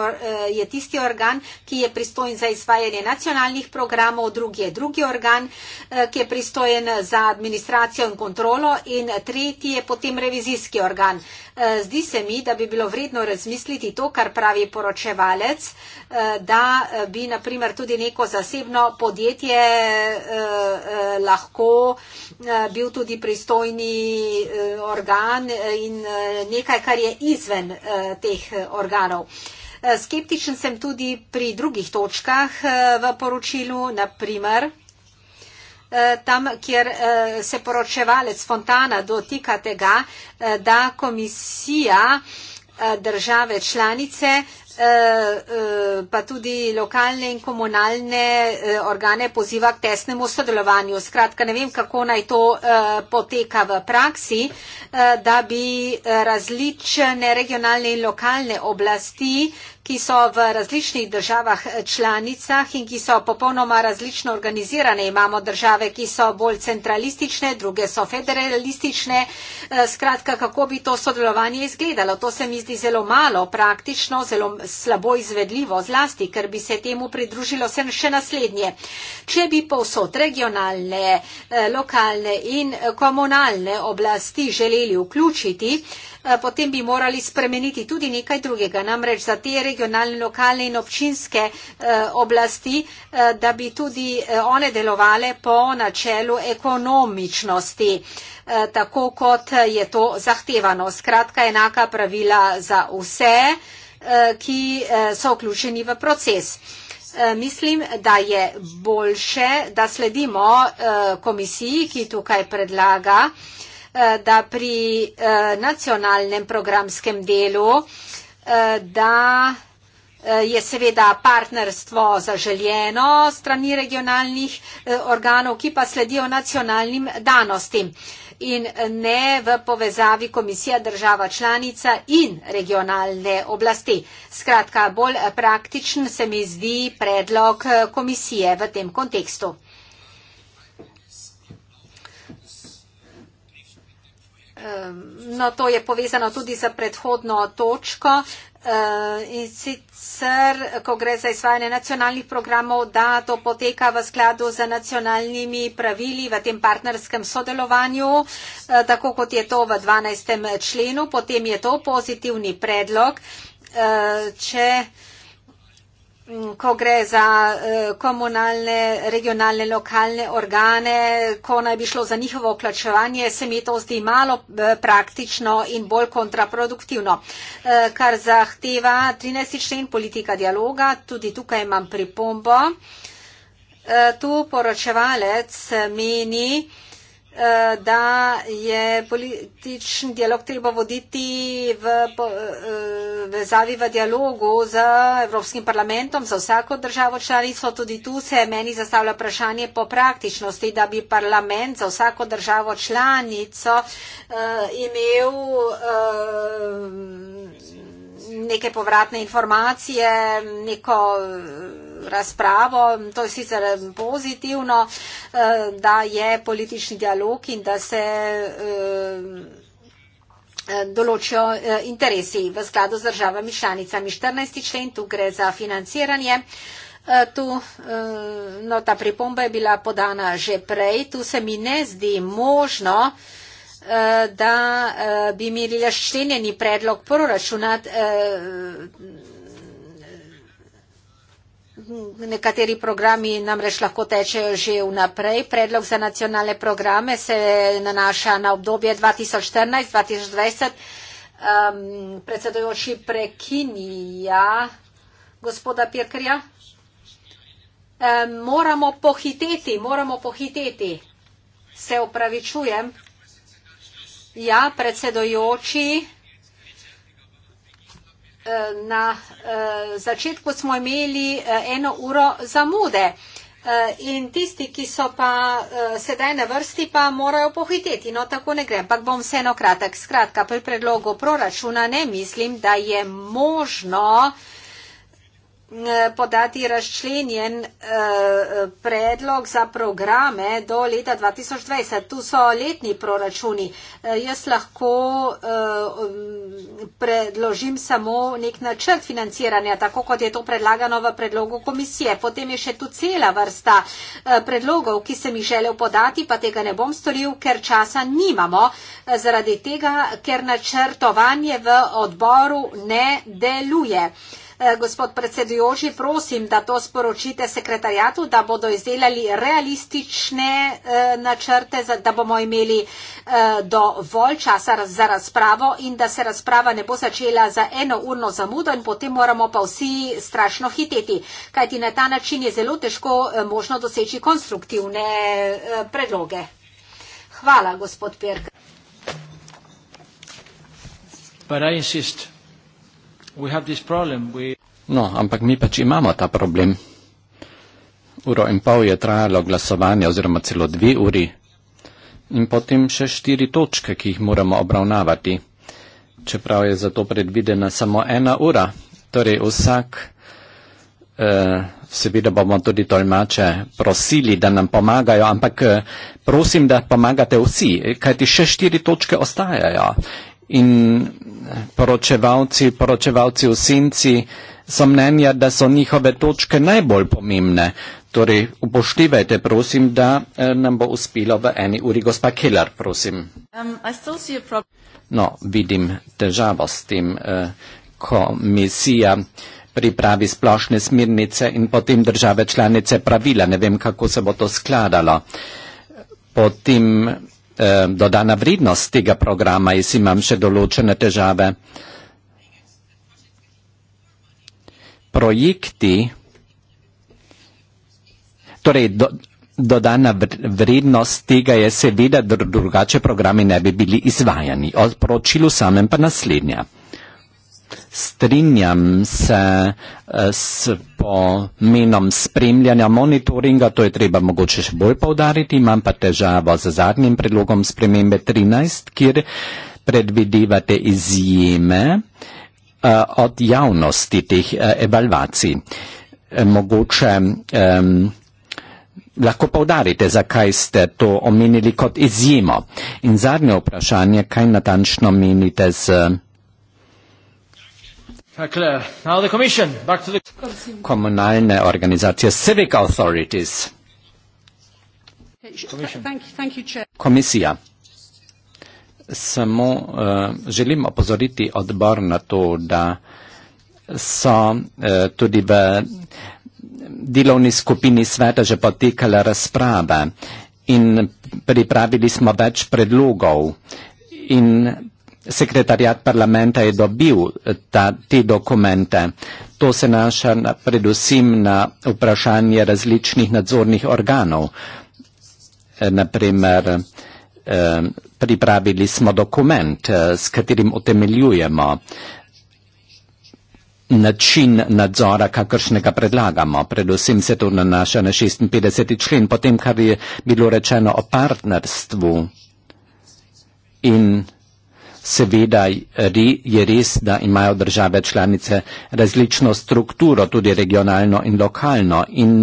eh, tisti organ, ki je pristojen za izvajanje nacionalnih programov, drugi je drugi organ, eh, ki je pristojen za administracijo in kontrolo in tretji je potem revizijski organ. Eh, zdi se mi, da bi bilo vredno razmisliti to, kar pravi poročevalec, da bi naprimer tudi neko zasebno podjetje lahko eh, Eh, bil tudi pristojni eh, organ eh, in nekaj, kar je izven teh organov. Skeptičen sem tudi pri drugih točkah v poročilu, naprimer tam, kjer se poročevalec Fontana dotika tega, da komisija države članice Eh, eh, pa tudi lokalne in komunalne eh, organe poziva k tesnemu sodelovanju. Skratka, ne vem, kako naj to poteka v praksi, da bi različne regionalne in lokalne oblasti ki so v različnih državah eh, članicah in ki so popolnoma različno organizirane. Imamo države, ki so bolj centralistične, druge so federalistične. Eh, skratka, kako bi to sodelovanje izgledalo? To se mi zdi zelo malo praktično, zelo slabo izvedljivo, zlasti, ker bi se temu pridružilo sem še naslednje. Če bi povsod regionalne, eh, lokalne in komunalne oblasti želeli vključiti, Eh, potem bi morali spremeniti tudi nekaj drugega. Namreč za te regionalne, lokalne in občinske eh, oblasti, eh, da bi tudi one delovale po načelu ekonomičnosti, tako kot je to zahtevano. Skratka, enaka pravila za vse, ki so vključeni v proces. Mislim, da je boljše, da sledimo komisiji, ki tukaj predlaga, Eh, da pri eh, nacionalnem programskem delu, eh, da je seveda partnerstvo zaželjeno strani regionalnih organov, ki pa sledijo nacionalnim danostim in ne v povezavi komisija država članica in regionalne oblasti. Skratka, bolj praktičen se mi zdi predlog komisije v tem kontekstu. no, to je povezano tudi z predhodno točko eh, in sicer, ko gre za izvajanje nacionalnih programov, da to poteka v skladu z nacionalnimi pravili v tem partnerskem sodelovanju, eh, tako kot je to v 12. členu, potem je to pozitivni predlog. Eh, če ko gre za eh, komunalne, regionalne, lokalne organe, ko naj bi šlo za njihovo vklačevanje, se mi to zdi malo eh, praktično in bolj kontraproduktivno, eh, kar zahteva 13. člen politika dialoga. Tudi tukaj imam pripombo. Tu poročevalec meni, Eh, da je politični dialog treba voditi v eh, vezavi v dialogu z Evropskim parlamentom, za vsako državo članico. Tudi tu se meni zastavlja vprašanje po praktičnosti, da bi parlament za vsako državo članico eh, imel. Uh, neke povratne informacije, neko eh, razpravo. To je sicer eh, pozitivno, eh, da je politični dialog in da se določijo interesi v skladu z državami članicami. 14. člen, tu gre za financiranje. Tu, no, ta pripomba je bila podana že prej. Tu se mi ne zdi možno, Eh, da eh, bi imeli razčlenjeni predlog proračuna. Eh, nekateri programi namreč lahko tečejo že vnaprej. Predlog za nacionalne programe se nanaša na obdobje 2014-2020. Um, predsedujoči prekinja gospoda Pirkerja. Um, moramo pohiteti, moramo pohiteti. Se opravičujem. Ja, predsedojoči, eh, na eh, začetku smo imeli eh, eno uro zamude in tisti, ki so pa sedaj na vrsti, pa morajo pohiteti. No, tako ne grem, ampak bom vseeno kratek. Skratka, pri predlogu proračuna ne mislim, da je možno podati razčlenjen eh, predlog za programe do leta 2020. Tu so letni proračuni. Eh, jaz lahko eh, predložim samo nek načrt financiranja, tako kot je to predlagano v predlogu komisije. Potem je še tu cela vrsta predlogov, ki sem jih želel podati, pa tega ne bom storil, ker časa nimamo, zaradi tega, ker načrtovanje v odboru ne deluje. Eh, gospod predsedujoči, prosim, da to sporočite sekretarjatu, da bodo izdelali realistične eh, načrte, da bomo imeli eh, dovolj časa za razpravo in da se razprava ne bo začela za eno urno zamudo in potem moramo pa vsi strašno hiteti, kajti na ta način je zelo težko eh, možno doseči konstruktivne eh, predloge. Hvala, gospod Pirk. But I insist. No, ampak mi pač imamo ta problem. Uro in pol je trajalo glasovanje oziroma celo dve uri in potem še štiri točke, ki jih moramo obravnavati. Čeprav je zato predvidena samo ena ura, torej vsak, eh, seveda bomo tudi tolmače prosili, da nam pomagajo, ampak eh, prosim, da pomagate vsi, kajti še štiri točke ostajajo in poročevalci, poročevalci v Sinci so mnenja, da so njihove točke najbolj pomembne. Torej, upoštevajte, prosim, da eh, nam bo uspelo v eni uri, gospa Keller, prosim. Um, no, vidim težavo s tem, eh, ko misija pripravi splošne smirnice in potem države članice pravila. Ne vem, kako se bo to skladalo. Potem Eh, dodana vrednost tega programa, jaz imam še določene težave. Projekti, torej do, dodana vrednost tega je seveda, da drugače programi ne bi bili izvajani. O poročilu samem pa naslednja strinjam se eh, s pomenom spremljanja monitoringa, to je treba mogoče še bolj povdariti, imam pa težavo z zadnjim predlogom spremembe 13, kjer predvidevate izjeme eh, od javnosti teh eh, evalvacij. Mogoče um, lahko povdarite, zakaj ste to omenili kot izjemo. In zadnje vprašanje, kaj natančno menite z. Uh, Dakle, now the commission, back to the... Komunalne organizacije, civic authorities. Komisija. Samo eh, želim opozoriti odbor na to, da so eh, tudi v delovni skupini sveta že potekale razprave in pripravili smo več predlogov in predlogov Sekretariat parlamenta je dobil eh, ta, te dokumente. To se naša na, predvsem na vprašanje različnih nadzornih organov. E, eh, naprimer, e, eh, pripravili smo dokument, e, s katerim utemeljujemo način nadzora, kakršnega predlagamo. Predvsem se to nanaša na 56. člen, potem kar je bilo rečeno o partnerstvu in Seveda je res, da imajo države članice različno strukturo, tudi regionalno in lokalno. In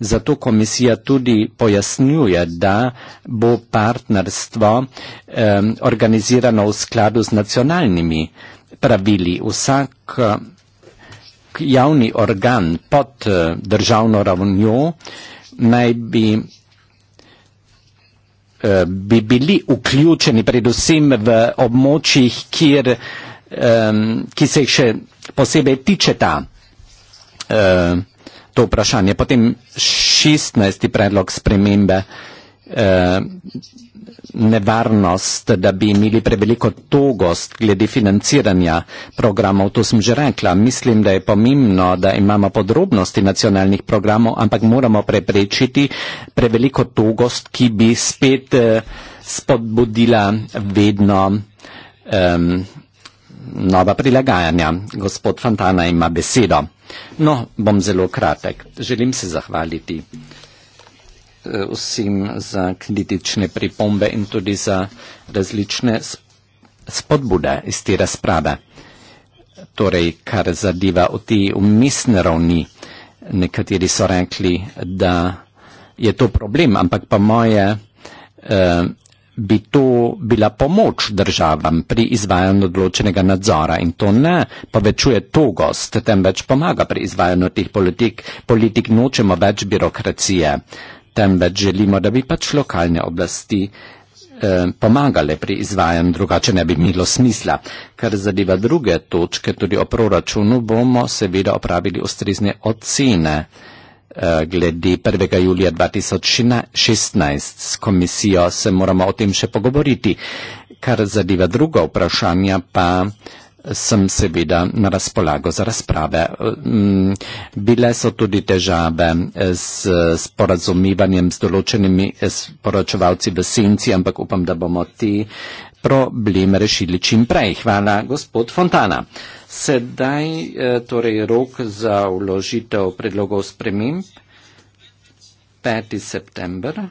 zato komisija tudi pojasnjuje, da bo partnerstvo um, organizirano v skladu z nacionalnimi pravili. Vsak javni organ pod eh, državno ravnjo naj bi Eh, bi bili vključeni predvsem v območjih, kjer, um, ki se jih še posebej tiče ta, uh, eh, to vprašanje. Potem 16. predlog spremembe. Uh, Eh, nevarnost, da bi imeli preveliko togost glede financiranja programov. To sem že rekla. Mislim, da je pomembno, da imamo podrobnosti nacionalnih programov, ampak moramo preprečiti preveliko togost, ki bi spet eh, spodbudila vedno um, nova prilagajanja. Gospod Fontana ima besedo. No, bom zelo kratek. Želim se zahvaliti. Eh, vsem za kritične pripombe in tudi za različne spodbude iz te razprave. Torej, kar zadeva v te umestne ravni, nekateri so rekli, da je to problem, ampak pa moje eh, bi to bila pomoč državam pri izvajanju odločenega nadzora in to ne povečuje togost, temveč pomaga pri izvajanju teh politik. Politik nočemo več birokracije temveč želimo, da bi pač lokalne oblasti eh, pomagale pri izvajanju, drugače ne bi imelo smisla. Kar zadeva druge točke, tudi o proračunu, bomo seveda opravili ustrezne ocene eh, glede 1. julija 2016. S komisijo se moramo o tem še pogovoriti. Kar zadeva druga vprašanja, pa eh, sem seveda na razpolago za razprave. Mm, bile so tudi težave eh, s sporazumivanjem z določenimi eh, sporočevalci v senci, ampak upam, da bomo ti problem rešili čim prej. Hvala, gospod Fontana. Sedaj eh, torej rok za uložitev predlogov sprememb 5. september.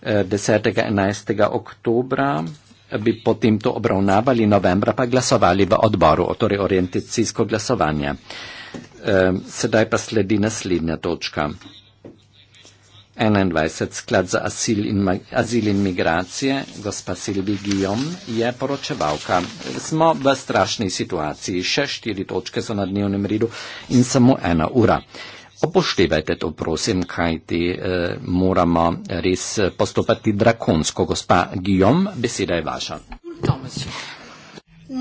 10. in 11. oktobra bi potem to obravnavali, novembra pa glasovali v odboru, torej orientacijsko glasovanje. Ehm, sedaj pa sledi naslednja točka. 21. Sklad za azil in, azil in migracije, gospa Silvi Gijom, je poročevalka. Smo v strašni situaciji, še štiri točke so na dnevnem redu in samo ena ura. Upoštevajte to, prosim, kajti eh, moramo res postopati drakonsko. Gospa Gijom, beseda je vaša.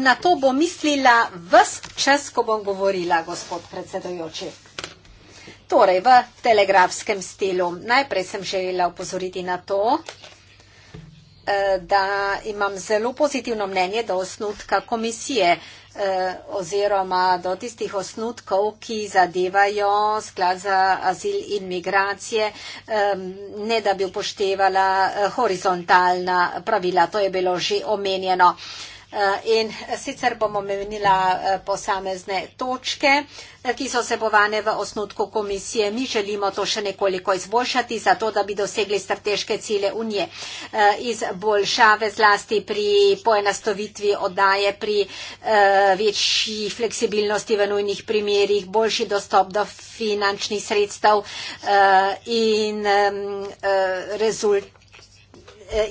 Na to bom mislila vse čas, ko bom govorila, gospod predsedojoči. Torej, v telegrafskem stilu. Najprej sem želela upozoriti na to, eh, da imam zelo pozitivno mnenje do osnutka komisije eh, oziroma do tistih osnutkov, ki zadevajo sklad za azil in migracije, eh, ne da bi upoštevala eh, horizontalna pravila. To je bilo že omenjeno. Eh, Eh, in sicer bom omenila eh, posamezne točke, eh, ki so sebovane v osnutku komisije. Mi želimo to še nekoliko izboljšati, zato da bi dosegli strateške cilje unije iz boljšave zlasti pri poenastovitvi oddaje, pri večji fleksibilnosti v nujnih primerjih, boljši dostop do finančnih sredstev in rezult,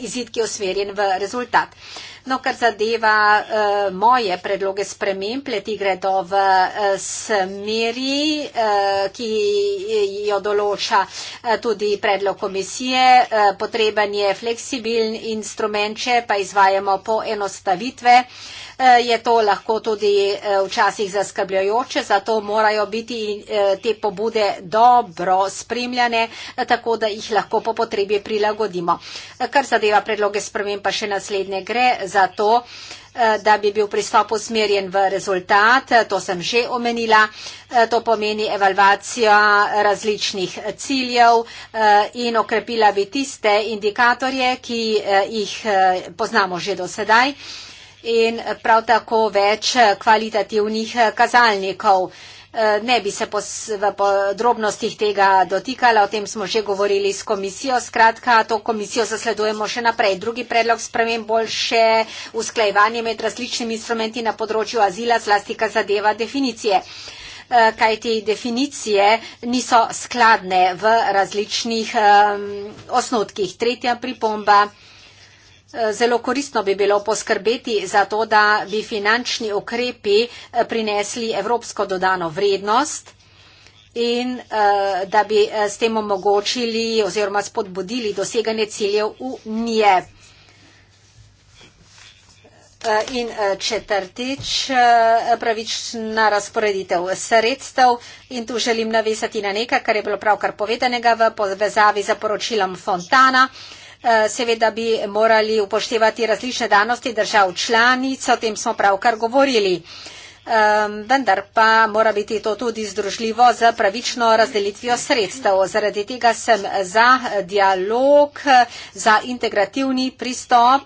izid, ki je usmerjen v rezultat. No, kar zadeva uh, moje predloge sprememb, leti gredo v uh, smeri, uh, ki jo določa uh, tudi predlog komisije. Uh, potreben je fleksibilen instrument, če pa izvajamo poenostavitve. Uh, Eh, je to lahko tudi eh, včasih zaskrbljajoče, zato morajo biti eh, te pobude dobro spremljane, tako da jih lahko po potrebi prilagodimo. Kar zadeva predloge sprememb, pa še naslednje gre za to, da bi bil pristop usmerjen v rezultat, to sem že omenila, to pomeni evalvacija različnih ciljev in okrepila bi tiste indikatorje, ki jih poznamo že do sedaj in prav tako več kvalitativnih eh, kazalnikov. Eh, ne bi se v podrobnostih tega dotikala, o tem smo že govorili s komisijo. Skratka, to komisijo zasledujemo še naprej. Drugi predlog spremem boljše usklajevanje med različnimi instrumenti na področju azila, zlastika zadeva definicije. Eh, Kaj te definicije niso skladne v različnih um, osnotkih. Tretja pripomba. Zelo koristno bi bilo poskrbeti za to, da bi finančni ukrepi eh, prinesli evropsko dodano vrednost in eh, da bi eh, s tem omogočili oziroma spodbudili doseganje ciljev unije. In četrtič, pravična razporeditev sredstev in tu želim navesati na nekaj, kar je bilo pravkar povedanega v povezavi za poročilom Fontana. Eh, seveda bi morali upoštevati različne danosti držav članic, o tem smo pravkar govorili. Ehm, vendar pa mora biti to tudi združljivo z pravično razdelitvijo sredstev. Zaradi tega sem za dialog, za integrativni pristop.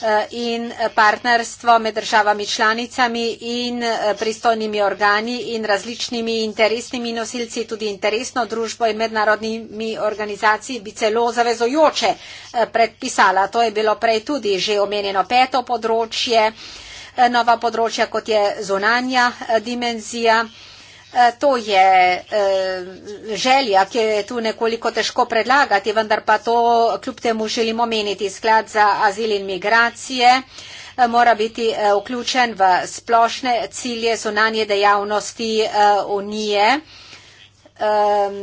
Eh, in partnerstvo med državami članicami in eh, pristojnimi organi in različnimi interesnimi nosilci, tudi interesno družbo in mednarodnimi organizacijami bi celo zavezojoče eh, predpisala. To je bilo prej tudi že omenjeno peto področje, nova področja kot je zunanja dimenzija. E, to je e, želja, ki je tu nekoliko težko predlagati, vendar pa to kljub temu želimo meniti. Sklad za azil in migracije e, mora biti vključen v splošne cilje zunanje dejavnosti Unije. Uh, Um,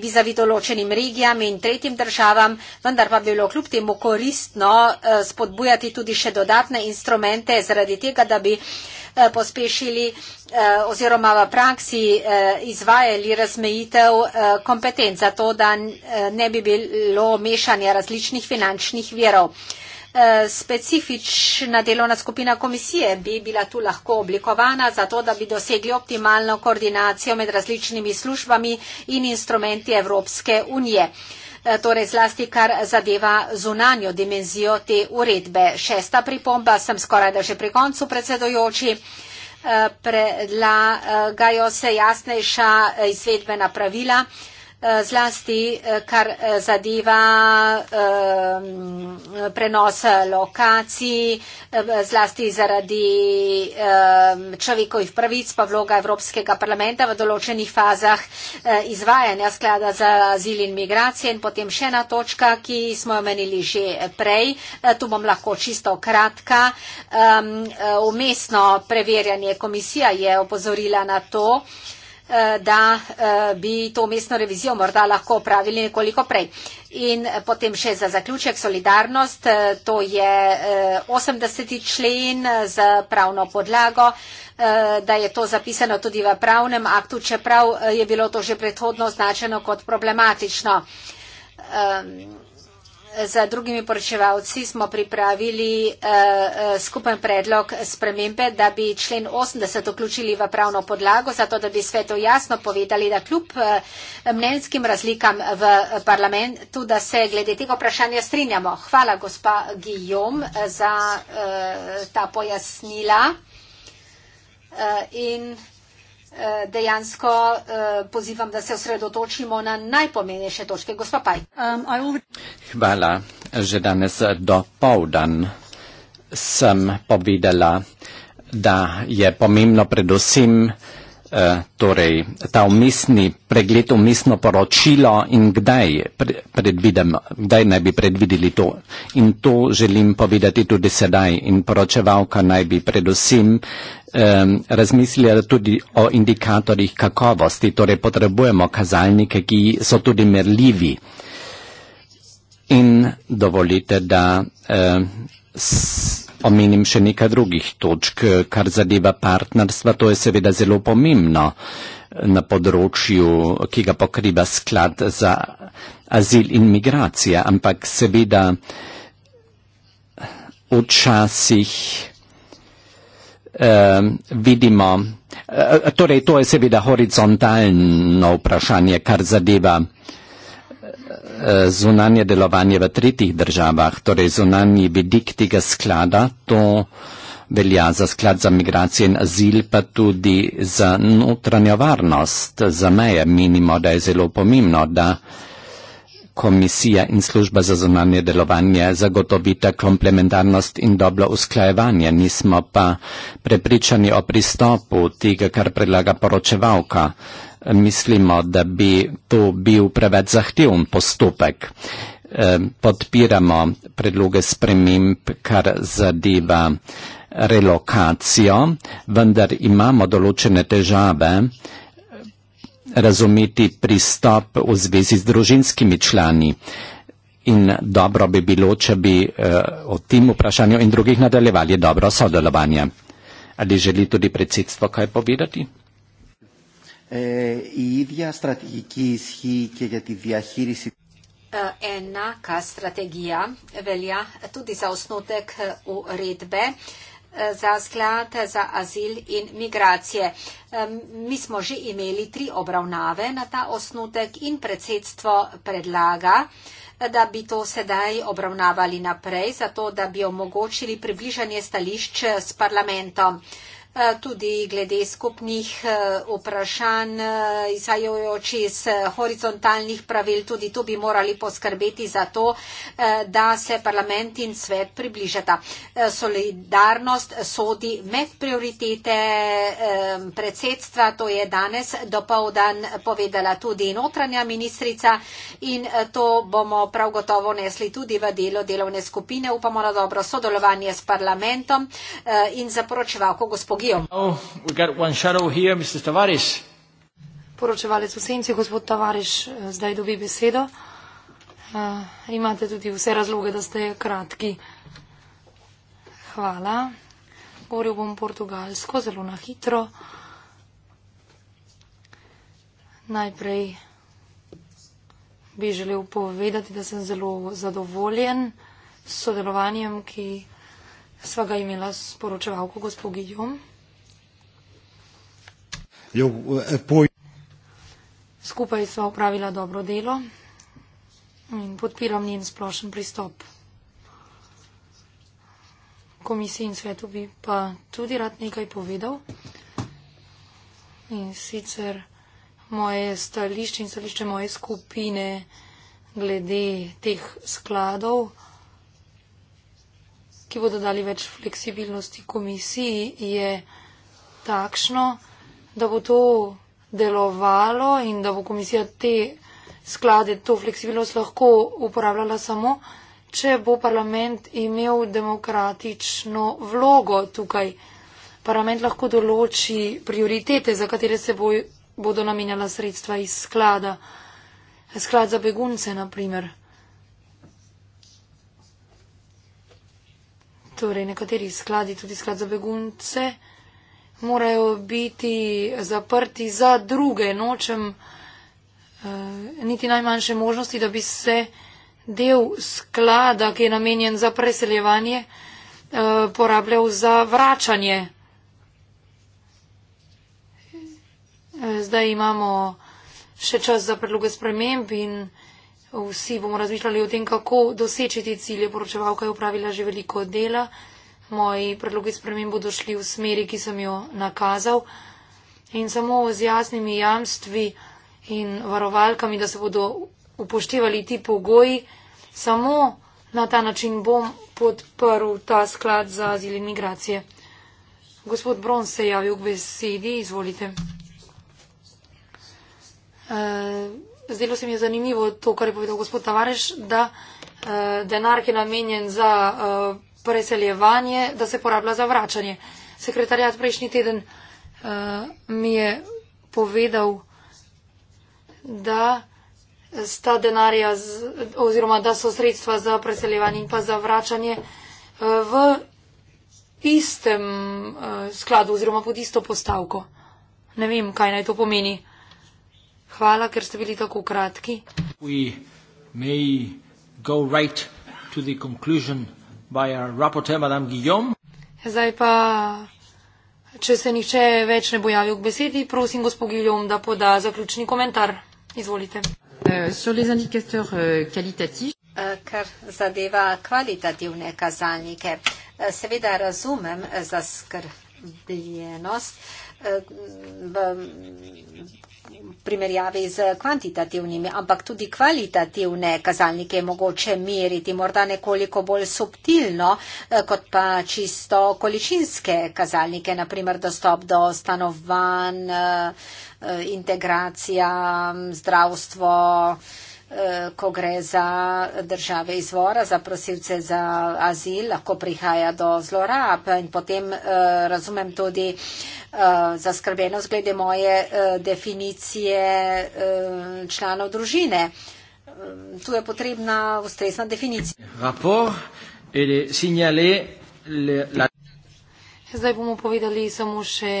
vizavi določenim regijam in tretjim državam, vendar pa bilo kljub temu koristno uh, spodbujati tudi še dodatne instrumente zaradi tega, da bi uh, pospešili uh, oziroma v praksi izvajali razmejitev kompetenc za to, da ne bi bilo mešanja različnih finančnih verov. Eh, specifična delovna skupina komisije bi bila tu lahko oblikovana, zato da bi dosegli optimalno koordinacijo med različnimi službami in instrumenti Evropske unije. Eh, torej zlasti, kar zadeva zunanjo dimenzijo te uredbe. Šesta pripomba, sem skoraj da že pri koncu predsedojoči, eh, predlagajo se jasnejša izvedbena pravila Eh, zlasti eh, kar eh, zadeva prenos lokacij, zlasti zaradi človekovih pravic, pa vloga Evropskega parlamenta v določenih fazah izvajanja sklada za azil in migracije in potem še ena točka, ki smo jo menili že prej, tu bom lahko čisto kratka. Umestno preverjanje komisija je opozorila na to, Eh, da eh, bi to mestno revizijo morda lahko pravili nekoliko prej. In eh, potem še za zaključek solidarnost, to je 80. člen z pravno podlago, da je to zapisano tudi v pravnem aktu, čeprav je bilo to že predhodno označeno kot problematično. Um, Za drugimi poročevalci smo pripravili uh, skupen predlog spremembe, da bi člen 80 vključili v pravno podlago, zato da bi svetu jasno povedali, da kljub uh, mnenjskim razlikam v parlamentu, da se glede tega vprašanja strinjamo. Hvala gospa Gijom za uh, ta pojasnila. Uh, Eh, dejansko eh, pozivam, da se osredotočimo na najpomenejše točke. Gospa Paj. Um, Hvala. Že danes do povdan sem povedala, da je pomembno predvsem, Eh, torej, ta umisni pregled, umisno poročilo in kdaj, predvidem, kdaj naj bi predvideli to. In to želim povedati tudi sedaj in poročevalka naj bi predvsem um, razmislila tudi o indikatorjih kakovosti, torej potrebujemo kazalnike, ki so tudi merljivi. In dovolite, da um, omenim še nekaj drugih točk, kar zadeva partnerstva, to je seveda zelo pomembno na področju, ki ga pokriva sklad za azil in migracije, ampak seveda včasih eh, vidimo, eh, torej to je seveda horizontalno vprašanje, kar zadeva eh, Eh, zunanje delovanje v tretjih državah, torej zunanji vidik tega sklada, to velja za sklad za migracije in azil, pa tudi za notranjo varnost, za meje. Menimo, da je zelo pomembno, da komisija in služba za zunanje delovanje zagotovita komplementarnost in dobro usklajevanje. Nismo pa prepričani o pristopu tega, kar predlaga poročevalka mislimo, da bi to bil preveč zahteven postopek. Eh, podpiramo predloge sprememb, kar zadeva relokacijo, vendar imamo določene težave eh, razumeti pristop v zvezi z družinskimi člani. In dobro bi bilo, če bi uh, o tem vprašanju in drugih nadaljevali dobro sodelovanje. Ali želi tudi predsedstvo kaj povedati? ε, η ίδια στρατηγική ισχύει και για τη διαχείριση. Ενάκα στρατηγία βελιά του της αοσνούτεκ ου ρίτβε za sklad za azil in migracije. Mi smo že imeli tri obravnave na ta osnutek in predsedstvo predlaga, da bi to sedaj obravnavali naprej, zato da bi omogočili približanje stališč s parlamentom. Eh, tudi glede skupnih eh, vprašanj, eh, izhajajoč iz horizontalnih pravil, tudi to bi morali poskrbeti za to, da se parlament in svet približata. Solidarnost sodi med prioritete predsedstva, to je danes dopovdan povedala tudi notranja ministrica in to bomo prav gotovo nesli tudi v delo delovne skupine. Upamo na dobro sodelovanje s parlamentom in zaporočevalko gospodinstva tehnologijo. Oh, here, Poročevalec v senci, gospod Tavariš, eh, zdaj dobi besedo. Uh, imate tudi vse razloge, da ste kratki. Hvala. Govoril bom portugalsko, zelo na hitro. Najprej bi želel povedati, da sem zelo zadovoljen s sodelovanjem, ki sva ga imela s poročevalko gospod Gijom jo eh, poje. Skupaj sva upravila dobro delo in podpiram njen splošen pristop. Komisiji in svetu bi pa tudi rad nekaj povedal. In sicer moje stališče in stališče moje skupine glede teh skladov, ki bodo dali več fleksibilnosti komisiji, je takšno, da bo to delovalo in da bo komisija te sklade, to fleksibilnost lahko uporabljala samo, če bo parlament imel demokratično vlogo tukaj. Parlament lahko določi prioritete, za katere se bo, bodo namenjala sredstva iz sklada. Sklad za begunce, na primer. Torej, nekateri skladi, tudi sklad za begunce morajo biti zaprti za druge. Nočem e, niti najmanjše možnosti, da bi se del sklada, ki je namenjen za preseljevanje, e, porabljal za vračanje. E, zdaj imamo še čas za predloge sprememb in vsi bomo razmišljali o tem, kako doseči te cilje. Poročevalka je upravila že veliko dela moji predlogi spremem bodo šli v smeri, ki sem jo nakazal. In samo z jasnimi jamstvi in varovalkami, da se bodo upoštevali ti pogoji, samo na ta način bom podprl ta sklad za azil in migracije. Gospod Bron se je javil k besedi, izvolite. E, zdelo se mi je zanimivo to, kar je povedal gospod Tavareš, da e, denar, ki je namenjen za e, preseljevanje, da se porablja za vračanje. Sekretarjat prejšnji teden uh, mi je povedal, da sta denarja z, oziroma da so sredstva za preseljevanje in pa za vračanje eh, v istem eh, skladu oziroma pod isto postavko. Ne vem, kaj naj to pomeni. Hvala, ker ste bili tako kratki by our rapporteur, Madame Guillaume. Zdaj pa, če se nihče več ne bo javil k besedi, prosim gospod Guillaume, da poda zaključni komentar. Izvolite. Uh, Kar zadeva kvalitativne kazalnike. Eh, seveda razumem eh, zaskrbljenost primerjavi z kvantitativnimi, ampak tudi kvalitativne kazalnike je mogoče meriti, morda nekoliko bolj subtilno, eh, kot pa čisto količinske kazalnike, naprimer dostop do stanovanj, eh, integracija, zdravstvo. Eh, ko gre za države izvora, za prosilce za azil, lahko prihaja do zlorab in potem eh, razumem tudi eh, zaskrbenost glede moje definicije članov družine. Tu je potrebna ustrezna definicija. Rapport, Zdaj bomo povedali samo še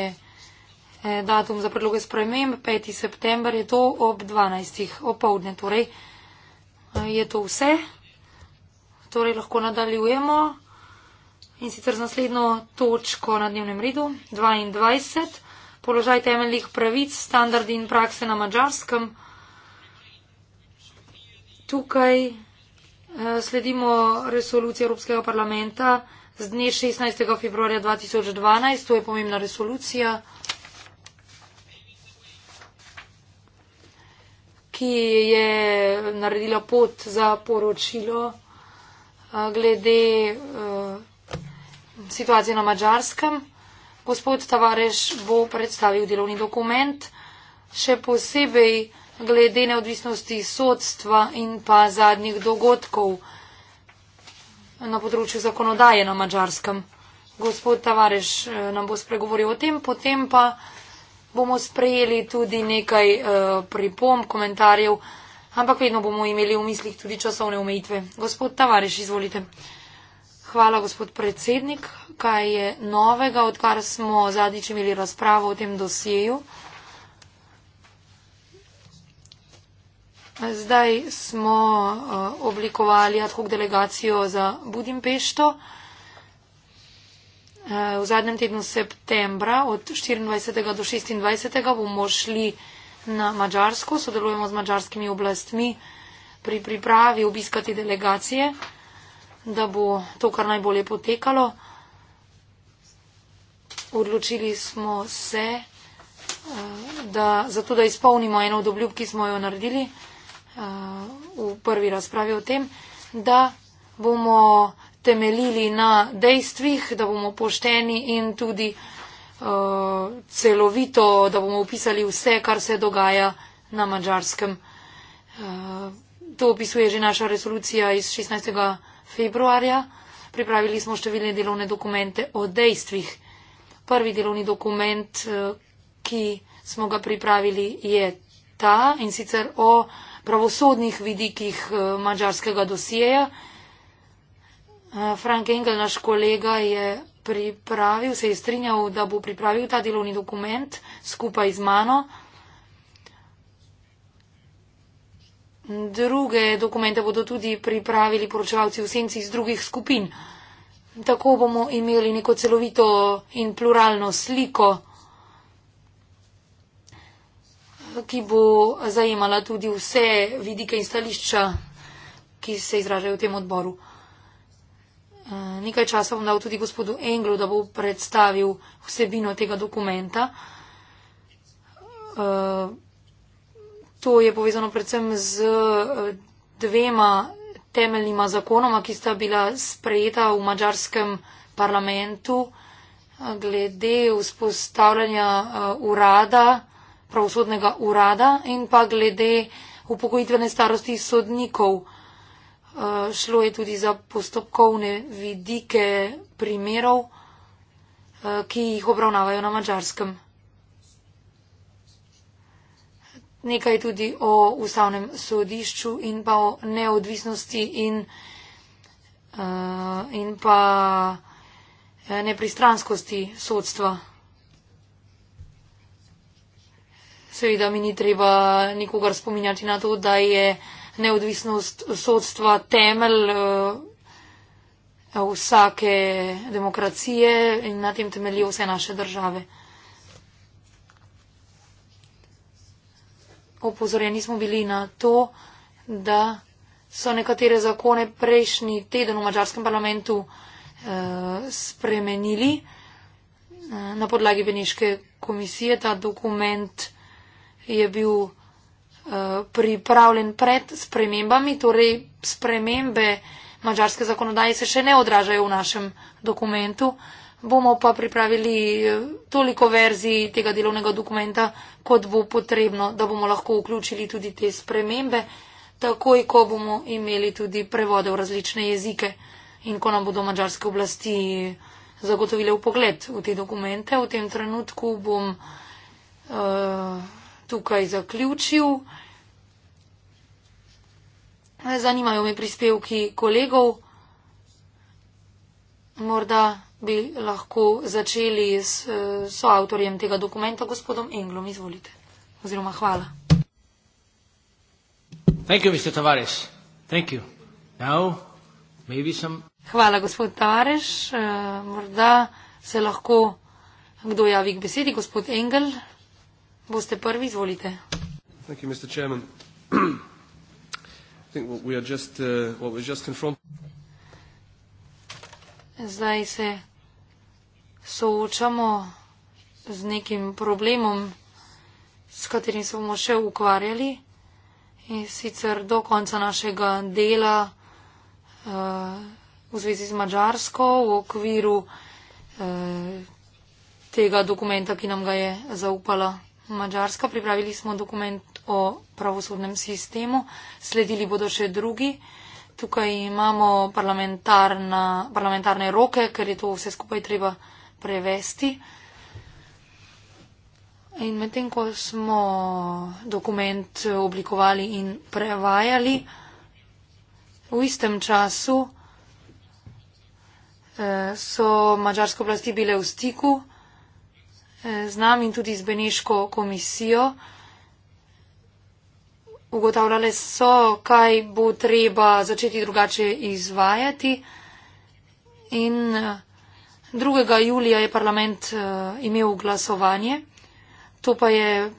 Eh, datum za predloge sprememb, 5. september, je to ob 12. opovdne. Torej, eh, je to vse. Torej, lahko nadaljujemo in sicer z naslednjo točko na dnevnem redu, 22. Položaj temeljnih pravic, standardi in prakse na mačarskem. Tukaj eh, sledimo resoluciji Evropskega parlamenta z dne 16. februarja 2012. To je pomembna resolucija. ki je naredila pot za poročilo eh, glede eh, situacije na mačarskem. Gospod Tavares bo predstavil delovni dokument, še posebej glede neodvisnosti sodstva in pa zadnjih dogodkov na področju zakonodaje na mačarskem. Gospod Tavares eh, nam bo spregovoril o tem, potem pa bomo sprejeli tudi nekaj uh, pripomb, komentarjev, ampak vedno bomo imeli v mislih tudi časovne omejitve. Gospod Tavareš, izvolite. Hvala, gospod predsednik. Kaj je novega, odkar smo zadnjič imeli razpravo o tem dosjeju? Zdaj smo uh, oblikovali ad hoc delegacijo za Budimpešto. Eh, v zadnjem tednu septembra od 24. do 26. bomo šli na Mačarsko, sodelujemo z mačarskimi oblastmi pri pripravi obiskati delegacije, da bo to kar najbolje potekalo. Odločili smo se, eh, da zato, da izpolnimo eno od obljub, ki smo jo naredili eh, v prvi razpravi o tem, da bomo temeljili na dejstvih, da bomo pošteni in tudi uh, celovito, da bomo opisali vse, kar se dogaja na mačarskem. Uh, to opisuje že naša resolucija iz 16. februarja. Pripravili smo številne delovne dokumente o dejstvih. Prvi delovni dokument, uh, ki smo ga pripravili, je ta in sicer o pravosodnih vidikih uh, mačarskega dosijeja. Eh, Frank Engel, naš kolega, je pripravil, se je strinjal, da bo pripravil ta delovni dokument skupaj z mano. Druge dokumente bodo tudi pripravili poročevalci v senci iz drugih skupin. Tako bomo imeli neko celovito in pluralno sliko, ki bo zajemala tudi vse vidike in stališča, ki se izražajo v tem odboru nekaj časa bom dal tudi gospodu Englu, da bo predstavil vsebino tega dokumenta. Eh, to je povezano predvsem z eh, dvema temeljnima zakonoma, ki sta bila sprejeta v mačarskem parlamentu eh, glede vzpostavljanja urada, pravosodnega urada in pa glede upokojitvene starosti sodnikov. Eh, šlo je tudi za postopkovne vidike primerov, eh, ki jih obravnavajo na mačarskem. Nekaj tudi o ustavnem sodišču in pa o neodvisnosti in, eh, in pa nepristranskosti sodstva. Seveda mi ni treba nikogar spominjati na to, da je neodvisnost sodstva temelj eh, vsake demokracije in na tem temelji vse naše države. Opozorjeni smo bili na to, da so nekatere zakone prejšnji teden v mačarskem parlamentu eh, spremenili eh, na podlagi Beneške komisije. Ta dokument je bil Eh, pripravljen pred spremembami, torej spremembe mađarske zakonodaje se še ne odražajo v našem dokumentu. Bomo pa pripravili eh, toliko verzij tega delovnega dokumenta, kot bo potrebno, da bomo lahko vključili tudi te spremembe, takoj, ko bomo imeli tudi prevode v različne jezike in ko nam bodo mađarske oblasti zagotovile v pogled v te dokumente. V tem trenutku bom. Uh, tukaj zaključil. Zanimajo me prispevki kolegov. Morda bi lahko začeli s soavtorjem tega dokumenta, gospodom Englom. Izvolite. Oziroma hvala. Thank you, Mr. Tavares. Thank you. Now, maybe some... Hvala, gospod Tavares. Eh, morda se lahko kdo javi k besedi, gospod Engel. Boste prvi, izvolite. Thank you, Mr. Chairman. I think what we are just, uh, what we're just Zdaj se soočamo z nekim problemom, s katerim se bomo še ukvarjali in sicer do konca našega dela uh, v zvezi z Mačarsko v okviru uh, tega dokumenta, ki nam ga je zaupala Mačarska, pripravili smo dokument o pravosodnem sistemu, sledili bodo še drugi. Tukaj imamo parlamentarne roke, ker je to vse skupaj treba prevesti. In medtem, ko smo dokument oblikovali in prevajali, v istem času eh, so mačarske oblasti bile v stiku z nami in tudi z Beneško komisijo. Ugotavljale so, kaj bo treba začeti drugače izvajati. In 2. Eh, julija je parlament eh, imel glasovanje. To pa je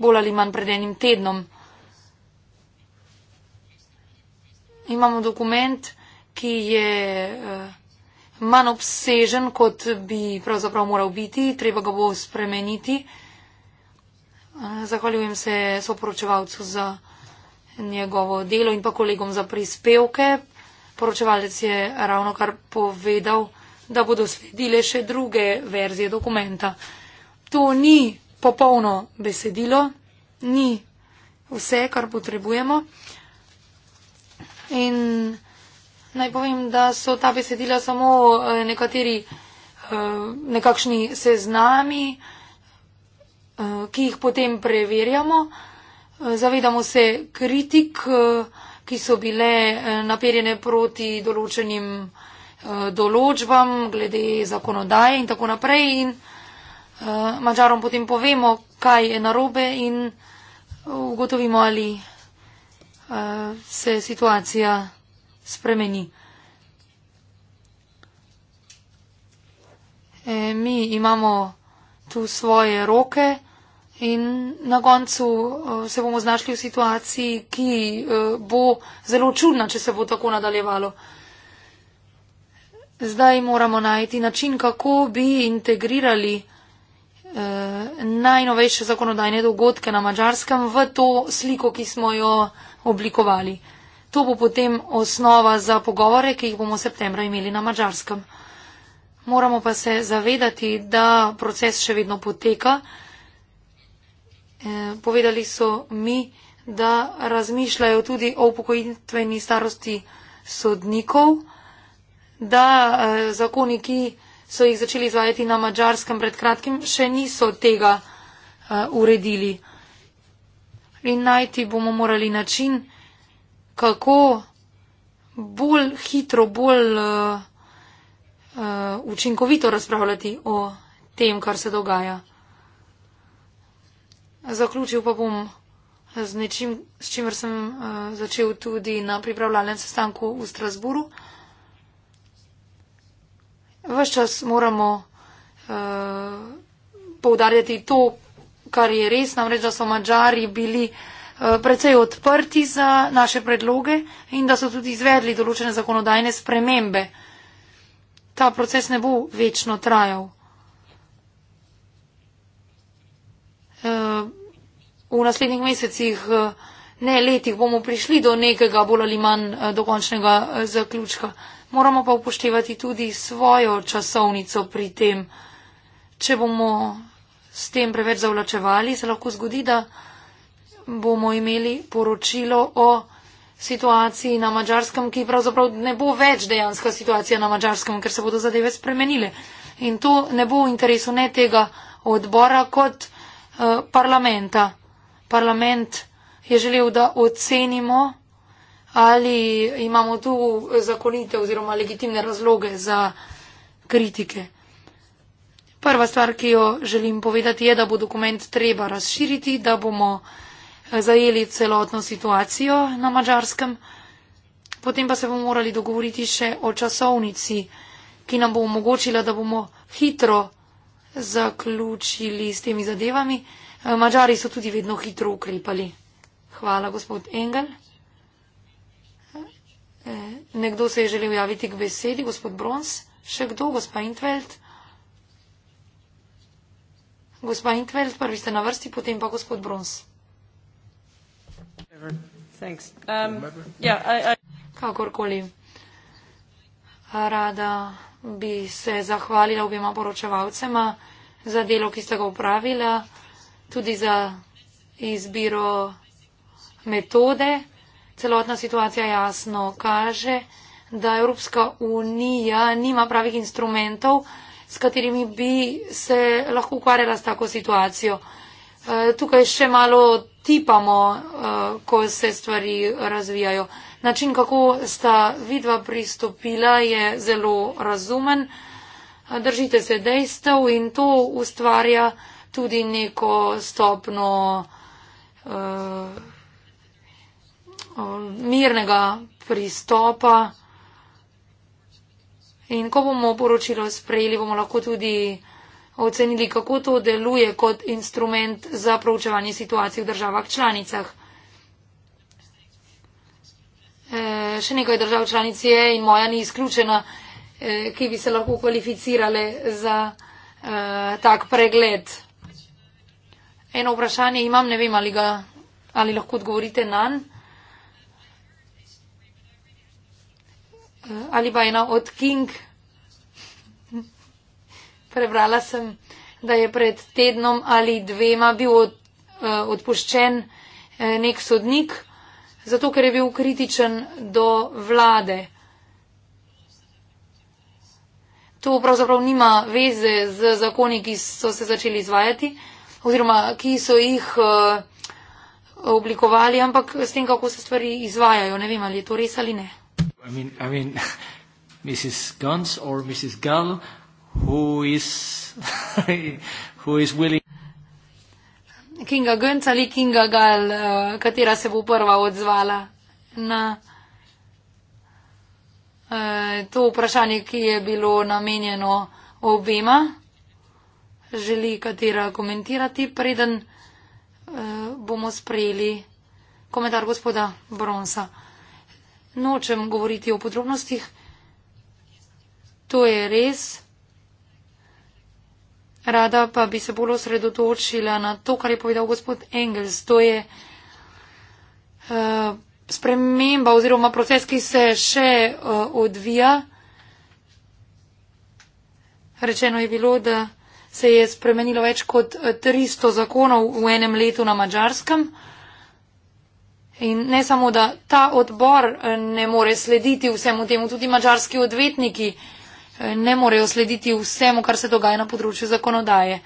bolj ali manj pred enim tednom. Imamo dokument, ki je. Uh, manj obsežen, kot bi pravzaprav moral biti, treba ga bo spremeniti. Zahvaljujem se soporočevalcu za njegovo delo in pa kolegom za prispevke. Poročevalec je ravno kar povedal, da bodo sledile še druge verzije dokumenta. To ni popolno besedilo, ni vse, kar potrebujemo. In Naj povem, da so ta besedila samo eh, nekateri eh, nekakšni seznami, eh, ki jih potem preverjamo. Zavedamo se kritik, ki so bile naperjene proti določenim določbam glede zakonodaje in tako naprej. In Mačarom potem povemo, kaj je narobe in ugotovimo, ali se situacija spremeni. E, mi imamo tu svoje roke in na koncu e, se bomo znašli v situaciji, ki e, bo zelo čudna, če se bo tako nadaljevalo. Zdaj moramo najti način, kako bi integrirali e, najnovejše zakonodajne dogodke na mačarskem v to sliko, ki smo jo oblikovali. To bo potem osnova za pogovore, ki jih bomo septembra imeli na mačarskem. Moramo pa se zavedati, da proces še vedno poteka. E, povedali so mi, da razmišljajo tudi o upokojitveni starosti sodnikov, da e, zakoni, ki so jih začeli izvajati na mačarskem pred kratkim, še niso tega e, uredili. In najti bomo morali način, kako bolj hitro, bolj uh, uh, učinkovito razpravljati o tem, kar se dogaja. Zaključil pa bom z nečim, s čimer sem uh, začel tudi na pripravljalnem sestanku v Strasburu. Ves čas moramo uh, poudarjati to, kar je res, namreč, da so mačari bili uh, Eh, precej odprti za naše predloge in da so tudi izvedli določene zakonodajne spremembe. Ta proces ne bo večno trajal. Eh, v naslednjih mesecih, eh, ne letih, bomo prišli do nekega bolj ali manj dokončnega zaključka. Moramo pa upoštevati tudi svojo časovnico pri tem. Če bomo s tem preveč zavlačevali, se lahko zgodi, da bomo imeli poročilo o situaciji na mačarskem, ki pravzaprav ne bo več dejanska situacija na mačarskem, ker se bodo zadeve spremenile. In to ne bo v interesu ne tega odbora kot uh, parlamenta. Parlament je želel, da ocenimo, ali imamo tu zakonite oziroma legitimne razloge za kritike. Prva stvar, ki jo želim povedati, je, da bo dokument treba razširiti, da bomo uh, zajeli celotno situacijo na mačarskem. Potem pa se bomo morali dogovoriti še o časovnici, ki nam bo omogočila, da bomo hitro zaključili s temi zadevami. Eh, Mačari so tudi vedno hitro ukrepali. Hvala, gospod Engel. Eh, nekdo se je želel javiti k besedi, gospod Brons. Še kdo, gospa Intveld? Gospa Intveld, prvi ste na vrsti, potem pa gospod Brons. Thanks. Um, yeah, I, I... Kakorkoli. Rada bi se zahvalila obima poročevalcema za delo, ki ste ga upravila, tudi za izbiro metode. Celotna situacija jasno kaže, da Evropska unija nima pravih instrumentov, s katerimi bi se lahko ukvarjala s tako situacijo. Eh, tukaj še malo tipamo, eh, ko se stvari razvijajo. Način, kako sta vidva pristopila, je zelo razumen. Eh, držite se dejstev in to ustvarja tudi neko stopno mirnega pristopa. In ko bomo poročilo sprejeli, bomo lahko tudi uh, ocenili, kako to deluje kot instrument za proučevanje situacij v državah članicah. E, še nekaj držav članic je in moja ni izključena, e, ki bi se lahko kvalificirale za e, tak pregled. Eno vprašanje imam, ne vem, ali, ga, ali lahko odgovorite na nj. E, ali pa ena od King prebrala sem, da je pred tednom ali dvema bil od, uh, odpuščen uh, nek sodnik, zato ker je bil kritičen do vlade. To pravzaprav nima veze z zakoni, ki so se začeli izvajati oziroma ki so jih uh, oblikovali, ampak s tem, kako se stvari izvajajo. Ne vem, ali je to res ali ne. I mean, I mean, Mrs. Guns or Mrs. Gull, who is who is willing Kinga Gunc ali Kinga Gal, uh, eh, katera se bo prva odzvala na uh, to vprašanje, ki je bilo namenjeno obema. Želi katera komentirati, preden uh, bomo sprejeli komentar gospoda Bronsa. Nočem govoriti o podrobnostih. To je res. Rada pa bi se bolj osredotočila na to, kar je povedal gospod Engels. To je uh, sprememba oziroma proces, ki se še uh, odvija. Rečeno je bilo, da se je spremenilo več kot 300 eh, zakonov v enem letu na mačarskem. In ne samo, da ta odbor ne more slediti vsemu temu, tudi mačarski odvetniki. Uh, ne morejo slediti vsemu, kar se dogaja na področju zakonodaje.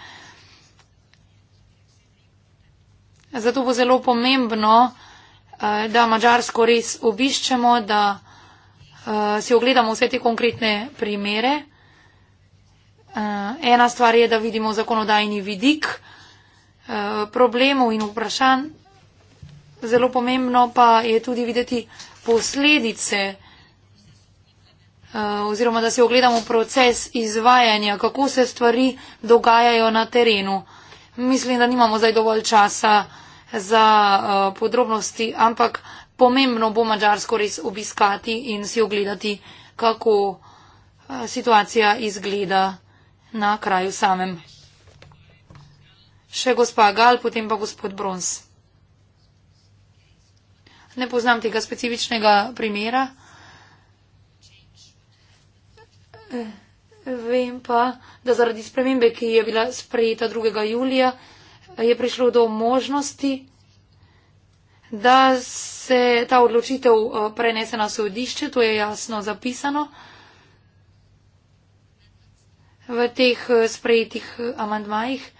Zato bo zelo pomembno, eh, da Mačarsko res obiščemo, da eh, si ogledamo vse te konkretne primere. Eh, ena stvar je, da vidimo zakonodajni vidik problemov in vprašanj. Zelo pomembno pa je tudi videti posledice. Eh, oziroma da si ogledamo proces izvajanja, kako se stvari dogajajo na terenu. Mislim, da nimamo zdaj dovolj časa za uh, podrobnosti, ampak pomembno bo Mačarsko res obiskati in si ogledati, kako uh, situacija izgleda na kraju samem. Še gospa Gal, potem pa gospod Brons. Ne poznam tega specifičnega primera. Vem pa, da zaradi spremembe, ki je bila sprejeta 2. julija, je prišlo do možnosti, da se ta odločitev eh, prenese na sodišče, to je jasno zapisano v teh eh, sprejetih eh, amandmajih.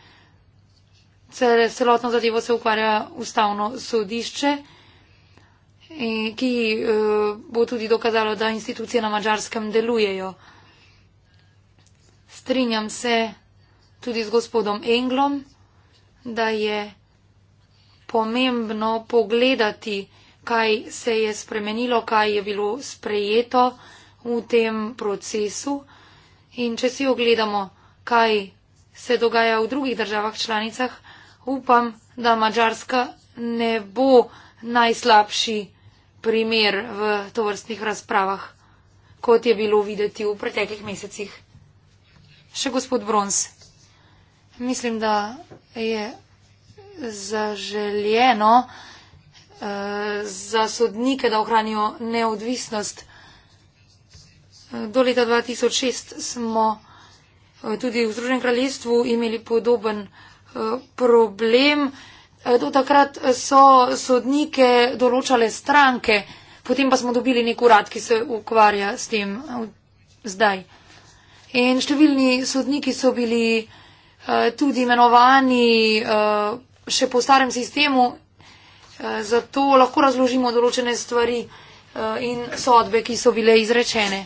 Celotno zadevo se ukvarja ustavno sodišče, ki bo tudi dokazalo, da institucije na mačarskem delujejo strinjam se tudi z gospodom Englom, da je pomembno pogledati, kaj se je spremenilo, kaj je bilo sprejeto v tem procesu. In če si ogledamo, kaj se dogaja v drugih državah članicah, upam, da Mačarska ne bo najslabši primer v tovrstnih razpravah, kot je bilo videti v preteklih mesecih. Še gospod Brons, mislim, da je zaželjeno eh, za sodnike, da ohranijo neodvisnost. Do leta 2006 smo eh, tudi v Združenem kraljestvu imeli podoben eh, problem. Do takrat so sodnike določale stranke, potem pa smo dobili nek urad, ki se ukvarja s tem zdaj. In številni sodniki so bili uh, tudi imenovani uh, še po starem sistemu, uh, zato lahko razložimo določene stvari uh, in sodbe, ki so bile izrečene.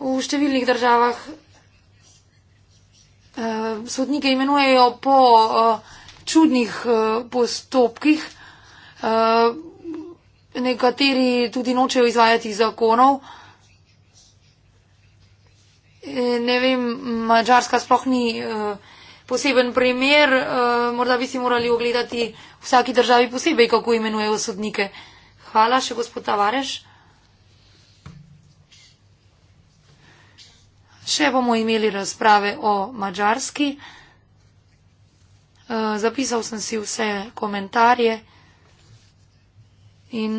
V številnih državah uh, sodnike imenujejo po uh, čudnih uh, postopkih. Uh, nekateri tudi nočejo izvajati zakonov. Uh, Eh, ne vem, Mačarska sploh ni uh, poseben primer, uh, morda bi si morali ogledati vsaki državi posebej, kako imenujejo sodnike. Hvala še, gospod Tavareš. Še bomo imeli razprave o Mačarski. Zapisal sem si vse komentarje in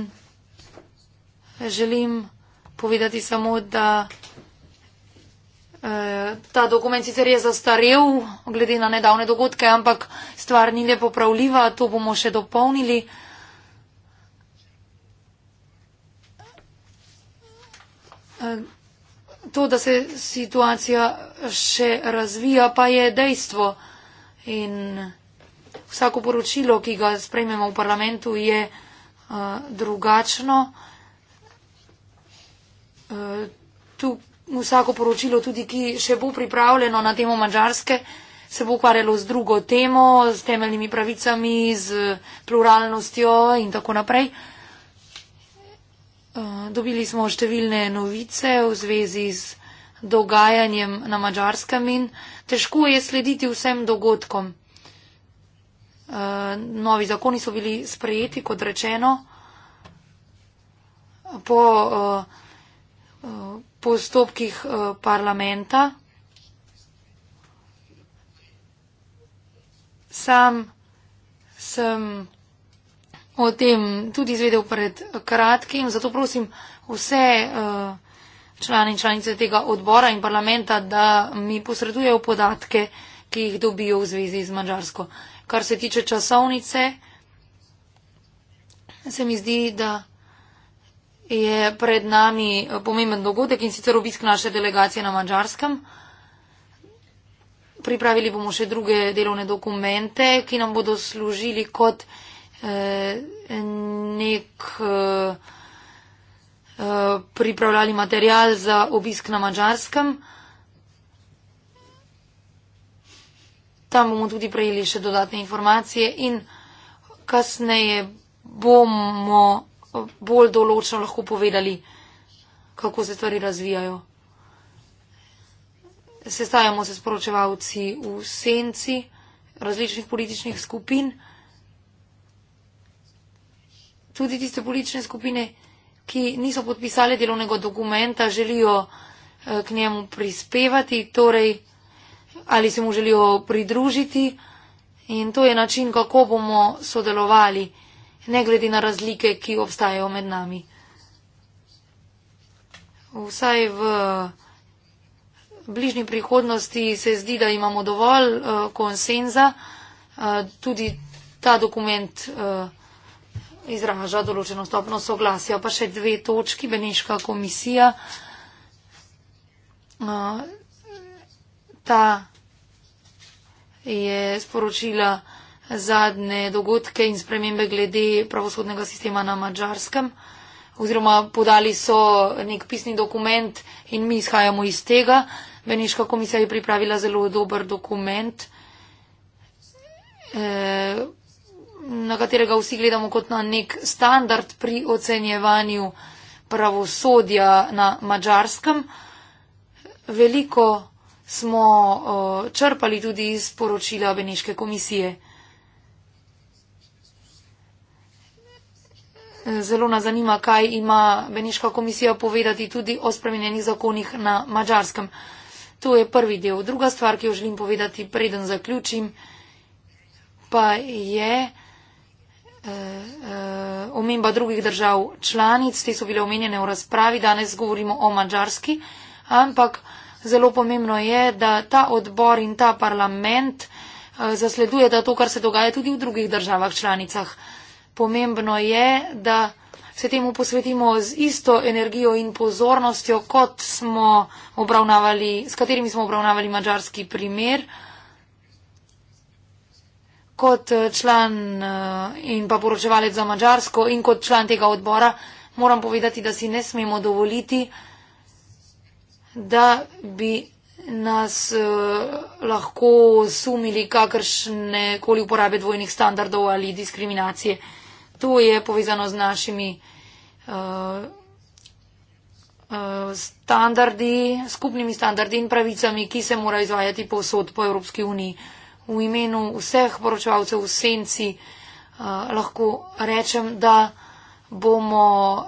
želim povedati samo, da. Eh, ta dokument sicer je zastarel, glede na nedavne dogodke, ampak stvar ni le popravljiva, to bomo še dopolnili. Eh, to, da se situacija še razvija, pa je dejstvo. In vsako poročilo, ki ga sprejmemo v parlamentu, je uh, drugačno. Uh, vsako poročilo, tudi ki še bo pripravljeno na temo Mačarske, se bo ukvarjalo z drugo temo, s temeljnimi pravicami, z pluralnostjo in tako naprej. Eh, dobili smo številne novice v zvezi z dogajanjem na Mačarskem in težko je slediti vsem dogodkom. Eh, novi zakoni so bili sprejeti, kot rečeno, po eh, postopkih eh, parlamenta. Sam sem o tem tudi izvedel pred kratkim, zato prosim vse eh, člani in članice tega odbora in parlamenta, da mi posredujejo podatke, ki jih dobijo v zvezi z Mačarsko. Kar se tiče časovnice, se mi zdi, da je pred nami pomemben dogodek in sicer obisk naše delegacije na Mačarskem. Pripravili bomo še druge delovne dokumente, ki nam bodo služili kot eh, nek eh, eh pripravljali material za obisk na Mačarskem. Tam bomo tudi prejeli še dodatne informacije in kasneje bomo bolj določno lahko povedali, kako se stvari razvijajo. Sestajamo se sporočevalci v senci različnih političnih skupin. Tudi tiste politične skupine, ki niso podpisali delovnega dokumenta, želijo eh, k njemu prispevati, torej ali se mu želijo pridružiti. In to je način, kako bomo sodelovali ne glede na razlike, ki obstajajo med nami. Vsaj v bližnji prihodnosti se zdi, da imamo dovolj uh, konsenza, uh, tudi ta dokument uh, izraža določeno stopno soglasja. Pa še dve točki, Beneška komisija. Uh, ta je sporočila, zadnje dogodke in spremembe glede pravosodnega sistema na mačarskem. Oziroma podali so nek pisni dokument in mi izhajamo iz tega. Beneška komisija je pripravila zelo dober dokument, eh, na katerega vsi gledamo kot na nek standard pri ocenjevanju pravosodja na mačarskem. Veliko smo eh, črpali tudi iz poročila Beneške komisije. zelo nas zanima, kaj ima Beneška komisija povedati tudi o spremenjenih zakonih na mačarskem. To je prvi del. Druga stvar, ki jo želim povedati, preden zaključim, pa je eh, eh, omemba drugih držav članic. Te so bile omenjene v razpravi, danes govorimo o mačarski, ampak zelo pomembno je, da ta odbor in ta parlament eh, zasledujeta to, kar se dogaja tudi v drugih državah članicah pomembno je, da se temu posvetimo z isto energijo in pozornostjo, kot smo obravnavali, s katerimi smo obravnavali mačarski primer. Kot eh, član eh, in pa poročevalec za mačarsko in kot član tega odbora moram povedati, da si ne smemo dovoliti, da bi nas eh, lahko sumili kakršne koli uporabe dvojnih standardov ali diskriminacije to je povezano z našimi uh, standardi, skupnimi standardi in pravicami, ki se morajo izvajati povsod po Evropski uniji. V imenu vseh poročevalcev v senci uh, lahko rečem, da bomo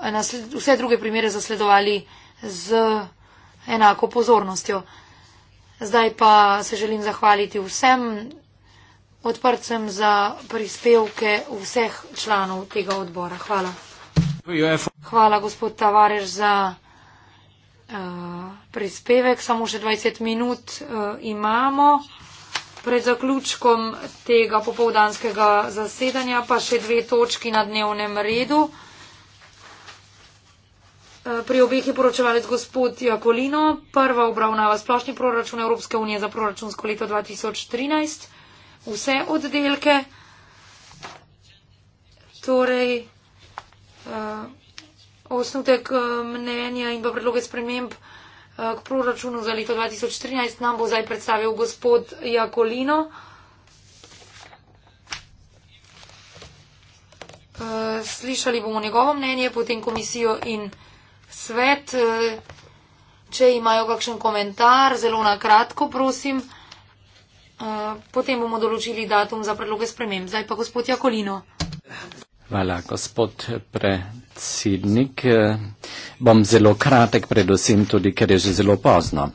vse druge primere zasledovali z enako pozornostjo. Zdaj pa se želim zahvaliti vsem odprt sem za prispevke vseh članov tega odbora. Hvala. Hvala, gospod Tavarež, za uh, prispevek. Samo še 20 minut uh, imamo. Pred zaključkom tega popovdanskega zasedanja pa še dve točki na dnevnem redu. Eh, pri obeh je poročevalec gospod Jakolino. Prva obravnava splošni proračun Evropske unije za proračunsko leto 2013 vse oddelke. Torej, uh, osnutek uh, mnenja in pa predloge sprememb uh, k proračunu za leto 2013 nam bo zdaj predstavil gospod Jakolino. Uh, slišali bomo njegovo mnenje, potem komisijo in svet. Uh, če imajo kakšen komentar, zelo na kratko, prosim. Eh, potem bomo določili datum za predloge sprememb. Zdaj pa gospod Jakolino. Hvala, gospod predsednik. Eh, bom zelo kratek, predvsem tudi, ker je že zelo pozno.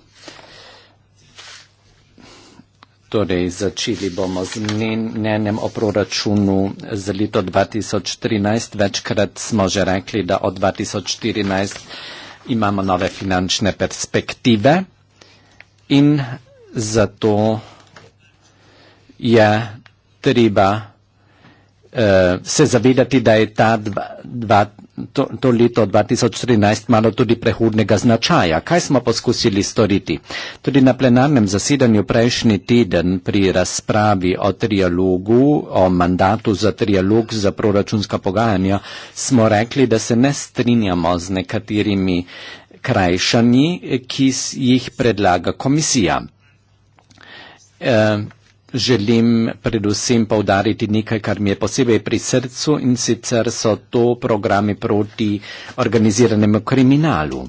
Torej, začeli bomo z mnenjem o proračunu za leto 2013. Večkrat smo že rekli, da od 2014 imamo nove finančne perspektive in zato je treba uh, se zavedati, da je ta dva, dva, to, to leto 2013 malo tudi prehudnega značaja. Kaj smo poskusili storiti? Tudi na plenarnem zasedanju prejšnji teden pri razpravi o trialogu, o mandatu za trialog za proračunska pogajanja, smo rekli, da se ne strinjamo z nekaterimi krajšanji, ki jih predlaga komisija. Uh, Želim predvsem povdariti nekaj, kar mi je posebej pri srcu in sicer so to programe proti organiziranemu kriminalu.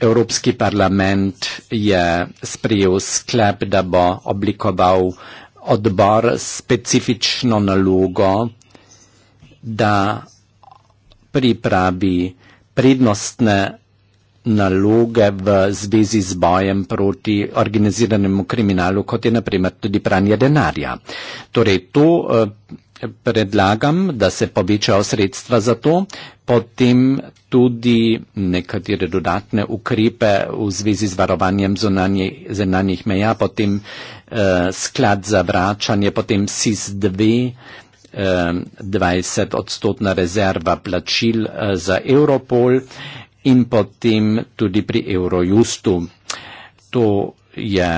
Evropski parlament je sprejel sklep, da bo oblikoval odbor specifično nalogo, da pripravi prednostne naloge v zvezi z bojem proti organiziranemu kriminalu, kot je naprimer tudi pranje denarja. Torej, to eh, predlagam, da se povečajo sredstva za to, potem tudi nekatere dodatne ukrepe v zvezi z varovanjem zunanje, zunanjih meja, potem eh, sklad za vračanje, potem SIS-2, eh, 20-odstotna rezerva plačil eh, za Europol in potem tudi pri Eurojustu. To je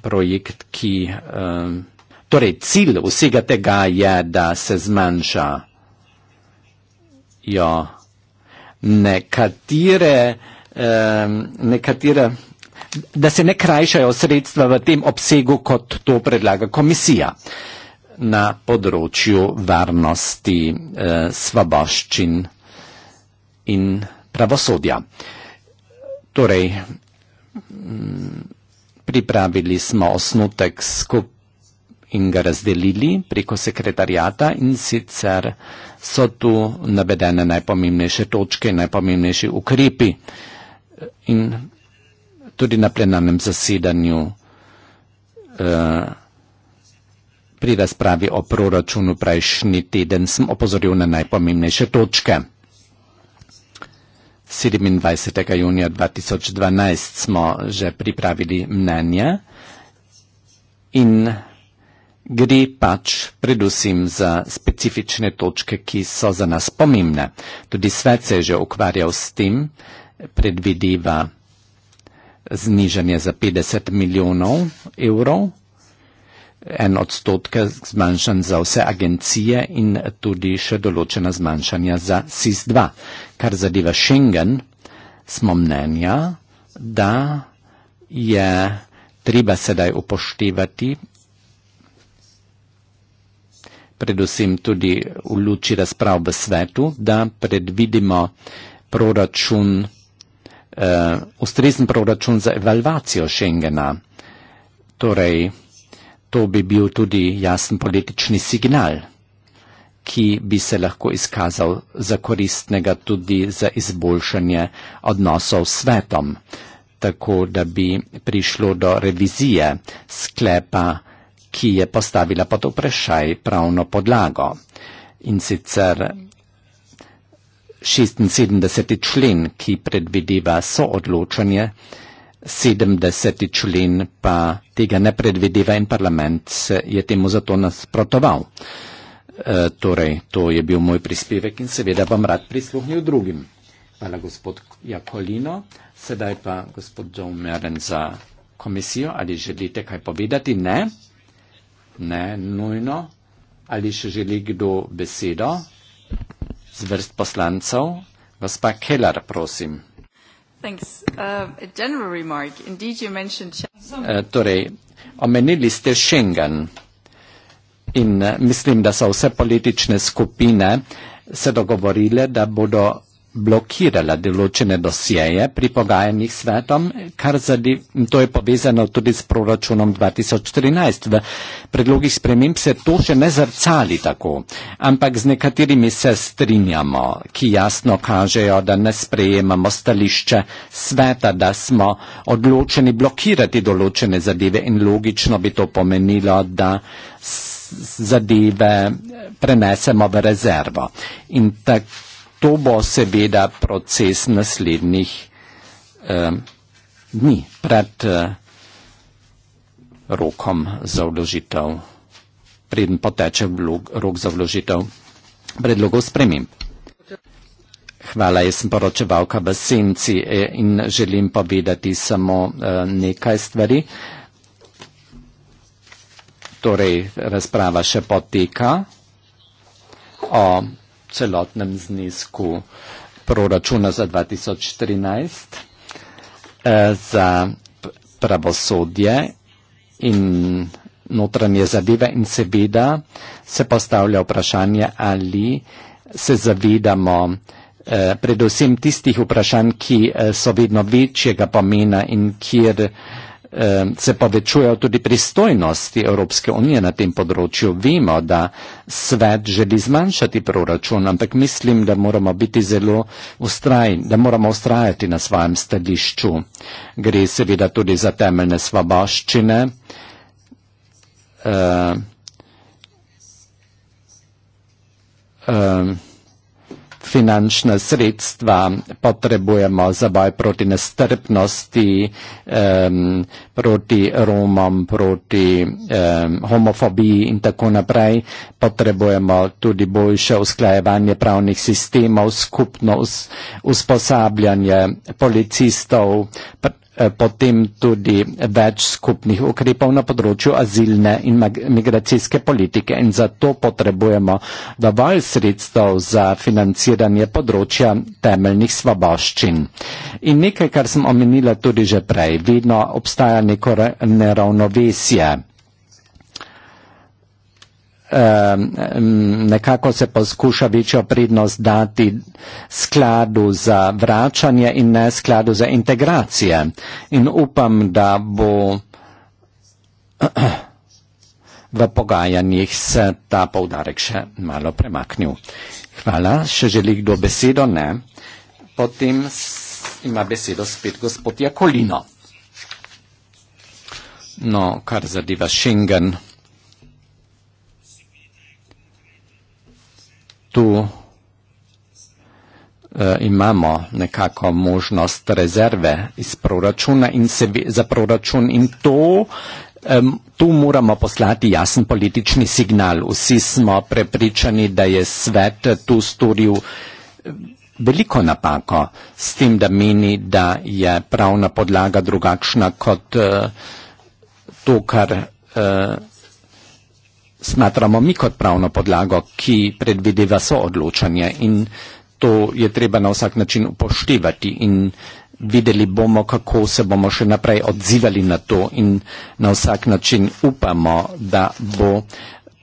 projekt, ki. Eh, torej, cilj vsega tega je, da se zmanjša jo ja, nekatere, eh, nekatere, da se ne krajšajo sredstva v tem obsegu, kot to predlaga komisija na področju varnosti, eh, svoboščin in pravosodja. Torej, mm, pripravili smo osnutek skup in ga razdelili preko sekretarjata in sicer so tu navedene najpomembnejše točke, najpomembnejši ukrepi in tudi na plenarnem zasedanju eh, pri razpravi o proračunu prejšnji teden sem opozoril na najpomembnejše točke. 27. junija 2012 smo že pripravili mnenje in gre pač predvsem za specifične točke, ki so za nas pomembne. Tudi svet se je že ukvarjal s tem, predvideva znižanje za 50 milijonov evrov en odstotek zmanjšan za vse agencije in tudi še določena zmanjšanja za SIS-2. Kar zadeva Schengen, smo mnenja, da je treba sedaj upoštevati predvsem tudi v luči razprav v svetu, da predvidimo proračun, eh, ustrezen proračun za evalvacijo Schengena. Torej, to bi bil tudi jasen politični signal, ki bi se lahko izkazal za koristnega tudi za izboljšanje odnosov s svetom, tako da bi prišlo do revizije sklepa, ki je postavila pod vprašaj pravno podlago. In sicer 76. člen, ki predvideva soodločanje, 70. člen pa tega ne predvideva in parlament je temu zato nasprotoval. E, torej, to je bil moj prispevek in seveda bom rad prisluhnil drugim. Hvala gospod Jakolino, sedaj pa gospod Domeren za komisijo. Ali želite kaj povedati? Ne? Ne, nujno. Ali še želi kdo besedo z vrst poslancev? Gospa Keller, prosim. Thanks. Uh, a general remark. Indeed, you mentioned uh, torej, omenili ste Schengen in eh, mislim, da so vse politične skupine se dogovorile, da bodo blokirala določene dosjeje pri pogajanjih svetom, kar zadev, to je povezano tudi s proračunom 2013. V predlogih sprememb se to še ne zrcali tako, ampak z nekaterimi se strinjamo, ki jasno kažejo, da ne sprejemamo stališče sveta, da smo odločeni blokirati določene zadeve in logično bi to pomenilo, da zadeve prenesemo v rezervo. In tako to bo seveda proces naslednjih eh, dni pred eh, rokom za vložitev, preden poteče vlog, rok za vložitev predlogov sprememb. Hvala, jaz sem poročevalka v senci eh, in želim povedati samo eh, nekaj stvari. Torej, razprava še poteka o celotnem znesku proračuna za 2013 eh, za pravosodje in notranje zadeve in seveda se postavlja vprašanje, ali se zavedamo eh, predvsem tistih vprašanj, ki eh, so vedno večjega pomena in kjer eh, Ehm, se pa večujejo tudi pristojnosti Evropske unije na tem področju. Vemo, da svet želi zmanjšati proračun, ampak mislim, da moramo biti zelo ustrajni, da moramo ustrajati na svojem stališču. Gre seveda tudi za temeljne svoboščine. Uh, uh, finančna sredstva potrebujemo za boj proti nestrpnosti, um, proti Romom, proti um, homofobiji in tako naprej. Potrebujemo tudi boljše usklajevanje pravnih sistemov, skupnost, usposabljanje policistov. Pr Eh, potem tudi več skupnih ukrepov na področju azilne in migracijske politike in zato potrebujemo dovolj sredstev za financiranje področja temeljnih svoboščin. In nekaj, kar sem omenila tudi že prej, vedno obstaja neko neravnovesje nekako se poskuša večjo prednost dati skladu za vračanje in ne skladu za integracije. In upam, da bo v pogajanjih se ta povdarek še malo premaknil. Hvala. Še želi kdo besedo? Ne. Potem ima besedo spet gospod Jakolino. No, kar zadeva Schengen. tu eh, imamo nekako možnost rezerve iz proračuna in se za proračun in to, tu moramo poslati jasen politični signal. Vsi smo prepričani, da je svet tu storil eh, veliko napako s tem, da meni, da je pravna podlaga drugačna kot eh, to, kar smatramo mi kot pravno podlago, ki predvideva soodločanje in to je treba na vsak način upoštevati in videli bomo, kako se bomo še naprej odzivali na to in na vsak način upamo, da bo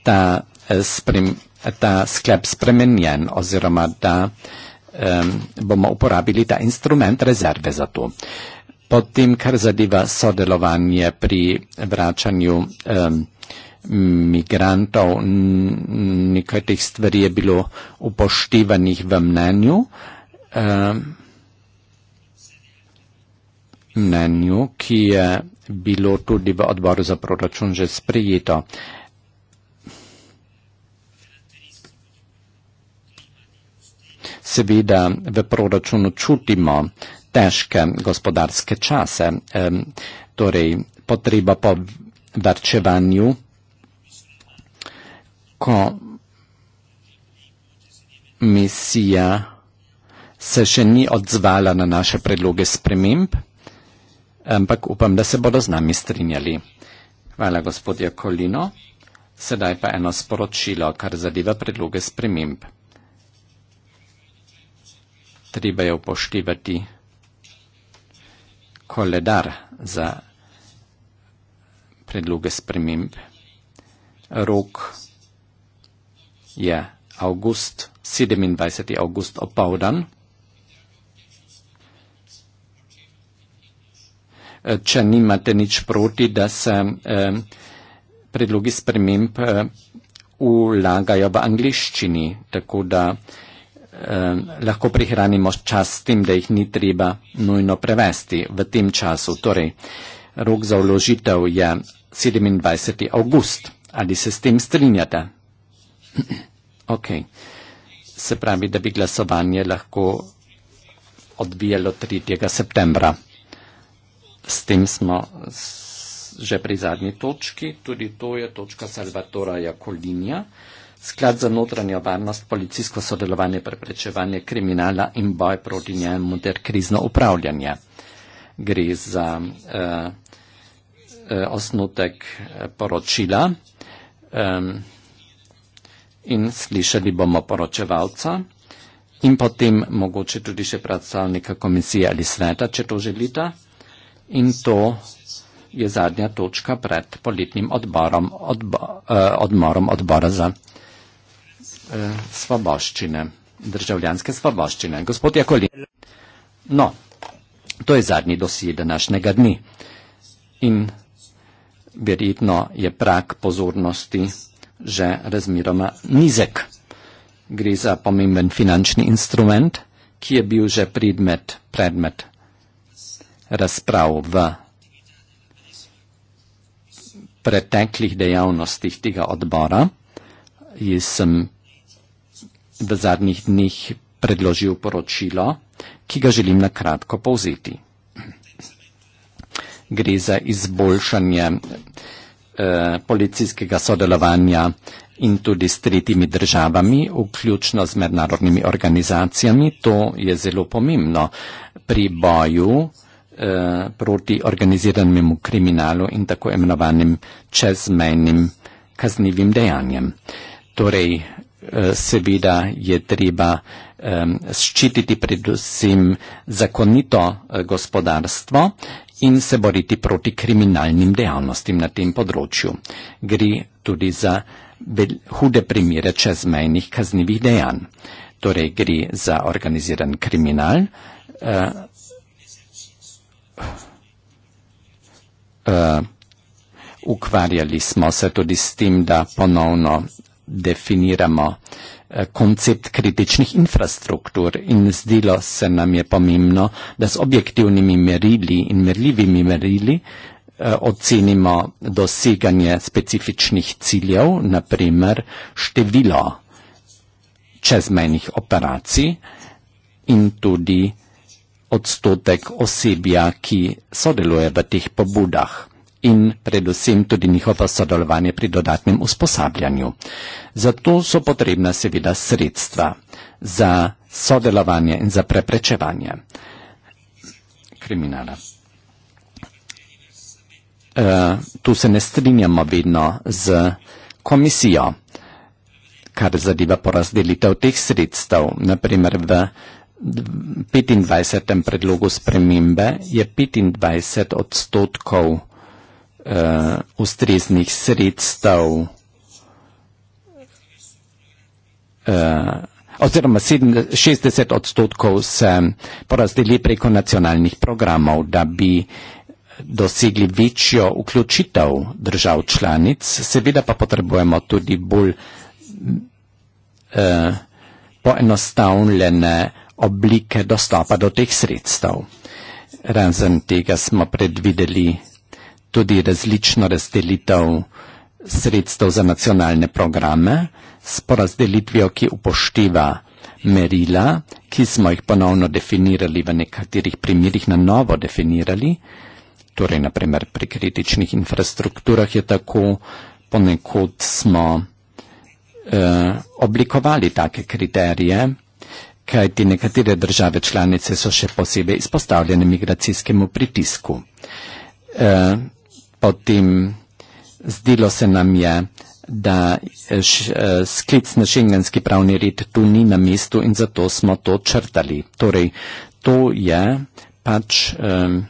ta, eh, sprem, ta sklep spremenjen oziroma da um, bomo uporabili ta instrument rezerve za to. Potem, kar zadeva sodelovanje pri vračanju um, migrantov, nekaterih stvari je bilo upoštevanih v mnenju, ehm, mnenju, ki je bilo tudi v odboru za proračun že sprejeto. Seveda v proračunu čutimo težke gospodarske čase, ehm, torej potreba po varčevanju komisija se še ni odzvala na naše predloge sprememb, ampak upam, da se bodo z nami strinjali. Hvala, gospodje Kolino. Sedaj pa eno sporočilo, kar zadeva predloge sprememb. Treba je upoštevati koledar za predloge sprememb. Rok je avgust, 27. avgust opoldan. Eh, če nimate nič proti, da se eh, predlogi sprememb eh, ulagajo v angliščini, tako da eh, lahko prihranimo čas s tem, da jih ni treba nujno prevesti v tem času. Torej, rok za vložitev je 27. avgust. Ali se s tem strinjate? Ok. Se pravi, da bi glasovanje lahko odbijalo 3. septembra. S tem smo že pri zadnji točki, tudi to je točka Salvatora Jakolinja. Sklad za notranjo varnost, policijsko sodelovanje, preprečevanje kriminala in boj proti njemu ter krizno upravljanje. Gre za eh, eh, osnutek eh, poročila. Eh, in slišali bomo poročevalca in potem mogoče tudi še predstavnika komisije ali sveta, če to želita. In to je zadnja točka pred politnim odborom, odbo, eh, odmorom odbora za eh, svoboščine, državljanske svoboščine. Gospod Jakolin. No, to je zadnji dosije današnjega dni. In verjetno je prak pozornosti že razmeroma nizek. Gre za pomemben finančni instrument, ki je bil že predmet, predmet razprav v preteklih dejavnostih tega odbora. Jaz sem v zadnjih dneh predložil poročilo, ki ga želim na kratko povzeti. Gre za izboljšanje Eh, policijskega sodelovanja in tudi s tretjimi državami, vključno z mednarodnimi organizacijami. To je zelo pomembno pri boju eh, proti organiziranemu kriminalu in tako imenovanim čezmejnim kaznivim dejanjem. Torej, eh, seveda je treba ščititi predvsem zakonito gospodarstvo, in se boriti proti kriminalnim dejavnostim na tem področju. Gre tudi za hude primere čezmejnih kaznjivih dejanj. Torej gre za organiziran kriminal, uh, uh, ukvarjali smo se tudi s tem, da ponovno definiramo uh, Eh, koncept kritičnih infrastruktur in zdelo se nam je pomembno, da s objektivnimi merili in merljivimi merili eh, ocenimo doseganje specifičnih ciljev, naprimer število čezmejnih operacij in tudi odstotek osebja, ki sodeluje v teh pobudah in predvsem tudi njihovo sodelovanje pri dodatnem usposabljanju. Zato so potrebna seveda sredstva za sodelovanje in za preprečevanje kriminala. E, tu se ne strinjamo vedno z komisijo, kar zadeva porazdelitev teh sredstev, naprimer v. V 25. predlogu spremembe je 25 odstotkov uh, ustreznih sredstev, uh, oziroma 60 odstotkov se porazdeli preko nacionalnih programov, da bi dosegli večjo vključitev držav članic. Seveda pa potrebujemo tudi bolj uh, poenostavljene oblike dostopa do teh sredstev. Razen tega smo predvideli tudi različno razdelitev sredstev za nacionalne programe s porazdelitvijo, ki upošteva merila, ki smo jih ponovno definirali v nekaterih primerjih na novo definirali, torej naprimer pri kritičnih infrastrukturah je tako, ponekod smo eh, oblikovali take kriterije, kajti nekatere države članice so še posebej izpostavljene migracijskemu pritisku. Eh, o tem zdelo se nam je, da eh, š, eh, sklic na šengenski pravni red tu ni na mestu in zato smo to črtali. Torej, to je pač um,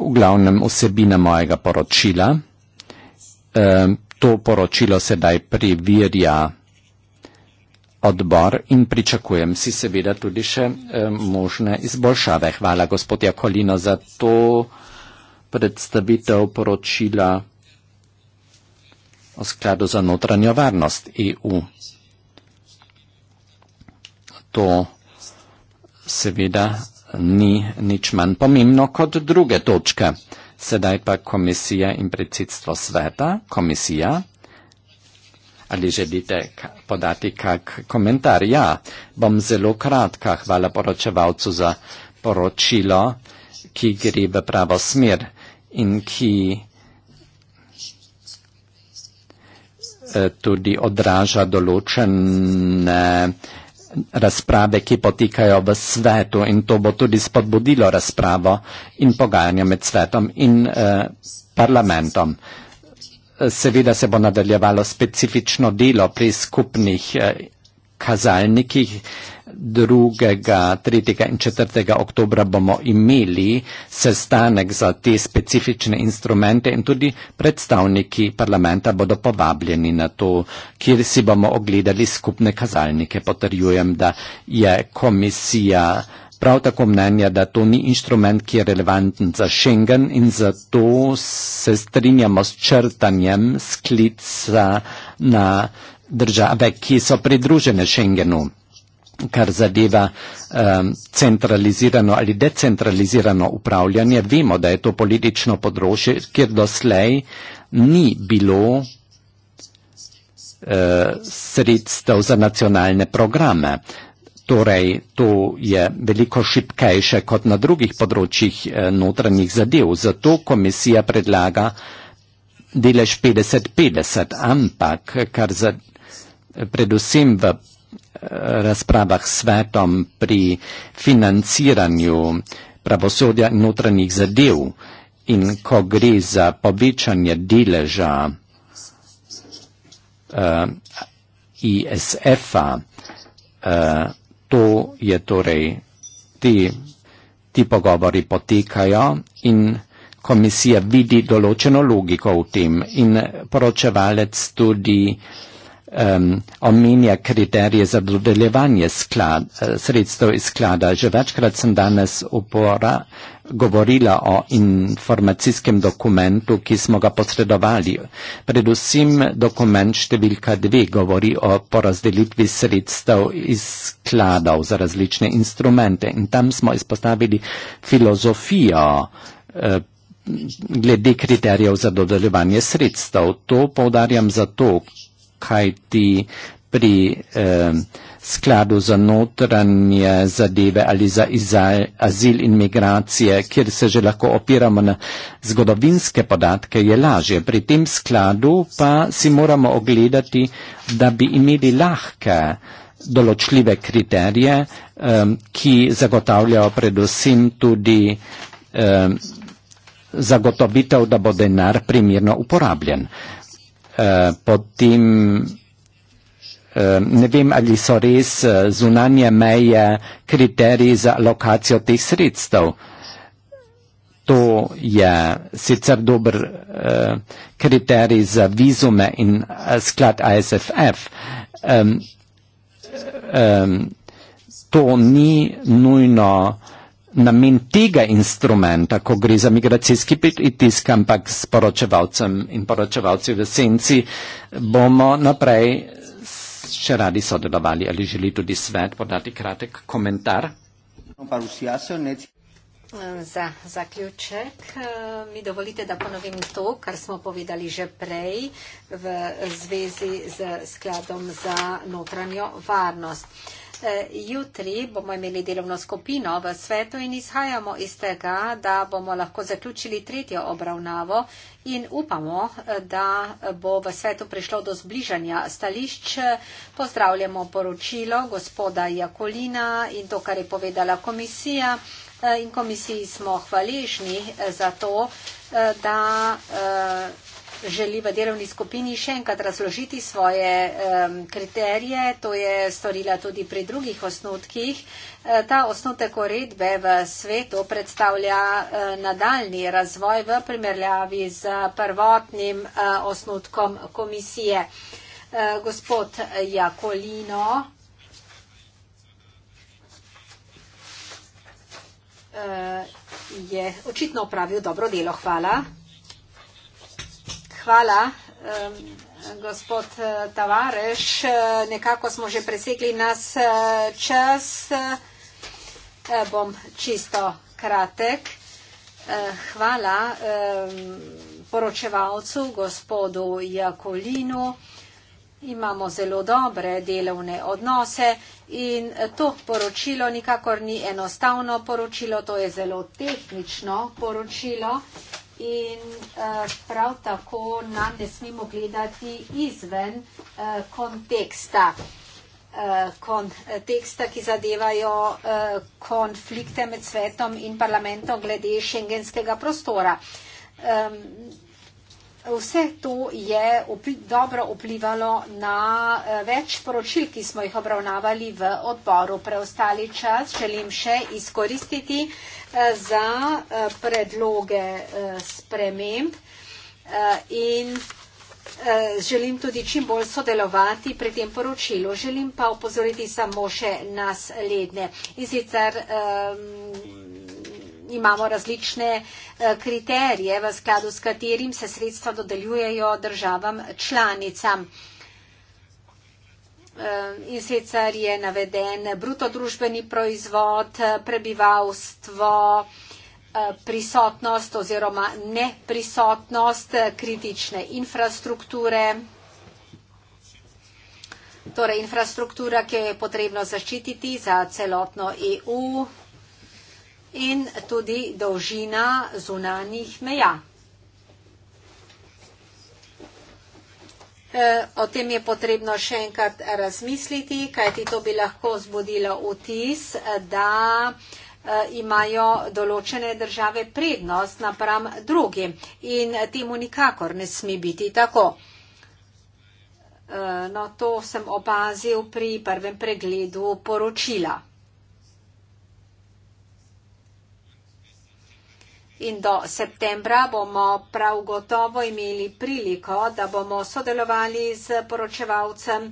v glavnem osebina mojega poročila. Um, to poročilo sedaj preverja odbor in pričakujem si seveda tudi še um, možne izboljšave. Hvala gospod Jakolino za to predstavitev poročila o skladu za notranjo varnost EU. To seveda ni nič manj pomembno kot druge točke. Sedaj pa komisija in predsedstvo sveta, komisija, ali želite podati kak komentar? Ja, bom zelo kratka. Hvala poročevalcu za poročilo, ki gre v pravo smer in ki eh, tudi odraža določene razprave, ki potikajo v svetu in to bo tudi spodbudilo razpravo in pogajanje med svetom in eh, parlamentom. Eh, seveda se bo nadaljevalo specifično delo pri skupnih izgledih, kazalnikih. 2., 3. in 4. oktobra bomo imeli sestanek za te specifične instrumente in tudi predstavniki parlamenta bodo povabljeni na to, kjer si bomo ogledali skupne kazalnike. Potrjujem, da je komisija prav tako mnenja, da to ni inštrument, ki je relevanten za Schengen in zato se strinjamo s črtanjem sklica na države, ki so pridružene Schengenu, kar zadeva um, centralizirano ali decentralizirano upravljanje. Vemo, da je to politično področje, kjer doslej ni bilo eh, sredstev za nacionalne programe. Torej, to je veliko šipkejše kot na drugih področjih eh, notranjih zadev. Zato komisija predlaga delež 50-50, ampak kar za, predvsem v eh, razpravah s svetom pri financiranju pravosodja notranjih zadev in ko gre za povečanje deleža uh, eh, ISF-a, uh, eh, to je torej, ti, ti pogovori potekajo in komisija vidi določeno logiko v tem in poročevalec tudi uh, um, omenja kriterije za dodeljevanje sklad, eh, sredstev iz sklada. Že večkrat sem danes upora govorila o informacijskem dokumentu, ki smo ga posredovali. Predvsem dokument številka dve govori o porazdelitvi sredstev iz skladov za različne instrumente in tam smo izpostavili filozofijo eh, glede kriterijev za dodeljevanje sredstev. To povdarjam zato, kajti pri eh, skladu za notranje zadeve ali za izaj, azil in migracije, kjer se že lahko opiramo na zgodovinske podatke, je lažje. Pri tem skladu pa si moramo ogledati, da bi imeli lahke določljive kriterije, eh, ki zagotavljajo predvsem tudi eh, zagotovitev, da bo denar primirno uporabljen. Eh, Eh, potem eh, ne vem, ali so res eh, zunanje meje kriteriji za lokacijo teh sredstev. To je sicer dober kriterij za vizume in sklad ASFF. To ni nujno vizum namen tega instrumenta, ko gre za migracijski pritisk, ampak s poročevalcem in poročevalci v senci, bomo naprej še radi sodelovali ali želi tudi svet podati kratek komentar. Za zaključek eh, mi dovolite, da ponovim to, kar smo povedali že prej v zvezi z skladom za notranjo varnost. E, jutri bomo imeli delovno skupino v svetu in izhajamo iz tega, da bomo lahko zaključili tretjo obravnavo in upamo, e, da bo v svetu prišlo do zbližanja stališč. Pozdravljamo poročilo gospoda Jakolina in to, kar je povedala komisija. E, in komisiji smo hvaležni za to, da želi v delovni skupini še enkrat razložiti svoje um, kriterije. To je storila tudi pri drugih osnutkih. E, ta osnutek uredbe v svetu predstavlja e, nadaljni razvoj v primerjavi z prvotnim e, osnutkom komisije. E, gospod Jakolino. E, je očitno opravil dobro delo. Hvala hvala, um, gospod eh, Tavareš. Eh, nekako smo že presegli nas eh, čas. Bom čisto kratek. Hvala um, poročevalcu, gospodu Jakolinu. Imamo zelo dobre delovne odnose in to poročilo nikakor ni enostavno poročilo, to je zelo tehnično poročilo in uh, prav tako nam ne smemo gledati izven uh, konteksta, uh, eh, konteksta, ki zadevajo uh, konflikte med svetom in parlamentom glede šengenskega prostora. Um, Vse to je upli dobro vplivalo na eh, več poročil, ki smo jih obravnavali v odboru. Preostali čas želim še izkoristiti eh, za eh, predloge sprememb in želim tudi čim bolj sodelovati pri tem poročilu. Želim pa upozoriti samo še naslednje. In sicer imamo različne eh, kriterije, v skladu s katerim se sredstva dodeljujejo državam članicam. Eh, in sicer je naveden brutodružbeni proizvod, prebivalstvo, eh, prisotnost oziroma neprisotnost kritične infrastrukture, torej infrastruktura, ki jo je potrebno zaščititi za celotno EU in tudi dolžina zunanjih meja. E, o tem je potrebno še enkrat razmisliti, kajti to bi lahko zbudilo vtis, da e, imajo določene države prednost napram drugim in temu nikakor ne smi biti tako. E, no, to sem opazil pri prvem pregledu poročila. In do septembra bomo prav gotovo imeli priliko, da bomo sodelovali z poročevalcem.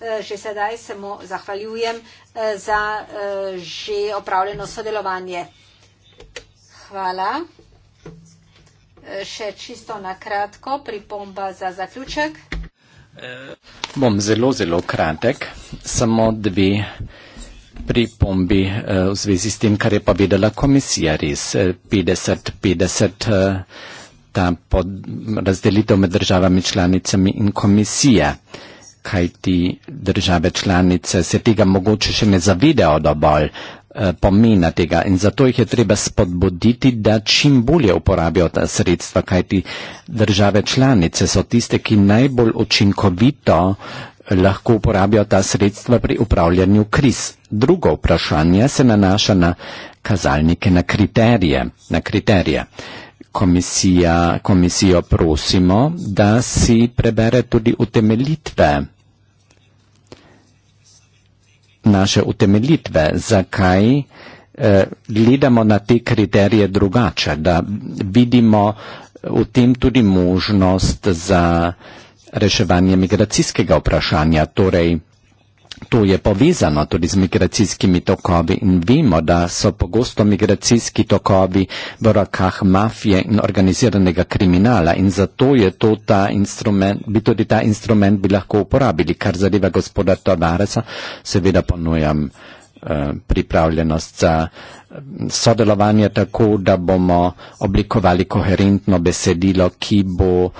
Eh, že sedaj se mu zahvaljujem eh, za eh, že opravljeno sodelovanje. Hvala. Še čisto na kratko pripomba za zaključek. Bom zelo, zelo kratek. Samo dve pripombi eh, v zvezi s tem, kar je povedala komisija, res 50-50 eh, eh, ta pod, razdelitev med državami članicami in komisija, kaj ti države članice se tega mogoče še ne zavedajo dovolj pomena tega in zato jih je treba spodbuditi, da čim bolje uporabijo ta sredstva, kajti države članice so tiste, ki najbolj učinkovito uh, lahko uporabijo ta sredstva pri upravljanju kriz. Drugo vprašanje se nanaša na kazalnike, na kriterije. Na kriterije. Komisija, komisijo prosimo, da si prebere tudi utemeljitve, naše utemeljitve, zakaj eh, gledamo na te kriterije drugače, da vidimo v tem tudi možnost za reševanje migracijskega vprašanja. Torej, to je povezano tudi z migracijskimi tokovi in vemo, da so pogosto migracijski tokovi v rokah mafije in organiziranega kriminala in zato je to ta instrument, bi tudi ta instrument bi lahko uporabili, kar zadeva gospoda Tavaresa, seveda ponujam eh, pripravljenost za eh, sodelovanje tako, da bomo oblikovali koherentno besedilo, ki bo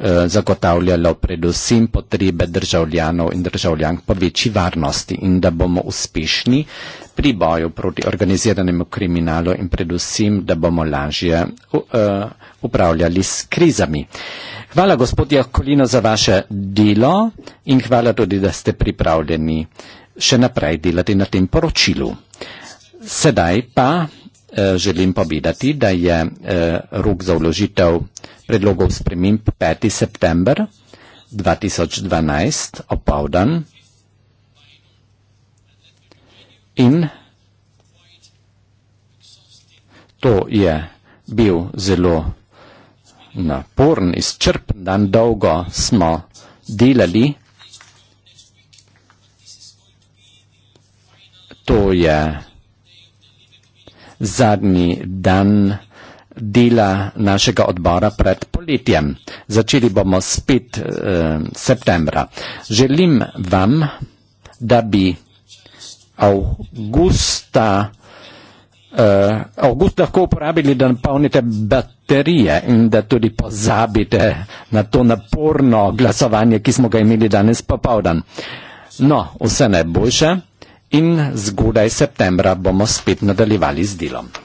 Eh, zagotavljalo predvsem potrebe državljanov in državljank po večji varnosti in da bomo uspešni pri boju proti organiziranemu kriminalu in predvsem, da bomo lažje eh, upravljali s krizami. Hvala gospod Jakolino za vaše delo in hvala tudi, da ste pripravljeni še naprej delati na tem poročilu. Sedaj pa Eh, želim pa videti, da je eh, rok za vložitev predlogov sprememb 5. september 2012 opavdan in to je bil zelo naporn, izčrpen dan, dolgo smo delali, to je vse zadnji dan dela našega odbora pred poletjem. Začeli bomo spet eh, septembra. Želim vam, da bi avgusta, eh, avgust lahko uporabili, da napolnite baterije in da tudi pozabite na to naporno glasovanje, ki smo ga imeli danes popovdan. No, vse najboljše in zgodaj septembra bomo spet nadaljevali z delom.